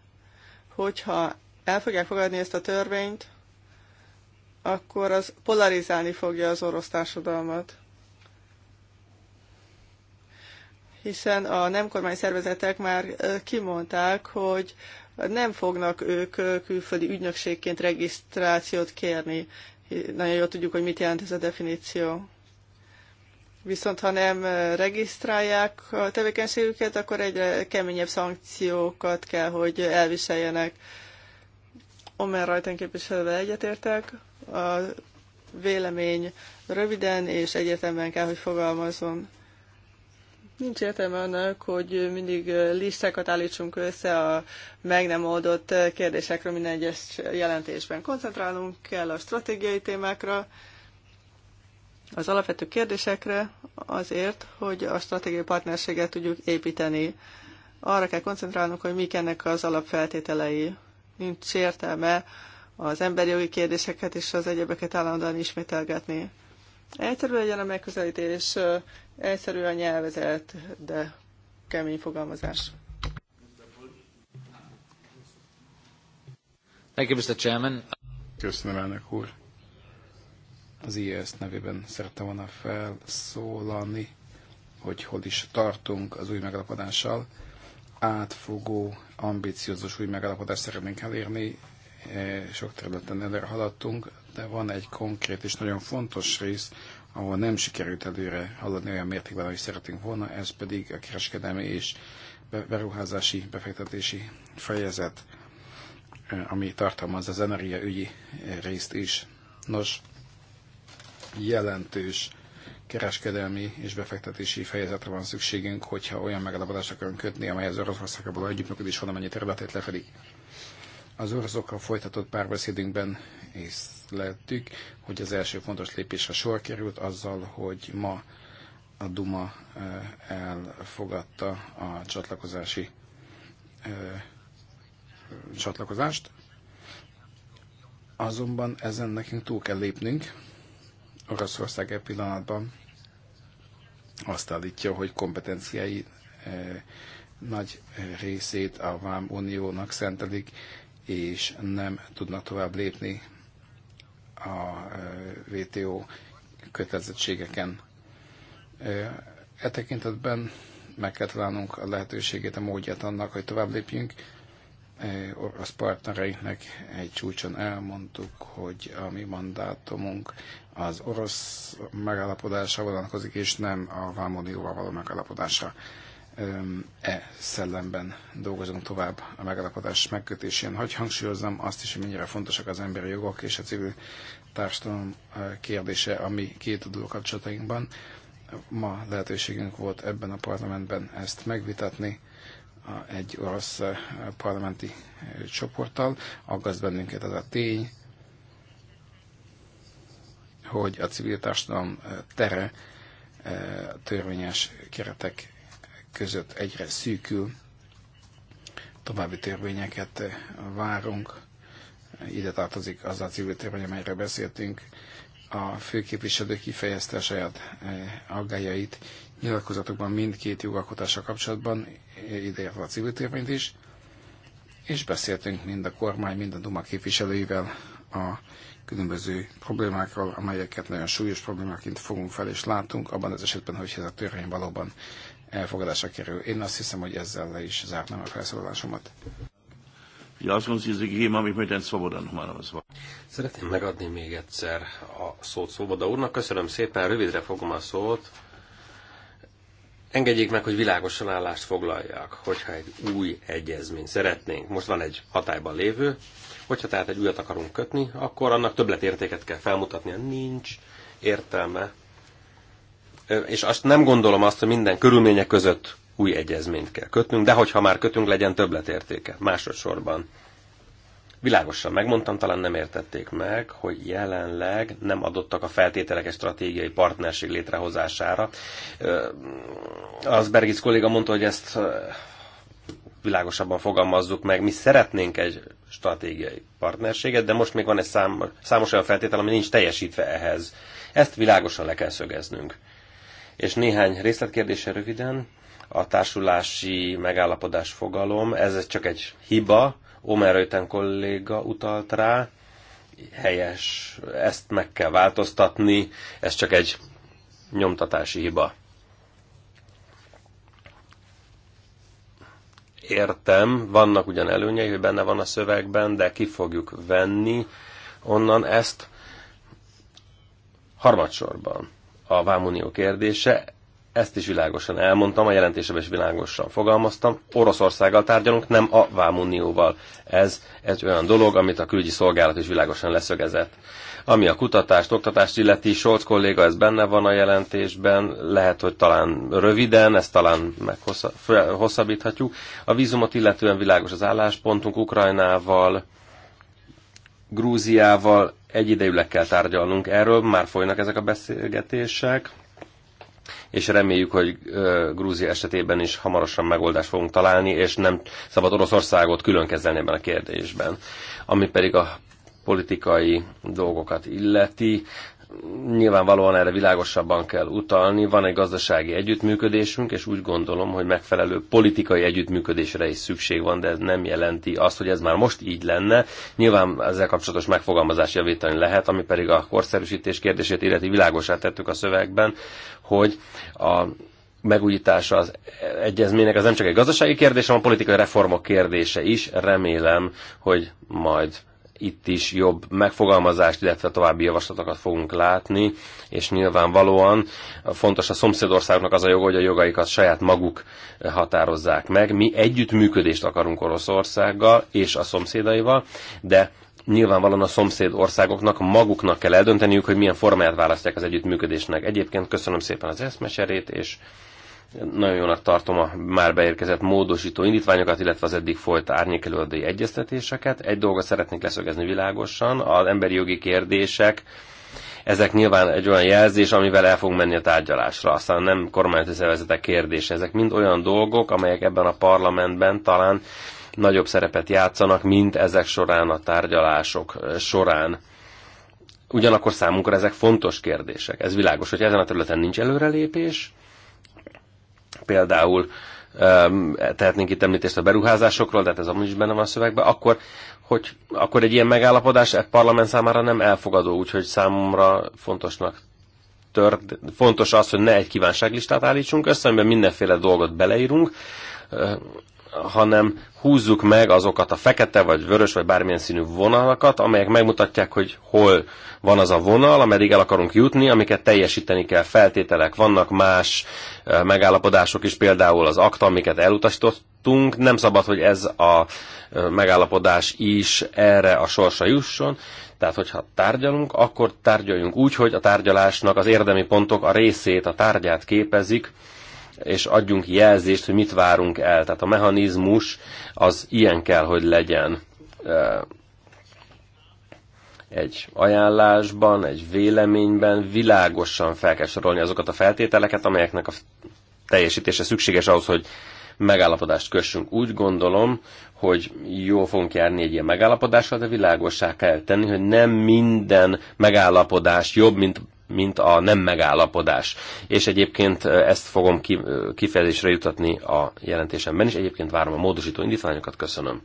Hogyha el fogják fogadni ezt a törvényt, akkor az polarizálni fogja az orosz társadalmat. Hiszen a nem kormány szervezetek már kimondták, hogy nem fognak ők külföldi ügynökségként regisztrációt kérni. Nagyon jól tudjuk, hogy mit jelent ez a definíció. Viszont ha nem regisztrálják a tevékenységüket, akkor egyre keményebb szankciókat kell, hogy elviseljenek. Omer rajtán képviselővel egyetértek. A vélemény röviden és egyetemben kell, hogy fogalmazzon. Nincs értelme annak, hogy mindig listákat állítsunk össze a meg nem oldott kérdésekről minden egyes jelentésben. Koncentrálunk kell a stratégiai témákra, az alapvető kérdésekre azért, hogy a stratégiai partnerséget tudjuk építeni. Arra kell koncentrálnunk, hogy mik ennek az alapfeltételei. Nincs értelme az emberi jogi kérdéseket és az egyebeket állandóan ismételgetni. Egyszerű legyen a megközelítés, egyszerű a nyelvezet, de kemény fogalmazás. Thank you, Mr. Chairman. Köszönöm, elnök úr az IESZ nevében szerettem volna felszólalni, hogy hol is tartunk az új megalapodással. Átfogó, ambiciózus új megalapodást szeretnénk elérni, e, sok területen előre haladtunk, de van egy konkrét és nagyon fontos rész, ahol nem sikerült előre haladni olyan mértékben, ahogy szeretünk volna, ez pedig a kereskedelmi és beruházási, befektetési fejezet, e, ami tartalmaz az energiaügyi e, részt is. Nos, jelentős kereskedelmi és befektetési fejezetre van szükségünk, hogyha olyan megállapodást akarunk kötni, amely az Oroszországgal való együttműködés valamennyi területét lefedi. Az oroszokkal folytatott párbeszédünkben észlettük, hogy az első fontos lépésre sor került azzal, hogy ma a Duma elfogadta a csatlakozási csatlakozást. Azonban ezen nekünk túl kell lépnünk, Oroszország e pillanatban azt állítja, hogy kompetenciái e, nagy részét a Vám Uniónak szentelik, és nem tudnak tovább lépni a e, WTO kötelezettségeken. E, e tekintetben meg kell találnunk a lehetőségét, a módját annak, hogy tovább lépjünk. Orosz partnereinknek egy csúcson elmondtuk, hogy a mi mandátumunk az orosz megállapodásra vonatkozik, és nem a Vámonióval való megállapodásra. E szellemben dolgozunk tovább a megállapodás megkötésén. Hogy hangsúlyozom azt is, hogy mennyire fontosak az emberi jogok és a civil társadalom kérdése a mi tudó kapcsolatainkban. Ma lehetőségünk volt ebben a parlamentben ezt megvitatni egy orosz parlamenti csoporttal. Aggaszt bennünket az a tény, hogy a civil társadalom eh, tere eh, törvényes keretek között egyre szűkül. További törvényeket eh, várunk. Ide tartozik az a civil törvény, amelyről beszéltünk. A főképviselő kifejezte a saját aggájait nyilatkozatokban mindkét jogalkotása kapcsolatban, ideértve a civil törvényt is, és beszéltünk mind a kormány, mind a Duma képviselőivel a különböző problémákról, amelyeket nagyon súlyos problémáként fogunk fel és látunk, abban az esetben, hogy ez a törvény valóban elfogadásra kerül. Én azt hiszem, hogy ezzel le is zártam a felszólalásomat. Szeretném megadni még egyszer a szót Szoboda úrnak. Köszönöm szépen, rövidre fogom a szót. Engedjék meg, hogy világosan állást foglaljak, hogyha egy új egyezményt szeretnénk. Most van egy hatályban lévő Hogyha tehát egy újat akarunk kötni, akkor annak többletértéket kell felmutatnia. Nincs értelme. És azt nem gondolom azt, hogy minden körülmények között új egyezményt kell kötnünk, de hogyha már kötünk, legyen többletértéke. Másodszorban. Világosan megmondtam, talán nem értették meg, hogy jelenleg nem adottak a feltételek egy stratégiai partnerség létrehozására. Az Bergis kolléga mondta, hogy ezt világosabban fogalmazzuk meg, mi szeretnénk egy stratégiai partnerséget, de most még van egy szám, számos olyan feltétel, ami nincs teljesítve ehhez. Ezt világosan le kell szögeznünk. És néhány részletkérdése röviden. A társulási megállapodás fogalom, ez csak egy hiba, Omer Röten kolléga utalt rá, helyes, ezt meg kell változtatni, ez csak egy nyomtatási hiba. értem, vannak ugyan előnyei, hogy benne van a szövegben, de ki fogjuk venni onnan ezt. Harmadsorban a vámunió kérdése, ezt is világosan elmondtam, a jelentésebben is világosan fogalmaztam. Oroszországgal tárgyalunk, nem a Vámunióval. Ez egy olyan dolog, amit a külügyi szolgálat is világosan leszögezett. Ami a kutatást, oktatást illeti, Solc kolléga, ez benne van a jelentésben, lehet, hogy talán röviden, ezt talán meghosszabbíthatjuk. A vízumot illetően világos az álláspontunk Ukrajnával, Grúziával egyidejűleg kell tárgyalnunk erről, már folynak ezek a beszélgetések, és reméljük, hogy Grúzia esetében is hamarosan megoldást fogunk találni, és nem szabad Oroszországot külön kezelni ebben a kérdésben. Ami pedig a politikai dolgokat illeti, nyilvánvalóan erre világosabban kell utalni, van egy gazdasági együttműködésünk, és úgy gondolom, hogy megfelelő politikai együttműködésre is szükség van, de ez nem jelenti azt, hogy ez már most így lenne. Nyilván ezzel kapcsolatos megfogalmazás javítani lehet, ami pedig a korszerűsítés kérdését illeti világosá tettük a szövegben, hogy a megújítása az egyezménynek az nem csak egy gazdasági kérdés, hanem a politikai reformok kérdése is. Remélem, hogy majd itt is jobb megfogalmazást, illetve további javaslatokat fogunk látni, és nyilvánvalóan fontos a szomszédországoknak az a joga, hogy a jogaikat saját maguk határozzák meg. Mi együttműködést akarunk Oroszországgal és a szomszédaival, de nyilvánvalóan a szomszéd országoknak maguknak kell eldönteniük, hogy milyen formáját választják az együttműködésnek. Egyébként köszönöm szépen az eszmeserét, és nagyon jónak tartom a már beérkezett módosító indítványokat, illetve az eddig folyt árnyékelőadói egyeztetéseket. Egy dolgot szeretnék leszögezni világosan, az emberi jogi kérdések, ezek nyilván egy olyan jelzés, amivel el fogunk menni a tárgyalásra. Aztán nem kormányzati szervezetek kérdése. Ezek mind olyan dolgok, amelyek ebben a parlamentben talán nagyobb szerepet játszanak, mint ezek során a tárgyalások során. Ugyanakkor számunkra ezek fontos kérdések. Ez világos, hogy ezen a területen nincs előrelépés, például tehetnénk itt említést a beruházásokról, tehát ez amúgy is benne van a szövegben, akkor, hogy, akkor egy ilyen megállapodás a parlament számára nem elfogadó, úgyhogy számomra fontosnak tört, fontos az, hogy ne egy kívánságlistát állítsunk össze, amiben mindenféle dolgot beleírunk, hanem húzzuk meg azokat a fekete, vagy vörös, vagy bármilyen színű vonalakat, amelyek megmutatják, hogy hol van az a vonal, ameddig el akarunk jutni, amiket teljesíteni kell, feltételek vannak, más megállapodások is, például az akta, amiket elutasítottunk, nem szabad, hogy ez a megállapodás is erre a sorsa jusson, tehát, hogyha tárgyalunk, akkor tárgyaljunk úgy, hogy a tárgyalásnak az érdemi pontok a részét, a tárgyát képezik, és adjunk jelzést, hogy mit várunk el. Tehát a mechanizmus az ilyen kell, hogy legyen egy ajánlásban, egy véleményben világosan fel kell sorolni azokat a feltételeket, amelyeknek a teljesítése szükséges ahhoz, hogy megállapodást kössünk. Úgy gondolom, hogy jó fogunk járni egy ilyen megállapodással, de világossá kell tenni, hogy nem minden megállapodás jobb, mint mint a nem megállapodás. És egyébként ezt fogom kifejezésre jutatni a jelentésemben is. Egyébként várom a módosító indítványokat. Köszönöm.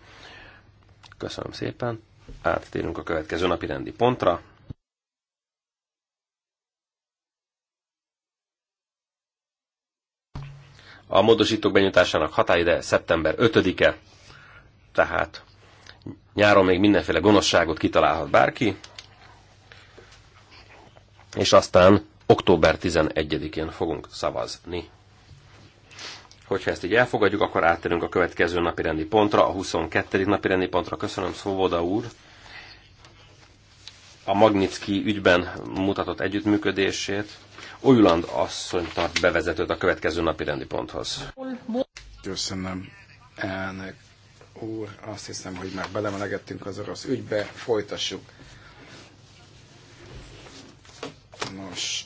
Köszönöm szépen. Áttérünk a következő napi rendi pontra. A módosítók benyújtásának határide szeptember 5-e, tehát nyáron még mindenféle gonoszságot kitalálhat bárki, és aztán október 11-én fogunk szavazni. Hogyha ezt így elfogadjuk, akkor áttérünk a következő napi rendi pontra, a 22. napi rendi pontra. Köszönöm Szóvoda úr! A Magnitsky ügyben mutatott együttműködését. Ojuland asszony tart bevezetőt a következő napi rendi ponthoz. Köszönöm, elnök úr. Azt hiszem, hogy már belemelegettünk az orosz ügybe, folytassuk Nos,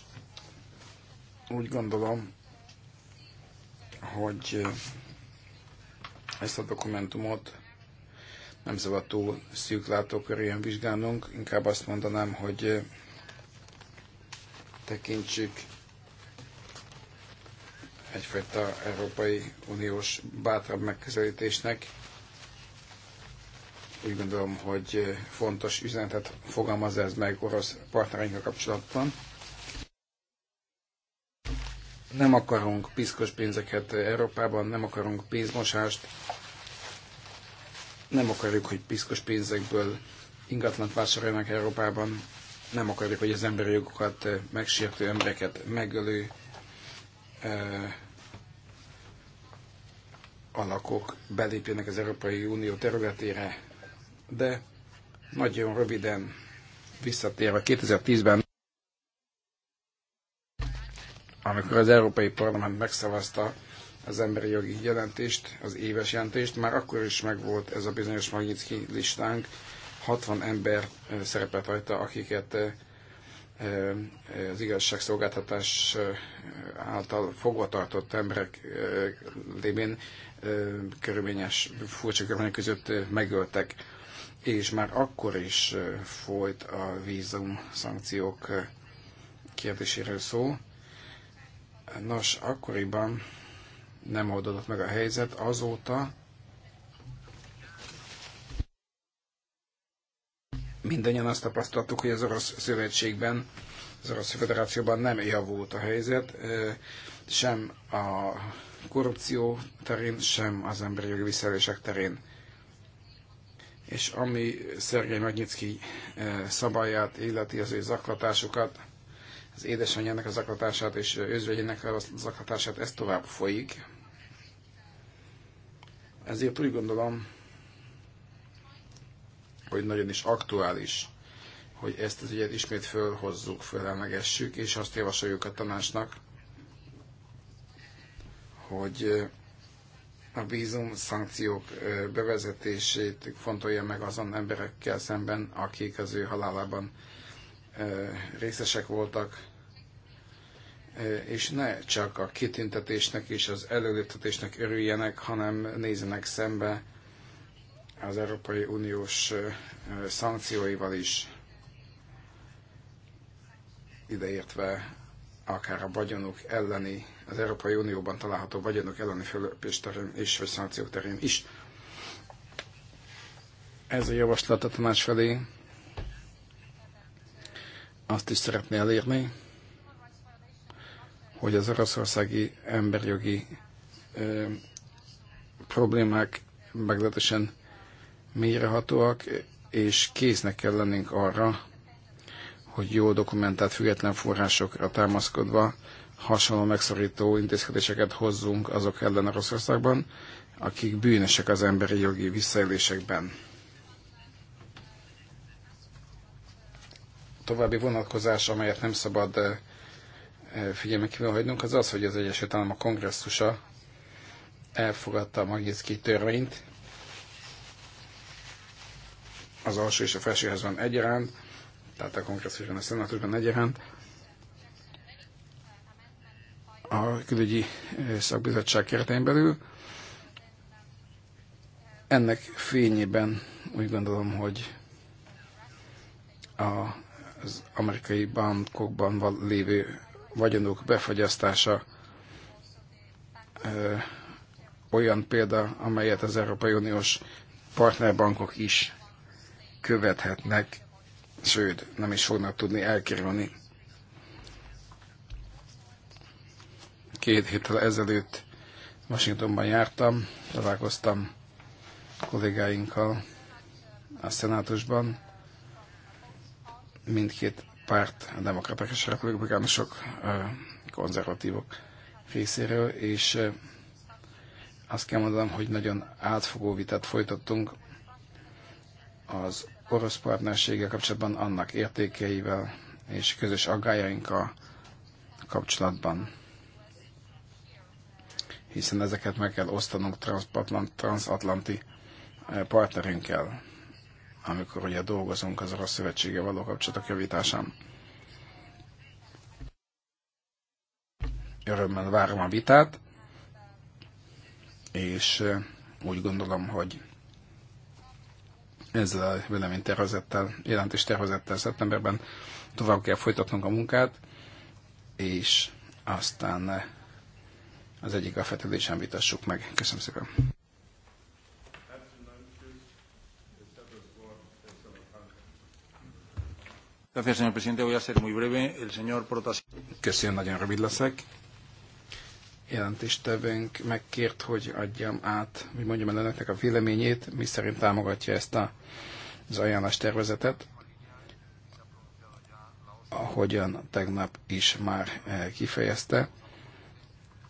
úgy gondolom, hogy eh, ezt a dokumentumot nem szabad túl szűk látókörűen vizsgálnunk, inkább azt mondanám, hogy eh, tekintsük egyfajta Európai Uniós bátrabb megközelítésnek. Úgy gondolom, hogy eh, fontos üzenetet fogalmaz ez meg orosz partnereinkkal kapcsolatban. Nem akarunk piszkos pénzeket Európában, nem akarunk pénzmosást, nem akarjuk, hogy piszkos pénzekből ingatlant vásároljanak Európában, nem akarjuk, hogy az emberi jogokat eh, megsértő embereket megölő eh, alakok belépjenek az Európai Unió területére, de nagyon röviden visszatérve 2010-ben amikor az Európai Parlament megszavazta az emberi jogi jelentést, az éves jelentést, már akkor is megvolt ez a bizonyos Magnitsky listánk, 60 ember szerepelt rajta, akiket az igazságszolgáltatás által fogvatartott emberek lévén körülményes, furcsa körülmények között megöltek, és már akkor is folyt a vízum szankciók kérdéséről szó. Nos, akkoriban nem oldódott meg a helyzet, azóta mindannyian azt tapasztaltuk, hogy az orosz szövetségben, az orosz federációban nem javult a helyzet, sem a korrupció terén, sem az emberi jogi visszaélések terén. És ami Szergei Magnyitszki szabályát illeti az ő zaklatásukat, az édesanyjának az zaklatását és özvegyének a zaklatását, ez tovább folyik. Ezért úgy gondolom, hogy nagyon is aktuális, hogy ezt az ügyet ismét fölhozzuk, fölemlegessük, és azt javasoljuk a tanácsnak, hogy a vízum szankciók bevezetését fontolja meg azon emberekkel szemben, akik az ő halálában részesek voltak, és ne csak a kitüntetésnek és az előléptetésnek örüljenek, hanem nézzenek szembe az Európai Uniós szankcióival is, ideértve akár a vagyonok elleni, az Európai Unióban található vagyonok elleni fölöpés terén is, vagy szankciók terén is. Ez a javaslat a tanács felé azt is szeretné elérni, hogy az oroszországi emberjogi ö, problémák meglehetősen mélyrehatóak, és késznek kell lennünk arra, hogy jó dokumentált független forrásokra támaszkodva hasonló megszorító intézkedéseket hozzunk azok ellen Oroszországban, akik bűnösek az emberi jogi visszaélésekben. További vonatkozás, amelyet nem szabad figyelme kívül hagynunk, az az, hogy az Egyesült Államok kongresszusa elfogadta a Magnitsky törvényt, az alsó és a felsőházban egyaránt, tehát a kongresszusban, a szenátusban egyaránt. A külügyi szakbizottság keretein belül. Ennek fényében úgy gondolom, hogy az amerikai bankokban lévő vagyonuk befagyasztása olyan példa, amelyet az Európai Uniós partnerbankok is követhetnek, sőt, nem is fognak tudni elkerülni. Két héttel ezelőtt Washingtonban jártam, találkoztam kollégáinkkal a szenátusban. Mindkét párt, a demokraták és a republikánusok, konzervatívok részéről, és azt kell mondanom, hogy nagyon átfogó vitát folytattunk az orosz partnerséggel kapcsolatban, annak értékeivel és közös aggájainkkal kapcsolatban. Hiszen ezeket meg kell osztanunk transatlanti partnerünkkel amikor ugye dolgozunk az orosz szövetsége való kapcsolatok javításán. Örömmel várom a vitát, és úgy gondolom, hogy ezzel a véleménytervezettel, tervezettel szeptemberben tovább kell folytatnunk a munkát, és aztán az egyik a fetelésem vitassuk meg. Köszönöm szépen! Köszönöm, nagyon rövid leszek. Jelentéstevőnk megkért, hogy adjam át, hogy mondjam el önöknek a véleményét, mi szerint támogatja ezt a, az ajánlás tervezetet, ahogyan tegnap is már eh, kifejezte.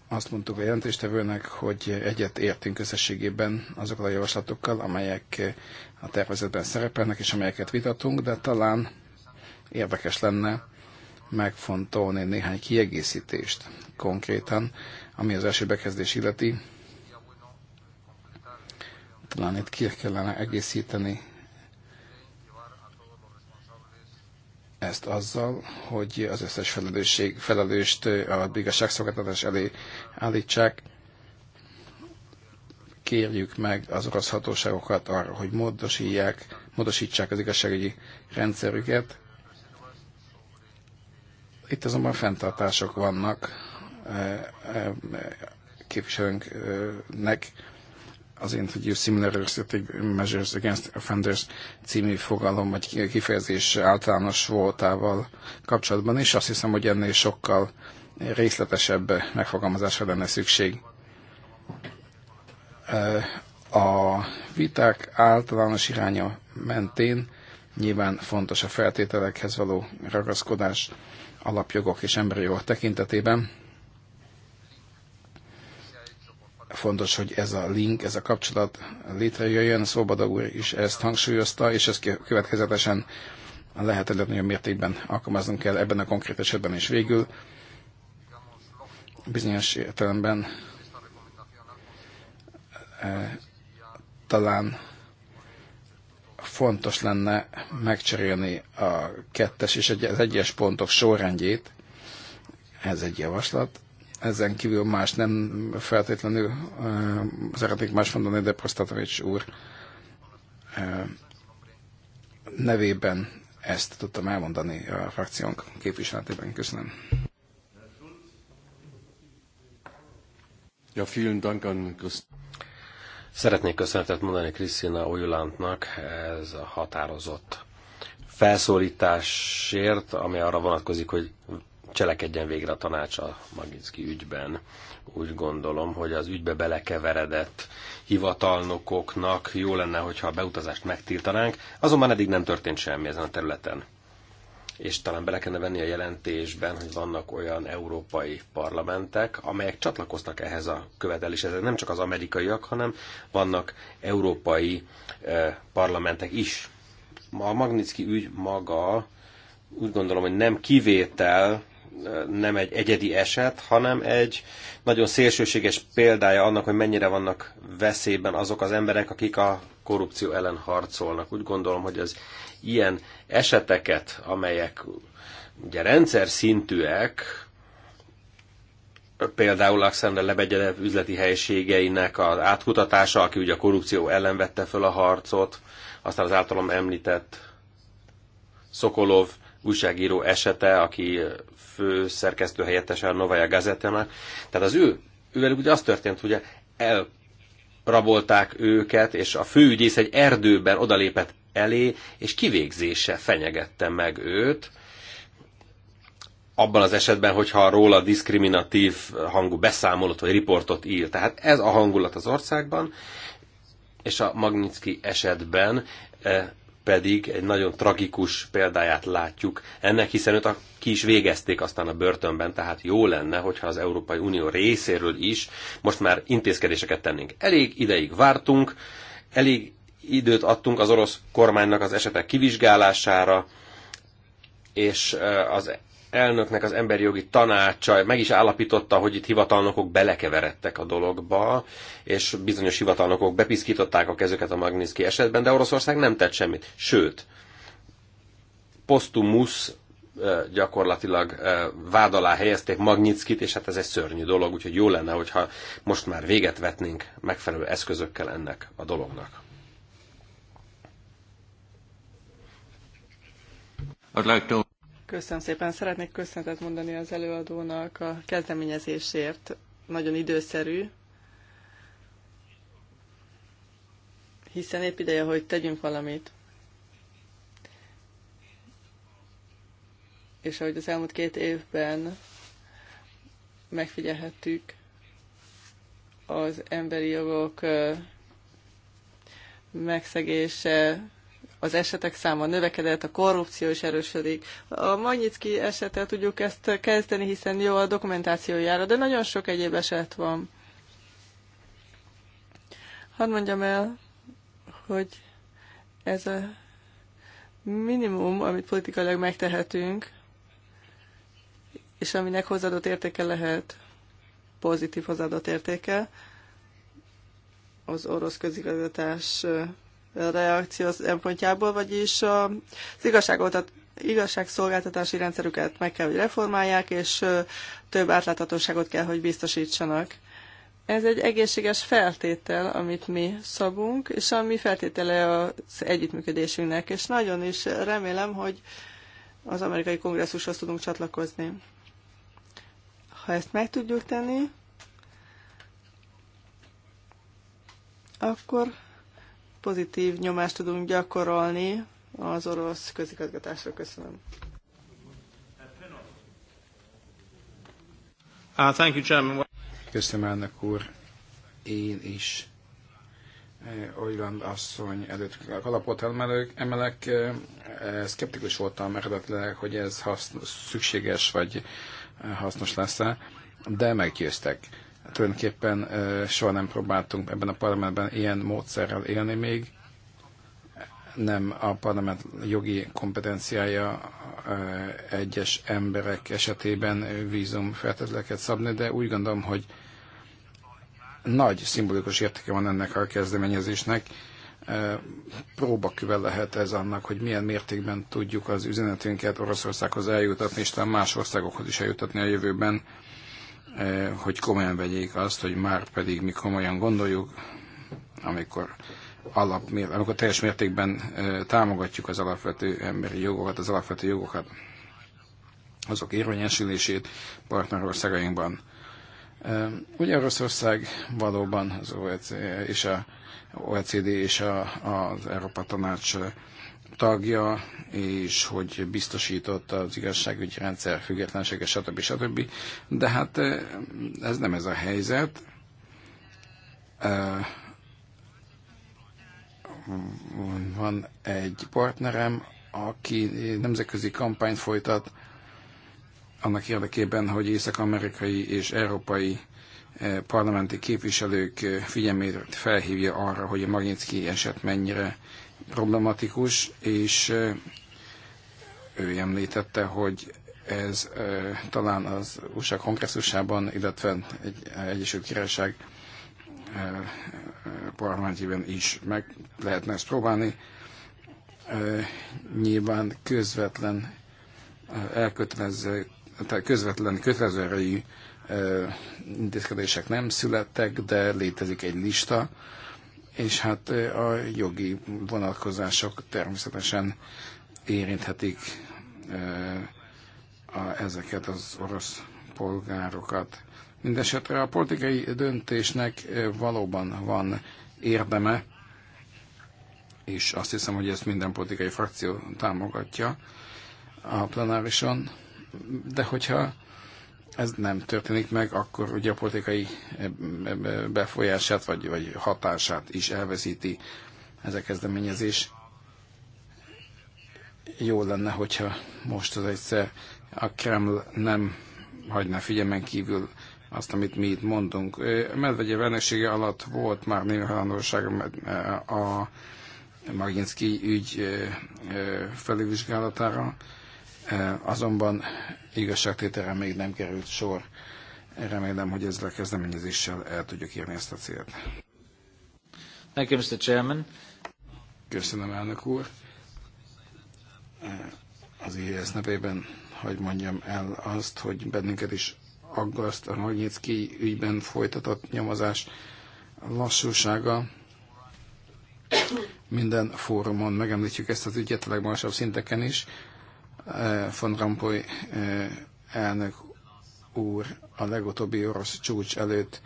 Azt mondtuk a jelentéstevőnek, hogy egyet értünk összességében azokkal a javaslatokkal, amelyek eh, a tervezetben szerepelnek, és amelyeket vitatunk, de talán érdekes lenne megfontolni néhány kiegészítést konkrétan, ami az első bekezdés illeti. Talán itt ki kellene egészíteni ezt azzal, hogy az összes felelősség, felelőst a igazságszolgáltatás elé állítsák. Kérjük meg az orosz hatóságokat arra, hogy módosítsák, módosítsák az igazságügyi rendszerüket, itt azonban fenntartások vannak eh, eh, képviselőnknek az Introduce Similar Restrictive Measures Against Offenders című fogalom vagy kifejezés általános voltával kapcsolatban, és azt hiszem, hogy ennél sokkal részletesebb megfogalmazásra lenne szükség. Eh, a viták általános iránya mentén nyilván fontos a feltételekhez való ragaszkodás, alapjogok és emberi jogok tekintetében. Fontos, hogy ez a link, ez a kapcsolat létrejöjjön. Szóbada úr is ezt hangsúlyozta, és ez következetesen lehet legnagyobb mértékben alkalmaznunk kell ebben a konkrét esetben is végül. Bizonyos értelemben eh, talán fontos lenne megcserélni a kettes és az egyes pontok sorrendjét. Ez egy javaslat. Ezen kívül más nem feltétlenül uh, szeretnék más mondani, de Prostatovics úr uh, nevében ezt tudtam elmondani a frakciónk képviseletében. Köszönöm. Ja, vielen Dank an Christ Szeretnék köszönetet mondani Krisztina Ojulántnak ez a határozott felszólításért, ami arra vonatkozik, hogy cselekedjen végre a tanács a Maginszki ügyben. Úgy gondolom, hogy az ügybe belekeveredett hivatalnokoknak jó lenne, hogyha a beutazást megtiltanánk, azonban eddig nem történt semmi ezen a területen és talán bele kellene venni a jelentésben, hogy vannak olyan európai parlamentek, amelyek csatlakoznak ehhez a követeléshez. nem csak az amerikaiak, hanem vannak európai eh, parlamentek is. A Magnitsky ügy maga úgy gondolom, hogy nem kivétel, eh, nem egy egyedi eset, hanem egy nagyon szélsőséges példája annak, hogy mennyire vannak veszélyben azok az emberek, akik a korrupció ellen harcolnak. Úgy gondolom, hogy az ilyen eseteket, amelyek ugye rendszer szintűek, például Alexander Lebegyedev üzleti helységeinek az átkutatása, aki ugye a korrupció ellen vette föl a harcot, aztán az általam említett Szokolov újságíró esete, aki főszerkesztő helyettese a Novaya Gazetának. Tehát az ő, ővelük ugye az történt, hogy rabolták őket, és a főügyész egy erdőben odalépett elé, és kivégzése fenyegette meg őt, abban az esetben, hogyha róla diszkriminatív hangú beszámolót vagy riportot ír. Tehát ez a hangulat az országban, és a Magnitsky esetben e, pedig egy nagyon tragikus példáját látjuk ennek, hiszen őt a, ki is végezték aztán a börtönben, tehát jó lenne, hogyha az Európai Unió részéről is most már intézkedéseket tennénk. Elég ideig vártunk, elég időt adtunk az orosz kormánynak az esetek kivizsgálására, és az elnöknek az emberi jogi tanácsa meg is állapította, hogy itt hivatalnokok belekeveredtek a dologba, és bizonyos hivatalnokok bepiszkították a kezüket a Magnitsky esetben, de Oroszország nem tett semmit. Sőt, postumus gyakorlatilag vád alá helyezték Magnitskit, és hát ez egy szörnyű dolog, úgyhogy jó lenne, hogyha most már véget vetnénk megfelelő eszközökkel ennek a dolognak. Köszönöm szépen. Szeretnék köszönetet mondani az előadónak a kezdeményezésért. Nagyon időszerű, hiszen épp ideje, hogy tegyünk valamit. És ahogy az elmúlt két évben megfigyelhettük, az emberi jogok megszegése az esetek száma növekedett, a korrupció is erősödik. A Magnyitki esetet tudjuk ezt kezdeni, hiszen jó a dokumentációjára, de nagyon sok egyéb eset van. Hadd mondjam el, hogy ez a minimum, amit politikailag megtehetünk, és aminek hozzáadott értéke lehet, pozitív hozzáadott értéke, az orosz közigazgatás reakció szempontjából, vagyis az igazságot, igazságszolgáltatási rendszerüket meg kell, hogy reformálják, és több átláthatóságot kell, hogy biztosítsanak. Ez egy egészséges feltétel, amit mi szabunk, és ami feltétele az együttműködésünknek, és nagyon is remélem, hogy az amerikai kongresszushoz tudunk csatlakozni. Ha ezt meg tudjuk tenni, akkor pozitív nyomást tudunk gyakorolni az orosz közigazgatásra. Köszönöm. Uh, Köszönöm, elnök úr. Én is eh, Olyland asszony előtt kalapot emelek, emelek eh, eh, szkeptikus voltam eredetileg, hogy ez hasznos, szükséges vagy hasznos lesz-e, de meggyőztek Tulajdonképpen soha nem próbáltunk ebben a parlamentben ilyen módszerrel élni még. Nem a parlament jogi kompetenciája egyes emberek esetében vízum feltételeket szabni, de úgy gondolom, hogy nagy szimbolikus értéke van ennek a kezdeményezésnek. Próbaküve lehet ez annak, hogy milyen mértékben tudjuk az üzenetünket Oroszországhoz eljutatni, és talán más országokhoz is eljutatni a jövőben Eh, hogy komolyan vegyék azt, hogy már pedig mi komolyan gondoljuk, amikor, alap, amikor teljes mértékben eh, támogatjuk az alapvető emberi jogokat, az alapvető jogokat, azok érvényesülését partnerországainkban. Eh, ugye Oroszország valóban az OECD és, a, OECD és a, az Európa Tanács tagja, és hogy biztosította az igazságügyi rendszer függetlensége, stb. stb. De hát ez nem ez a helyzet. Van egy partnerem, aki nemzetközi kampányt folytat annak érdekében, hogy észak-amerikai és európai parlamenti képviselők figyelmét felhívja arra, hogy a Magnitsky eset mennyire problematikus, és ő említette, hogy ez talán az USA kongresszusában, illetve egy Egyesült Királyság parlamentjében is meg lehetne ezt próbálni. Nyilván közvetlen elkötelező, tehát közvetlen kötelező erejű intézkedések nem születtek, de létezik egy lista, és hát a jogi vonatkozások természetesen érinthetik a, ezeket az orosz polgárokat. Mindenesetre a politikai döntésnek valóban van érdeme, és azt hiszem, hogy ezt minden politikai frakció támogatja a plenárison, de hogyha ez nem történik meg, akkor ugye a politikai eh, eh, eh, befolyását vagy, vagy hatását is elveszíti ez a kezdeményezés. Jó lenne, hogyha most az egyszer a Kreml nem hagyná figyelmen kívül azt, amit mi itt mondunk. Medvegyev elnöksége alatt volt már némi halandóság a Maginski ügy felülvizsgálatára, Eh, azonban igazságtételre még nem került sor. Remélem, hogy ezzel a kezdeményezéssel el tudjuk érni ezt a célt. Thank you, Mr. Chairman. Köszönöm, elnök úr. Eh, az IHS nevében, hogy mondjam el azt, hogy bennünket is aggaszt a Magnitsky ügyben folytatott nyomozás lassúsága. Minden fórumon megemlítjük ezt az ügyet a legmagasabb szinteken is. Eh, von Rompuy eh, elnök úr a legutóbbi orosz csúcs előtt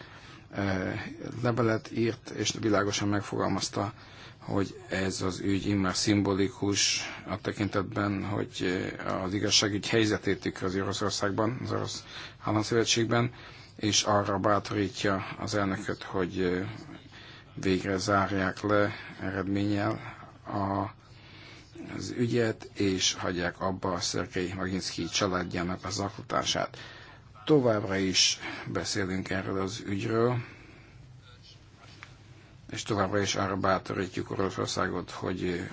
eh, levelet írt, és világosan megfogalmazta, hogy ez az ügy immár szimbolikus a tekintetben, hogy az igazságügy helyzetét tükrözi Oroszországban, az Orosz Államszövetségben, és arra bátorítja az elnököt, hogy végre zárják le eredménnyel a az ügyet, és hagyják abba a Szerkei Maginszki családjának az alkotását. Továbbra is beszélünk erről az ügyről, és továbbra is arra bátorítjuk Oroszországot, hogy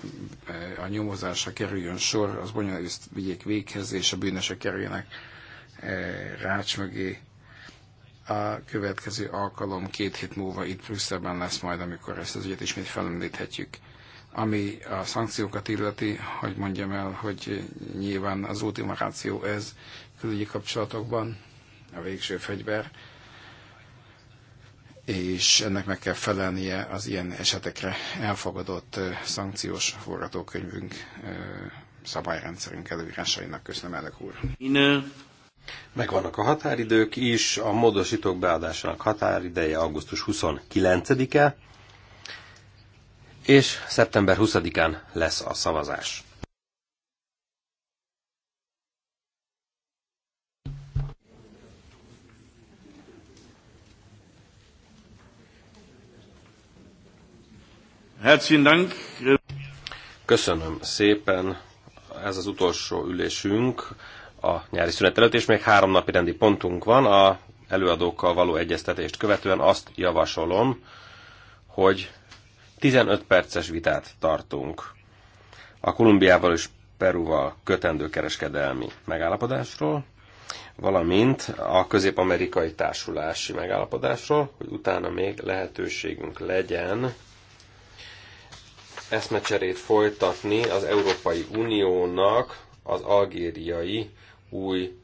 eh, a nyomozásra kerüljön sor, az bonyolult vigyék véghez, és a bűnösek kerüljenek eh, rács mögé. A következő alkalom két hét múlva itt Brüsszelben lesz majd, amikor ezt az ügyet ismét felemlíthetjük. Ami a szankciókat illeti, hogy mondjam el, hogy nyilván az ultima ráció ez külügyi kapcsolatokban, a végső fegyver, és ennek meg kell felelnie az ilyen esetekre elfogadott szankciós forgatókönyvünk szabályrendszerünk előírásainak. Köszönöm, elnök úr. Megvannak a határidők is, a módosítók beadásának határideje augusztus 29-e, és szeptember 20-án lesz a szavazás. Dank. Köszönöm szépen. Ez az utolsó ülésünk a nyári szünet előtt, és még három napi rendi pontunk van. A előadókkal való egyeztetést követően azt javasolom, hogy 15 perces vitát tartunk a Kolumbiával és Peruval kötendő kereskedelmi megállapodásról, valamint a közép-amerikai társulási megállapodásról, hogy utána még lehetőségünk legyen eszmecserét folytatni az Európai Uniónak az algériai új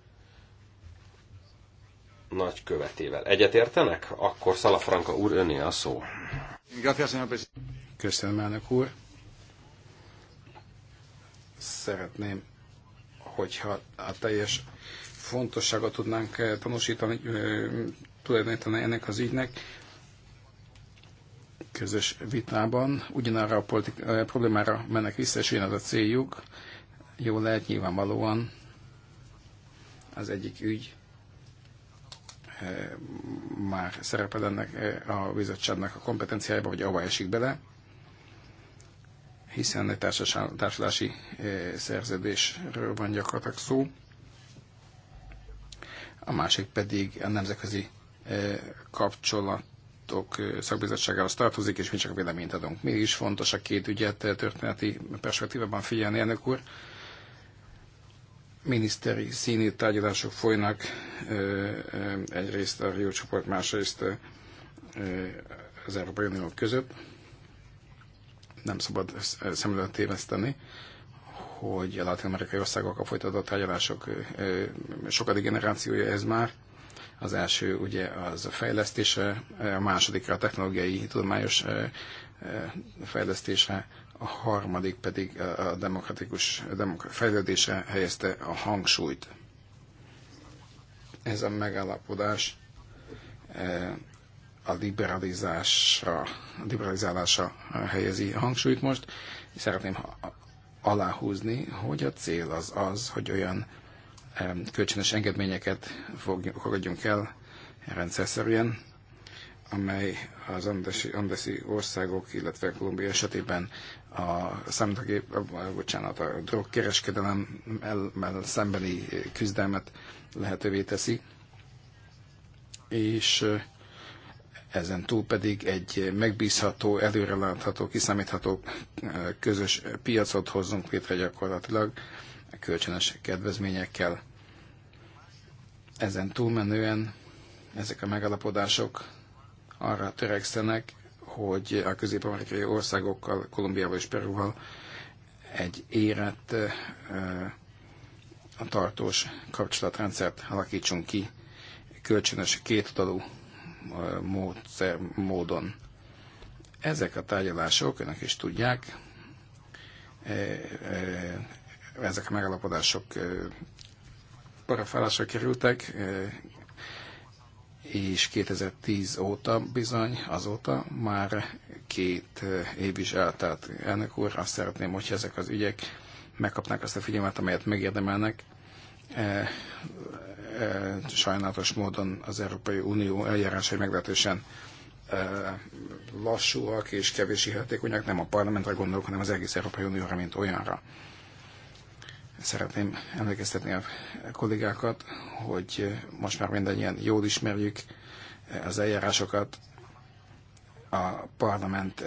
nagykövetével. Egyetértenek? Akkor Szalafranka úr öné a szó. Köszönöm, elnök úr. Szeretném, hogyha a teljes fontosságot tudnánk eh, tanúsítani, eh, tulajdonítani ennek az ügynek közös vitában. Ugyanarra a politik- eh, problémára mennek vissza, és ugyanaz a céljuk. Jó lehet nyilvánvalóan az egyik ügy Eh, már szerepel ennek eh, a bizottságnak a kompetenciájába, vagy ahova esik bele, hiszen egy társadalási eh, szerződésről van gyakorlatilag szó. A másik pedig a nemzetközi kapcsolatok szakbizottságához tartozik, és mi csak véleményt adunk. Mi is fontos a két ügyet történeti perspektívában figyelni, elnök úr miniszteri színű tárgyalások folynak, egyrészt a Rio csoport, másrészt az Európai Unió között. Nem szabad szemlőt téveszteni, hogy a latin-amerikai országokkal folytatott tárgyalások sokadik generációja ez már. Az első ugye az a fejlesztése, a másodikra a technológiai, tudományos fejlesztése, a harmadik pedig eh, a demokratikus fejlődése helyezte a hangsúlyt. Ez a megállapodás eh, a liberalizásra, a liberalizálásra helyezi a hangsúlyt most. Szeretném aláhúzni, hogy a cél az az, hogy olyan kölcsönös engedményeket fogadjunk el rendszerszerűen, amely az andesi, andesi országok, illetve Kolumbia esetében a számítógép, bocsánat, a el, szembeni küzdelmet lehetővé teszi, és ezen túl pedig egy megbízható, előrelátható, kiszámítható közös piacot hozzunk létre gyakorlatilag kölcsönös kedvezményekkel. Ezen túlmenően ezek a megalapodások arra törekszenek, hogy a közép-amerikai országokkal, Kolumbiával és Peruval egy érett, a tartós kapcsolatrendszert alakítsunk ki kölcsönös kétoldalú módszer, módon. Ezek a tárgyalások, önök is tudják, ezek a megalapodások parafálásra kerültek, és 2010 óta bizony, azóta már két eh, év is eltelt. Elnök úr, azt szeretném, hogyha ezek az ügyek megkapnák azt a figyelmet, amelyet megérdemelnek. Eh, eh, sajnálatos módon az Európai Unió eljárásai meglehetősen lassúak és kevési hatékonyak, nem a parlamentre gondolok, hanem az egész Európai Unióra, mint olyanra. Szeretném emlékeztetni a kollégákat, hogy most már mindannyian jól ismerjük az eljárásokat, a parlament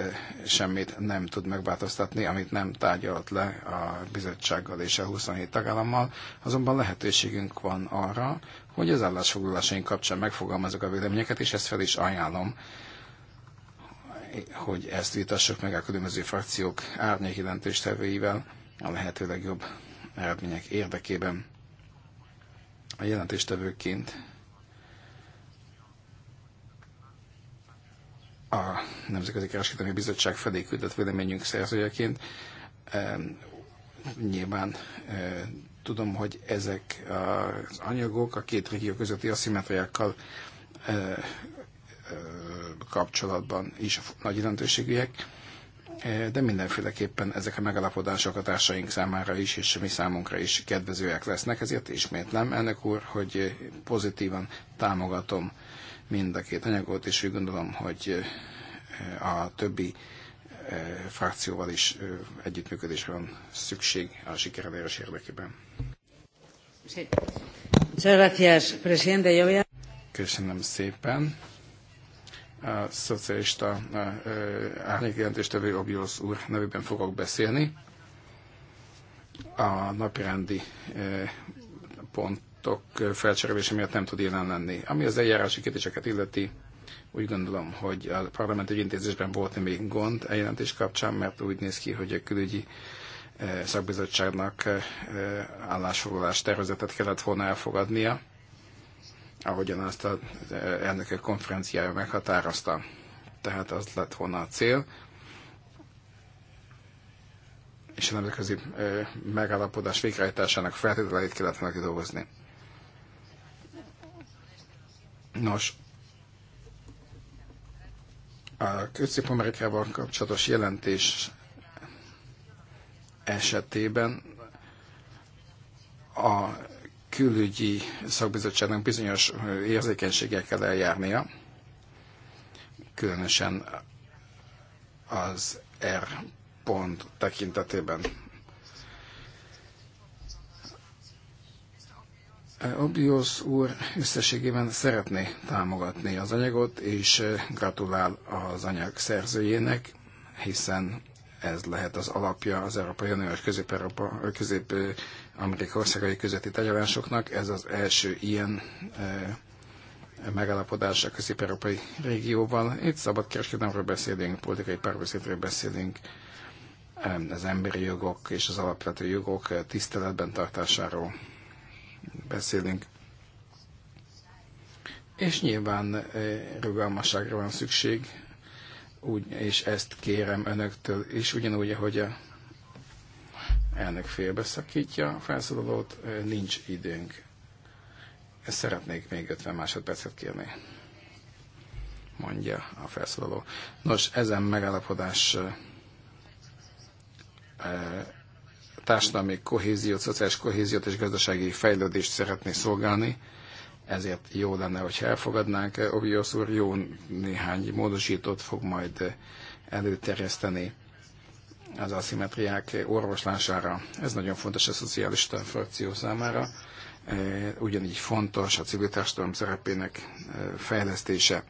semmit nem tud megváltoztatni, amit nem tárgyalt le a bizottsággal és a 27 tagállammal, azonban lehetőségünk van arra, hogy az állásfoglalásaink kapcsán megfogalmazok a véleményeket, és ezt fel is ajánlom, hogy ezt vitassuk meg a különböző frakciók árnyék jelentéstevőivel a lehető legjobb eredmények érdekében. A jelentéstevőként a Nemzetközi Kereskedelmi Bizottság felé küldött véleményünk szerzőjeként nyilván e, tudom, hogy ezek az anyagok a két régió közötti aszimetriákkal e, e, kapcsolatban is nagy jelentőségűek. Eh, de mindenféleképpen ezek a megalapodások a társaink számára is, és mi számunkra is kedvezőek lesznek, ezért ismétlem, elnök úr, hogy pozitívan támogatom mind a két anyagot, és úgy gondolom, hogy eh, a többi eh, frakcióval is együttműködésre van szükség a sikerelérés érdekében. Köszönöm szépen a szocialista árnyékjelentéstevő Obiósz úr nevében fogok beszélni. A napirendi e, pontok felcserélése miatt nem tud jelen lenni. Ami az eljárási kérdéseket illeti, úgy gondolom, hogy a parlamenti intézésben volt -e még gond a jelentés kapcsán, mert úgy néz ki, hogy a külügyi e, szakbizottságnak e, állásfoglalás tervezetet kellett volna elfogadnia ahogyan azt a elnöke konferenciája meghatározta. Tehát az lett volna a cél. És a nemzetközi megállapodás végrehajtásának feltételeit kellett volna kidolgozni. Nos, a Közép-Amerikával kapcsolatos jelentés esetében a külügyi szakbizottságnak bizonyos érzékenységekkel eljárnia, különösen az R pont tekintetében. Obios úr összességében szeretné támogatni az anyagot, és gratulál az anyag szerzőjének, hiszen ez lehet az alapja az Európai Uniós közép-európai közép európa közép Amerika országai közötti tárgyalásoknak. Ez az első ilyen e, megállapodás a közép-európai régióval. Itt szabad kereskedelmről beszélünk, politikai párbeszédről beszélünk, e, az emberi jogok és az alapvető jogok tiszteletben tartásáról beszélünk. És nyilván e, rugalmasságra van szükség, úgy, és ezt kérem önöktől is, ugyanúgy, ahogy a Elnök félbeszakítja a felszólalót, nincs időnk. Ezt szeretnék még 50 másodpercet kérni, mondja a felszólaló. Nos, ezen megállapodás társadalmi kohéziót, szociális kohéziót és gazdasági fejlődést szeretné szolgálni, ezért jó lenne, hogyha elfogadnánk. Obiosz úr jó néhány módosítót fog majd előterjeszteni az aszimetriák orvoslására. Ez nagyon fontos a szocialista frakció számára. E, ugyanígy fontos a civil társadalom szerepének e, fejlesztése.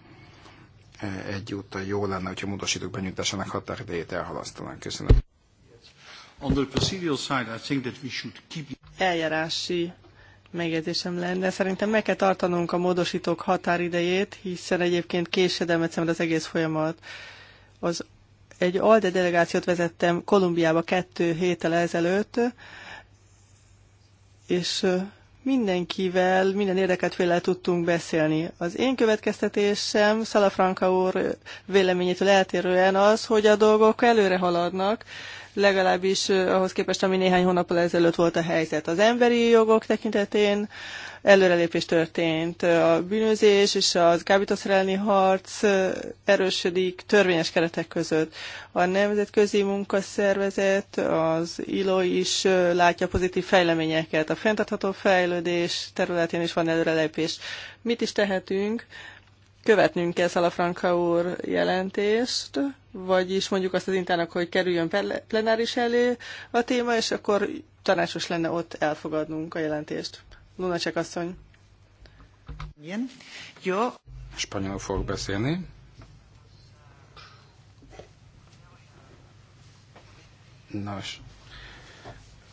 E, egyúttal jó lenne, hogyha módosítók benyújtásának határidejét elhalasztanánk. Köszönöm. On the procedural side, I think that we should keep... Eljárási megjegyzésem lenne. Szerintem meg kell tartanunk a módosítók határidejét, hiszen egyébként késedelmet szemben az egész folyamat. Az egy ALDE delegációt vezettem Kolumbiába kettő héttel ezelőtt, és mindenkivel, minden érdeket félel tudtunk beszélni. Az én következtetésem Szalafranka úr véleményétől eltérően az, hogy a dolgok előre haladnak, legalábbis ahhoz képest, ami néhány hónappal ezelőtt volt a helyzet. Az emberi jogok tekintetén előrelépés történt. A bűnözés és a kábítószerelni harc erősödik törvényes keretek között. A Nemzetközi Munkaszervezet, az ILO is látja pozitív fejleményeket. A fenntartható fejlődés területén is van előrelépés. Mit is tehetünk? követnünk kell Szalafranka úr jelentést, vagyis mondjuk azt az intának, hogy kerüljön plenáris elé a téma, és akkor tanácsos lenne ott elfogadnunk a jelentést. Lunacek asszony. Igen. Jó. Spanyol fog beszélni. Nos,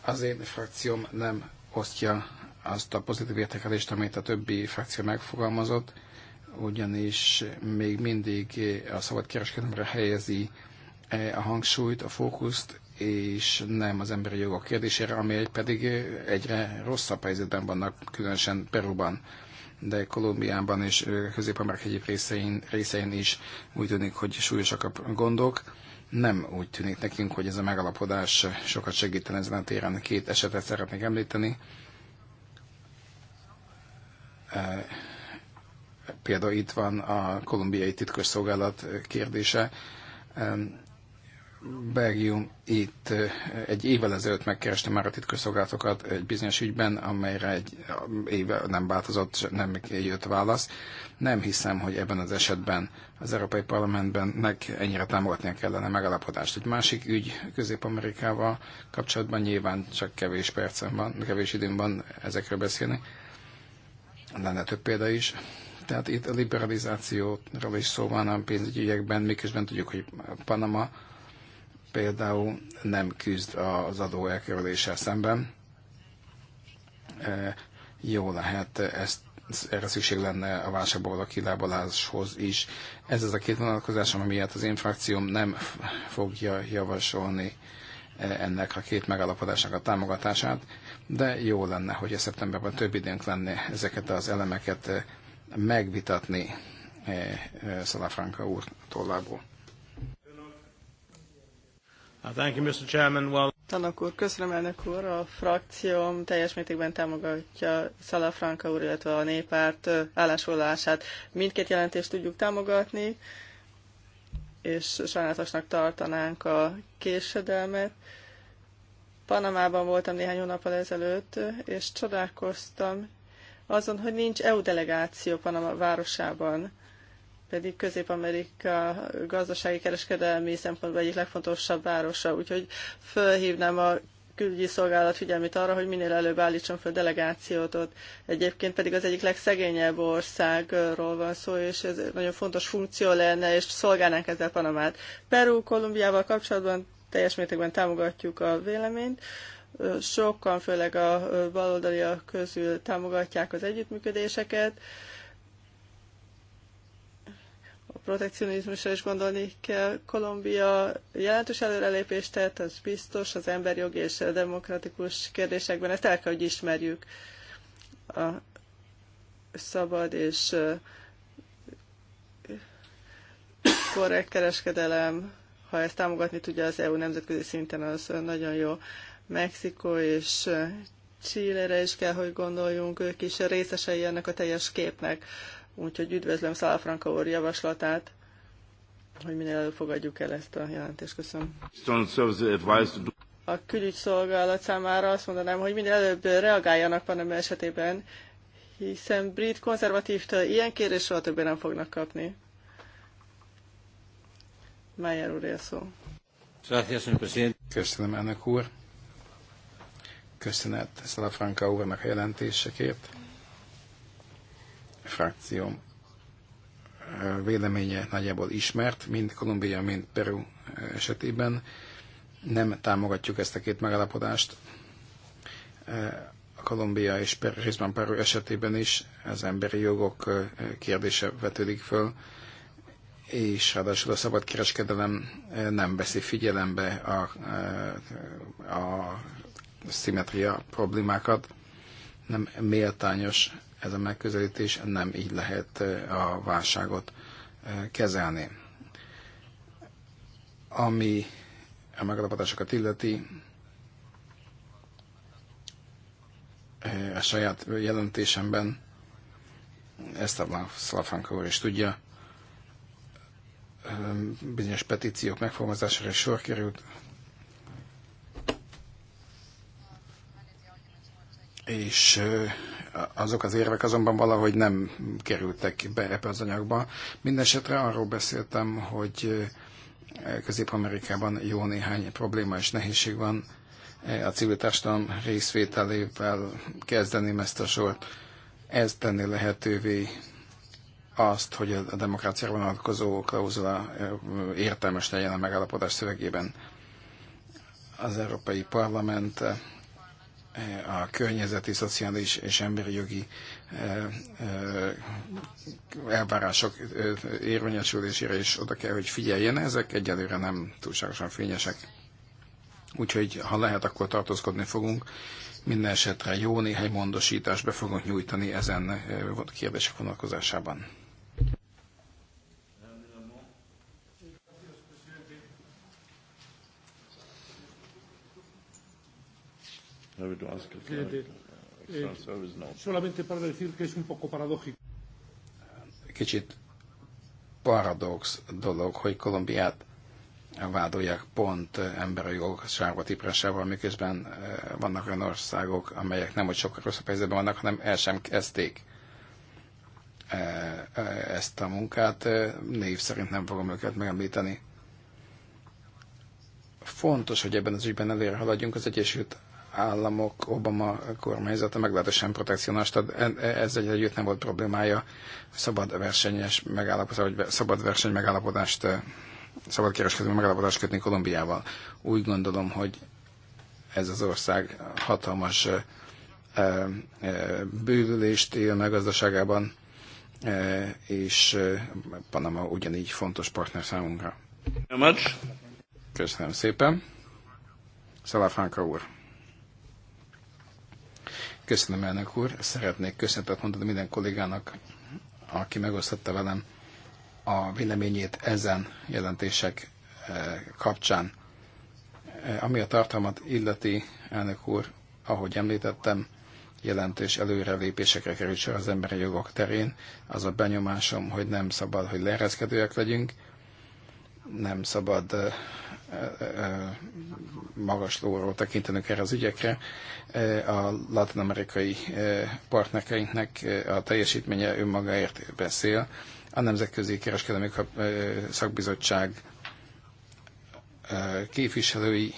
az én frakcióm nem osztja azt a pozitív értékelést, amit a többi frakció megfogalmazott ugyanis még mindig a szabadkereskedelemre helyezi e, a hangsúlyt, a fókuszt, és nem az emberi jogok kérdésére, ami pedig egyre rosszabb helyzetben vannak, különösen Peruban, de Kolumbiában és Közép-Amerika egyéb részein, részein is úgy tűnik, hogy súlyosak a gondok. Nem úgy tűnik nekünk, hogy ez a megalapodás sokat segítene ezen a téren. Két esetet szeretnék említeni e, Például itt van a kolumbiai titkosszolgálat kérdése. Belgium itt eh, egy évvel ezelőtt megkereste már a titkosszolgálatokat egy bizonyos ügyben, amelyre egy éve nem változott, nem jött válasz. Nem hiszem, hogy ebben az esetben az Európai Parlamentben meg ennyire támogatnia kellene megalapodást. Egy másik ügy Közép-Amerikával kapcsolatban nyilván csak kevés percem van, kevés időm van ezekről beszélni. Lenne több példa is. Tehát itt a liberalizációról is szó van a pénzügyi ügyekben, miközben tudjuk, hogy Panama például nem küzd az adó elkerüléssel szemben. E, jó lehet, ezt, erre szükség lenne a válságból a kilábaláshoz is. Ez az a két vonatkozás, ami miatt az én frakcióm nem fogja javasolni e, ennek a két megállapodásnak a támogatását, de jó lenne, hogy a szeptemberben több időnk lenne ezeket az elemeket e, megvitatni eh, eh, Franka úr tollából. Uh, thank you, Mr. Chairman. Well... Tanak úr, köszönöm elnök úr, a frakcióm teljes mértékben támogatja Franka úr, illetve a néppárt állásfoglalását. Mindkét jelentést tudjuk támogatni, és sajnálatosnak tartanánk a késedelmet. Panamában voltam néhány hónappal ezelőtt, és csodálkoztam, azon, hogy nincs EU delegáció Panama városában, pedig Közép-Amerika gazdasági kereskedelmi szempontból egyik legfontosabb városa, úgyhogy fölhívnám a külügyi szolgálat figyelmét arra, hogy minél előbb állítson fel delegációt ott. Egyébként pedig az egyik legszegényebb országról van szó, és ez nagyon fontos funkció lenne, és szolgálnánk ezzel Panamát. Peru, Kolumbiával kapcsolatban teljes mértékben támogatjuk a véleményt sokan, főleg a baloldaliak közül támogatják az együttműködéseket. A protekcionizmusra is gondolni kell. Kolumbia jelentős előrelépést tett, az biztos, az emberjogi és a demokratikus kérdésekben, ezt el kell, hogy ismerjük. A szabad és korrekt kereskedelem, ha ezt támogatni tudja az EU nemzetközi szinten, az nagyon jó. Mexikó és Chile-re is kell, hogy gondoljunk, ők is részesei ennek a teljes képnek. Úgyhogy üdvözlöm Szalafranka úr javaslatát, hogy minél előbb fogadjuk el ezt a jelentést. Köszönöm. A külügyszolgálat számára azt mondanám, hogy minél előbb reagáljanak Panama esetében, hiszen brit konzervatívtől ilyen kérés soha többé nem fognak kapni. Meyer úr, szó. Köszönöm, elnök úr. Köszönet Szalafranka úrnak a jelentésekért. A frakcióm véleménye nagyjából ismert, mind Kolumbia, mind Peru esetében. Nem támogatjuk ezt a két megállapodást. A Kolumbia és részben Peru esetében is az emberi jogok kérdése vetődik föl, és ráadásul a kereskedelem nem veszi figyelembe a, a szimmetria problémákat. Nem méltányos ez a megközelítés, nem így lehet eh, a válságot eh, kezelni. Ami a megadapodásokat illeti, eh, a saját jelentésemben, ezt a Szlafánka úr is tudja, bizonyos petíciók megfogalmazására sor került, és azok az érvek azonban valahogy nem kerültek be ebbe az anyagba. Mindenesetre arról beszéltem, hogy Közép-Amerikában jó néhány probléma és nehézség van. A civil társadalom részvételével kezdeném ezt a sort. Ez tenni lehetővé azt, hogy a demokráciára vonatkozó klauzula értelmes legyen a megállapodás szövegében. Az Európai Parlament Eh, a környezeti, szociális és emberi jogi eh, eh, elvárások érvényesülésére is oda kell, hogy figyeljen. Ezek egyelőre nem túlságosan fényesek. Úgyhogy, ha lehet, akkor tartózkodni fogunk. Minden esetre jó néhány mondosítást be fogunk nyújtani ezen kérdések vonatkozásában. Uh, eh, Kicsit paradox dolog, hogy Kolumbiát vádolják pont emberi jogok sárga tiprásával, miközben eh, vannak olyan országok, amelyek nem hogy sokkal rosszabb helyzetben vannak, hanem el sem kezdték eh, ezt a munkát. Név szerint nem fogom őket megemlíteni. Fontos, hogy ebben az ügyben előre haladjunk az Egyesült államok, Obama kormányzata meglehetősen protekcionista, e- e- ez egy együtt nem volt problémája, szabad versenyes megállapodás, vagy szabad verseny megállapodást, e- szabad kereskedő megállapodást kötni Kolumbiával. Úgy gondolom, hogy ez az ország hatalmas bővülést él meg gazdaságában, és Panama ugyanígy fontos partner számunkra. Köszönöm szépen. Szalafánka úr. Köszönöm, elnök úr. Szeretnék köszöntet mondani minden kollégának, aki megosztotta velem a véleményét ezen jelentések eh, kapcsán. Eh, ami a tartalmat illeti, elnök úr, ahogy említettem, jelentős előrelépésekre került sor az emberi jogok terén. Az a benyomásom, hogy nem szabad, hogy leereszkedőek legyünk, nem szabad eh, magas lóról tekintenünk erre az ügyekre. Eh, a latin-amerikai eh, partnereinknek eh, a teljesítménye önmagáért beszél. A Nemzetközi Kereskedelmi Szakbizottság képviselői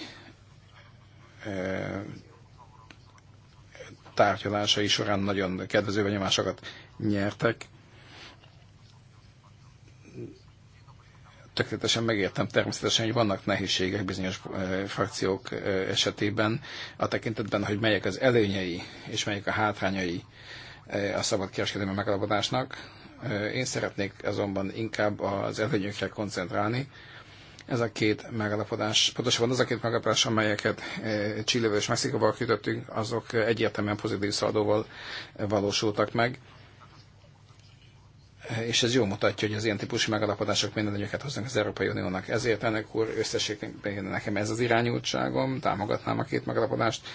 tárgyalásai során nagyon kedvező benyomásokat nyertek tökéletesen megértem természetesen, hogy vannak nehézségek bizonyos frakciók esetében a tekintetben, hogy melyek az előnyei és melyek a hátrányai a szabad kereskedelmi megalapodásnak. Én szeretnék azonban inkább az előnyökre koncentrálni. Ez a két megalapodás, pontosabban az a két megalapodás, amelyeket Csillivel és Mexikóval kötöttünk, azok egyértelműen pozitív szaldóval valósultak meg és ez jól mutatja, hogy az ilyen típusú megalapodások egyeket hoznak az Európai Uniónak. Ezért ennek úr összességében nekem ez az irányultságom, támogatnám a két megalapodást,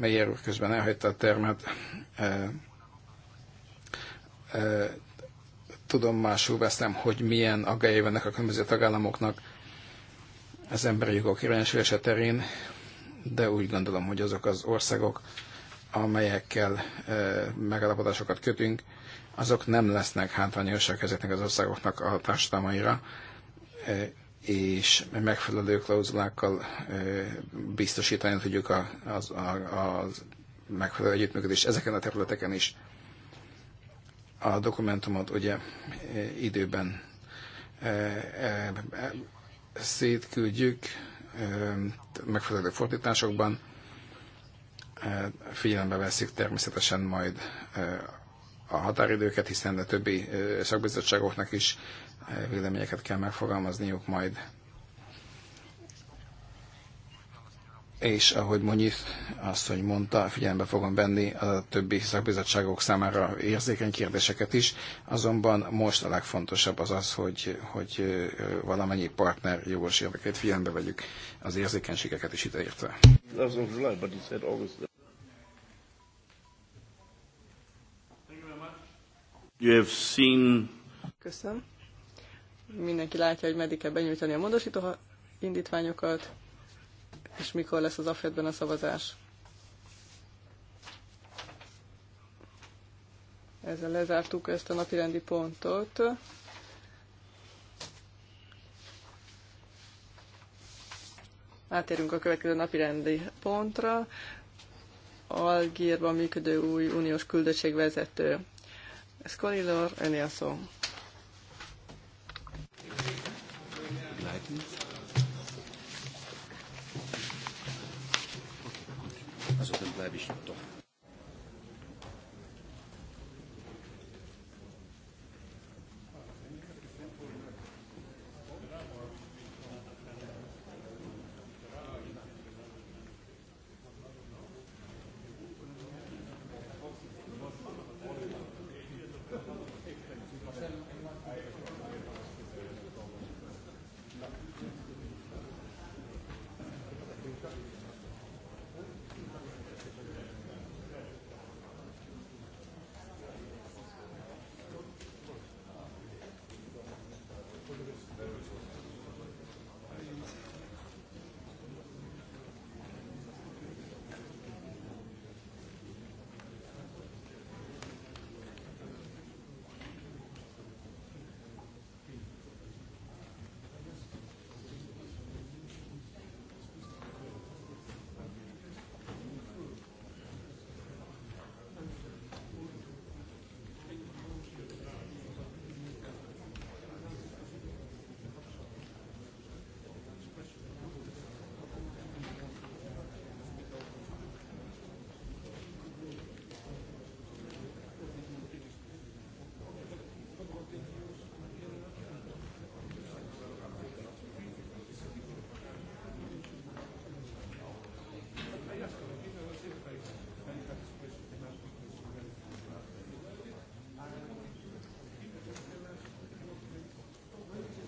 Meyer úr közben elhagyta a termet. Tudom másul veszem, hogy milyen aggályai vannak a különböző tagállamoknak az emberi jogok irányosulása terén, de úgy gondolom, hogy azok az országok, amelyekkel megalapodásokat kötünk, azok nem lesznek hátrányosak ezeknek az országoknak a társadalmaira, e, és megfelelő klauzulákkal e, biztosítani tudjuk a, az, a, a megfelelő együttműködést ezeken a területeken is. A dokumentumot ugye e, időben szétküldjük megfelelő fordításokban, figyelembe veszik természetesen majd a határidőket, hiszen a többi szakbizottságoknak is véleményeket kell megfogalmazniuk majd. És ahogy Monyit azt, hogy mondta, figyelembe fogom venni a többi szakbizottságok számára érzékeny kérdéseket is, azonban most a legfontosabb az az, hogy, hogy valamennyi partner jogos érdekét figyelembe vegyük az érzékenységeket is ideértve. You have seen... Köszönöm. Mindenki látja, hogy meddig kell benyújtani a módosító indítványokat, és mikor lesz az afed a szavazás. Ezzel lezártuk ezt a napirendi pontot. Átérünk a következő napirendi pontra. Algírban működő új uniós küldöttség vezető. Skolilor, öné a szó. Also dann bleibe ich doch.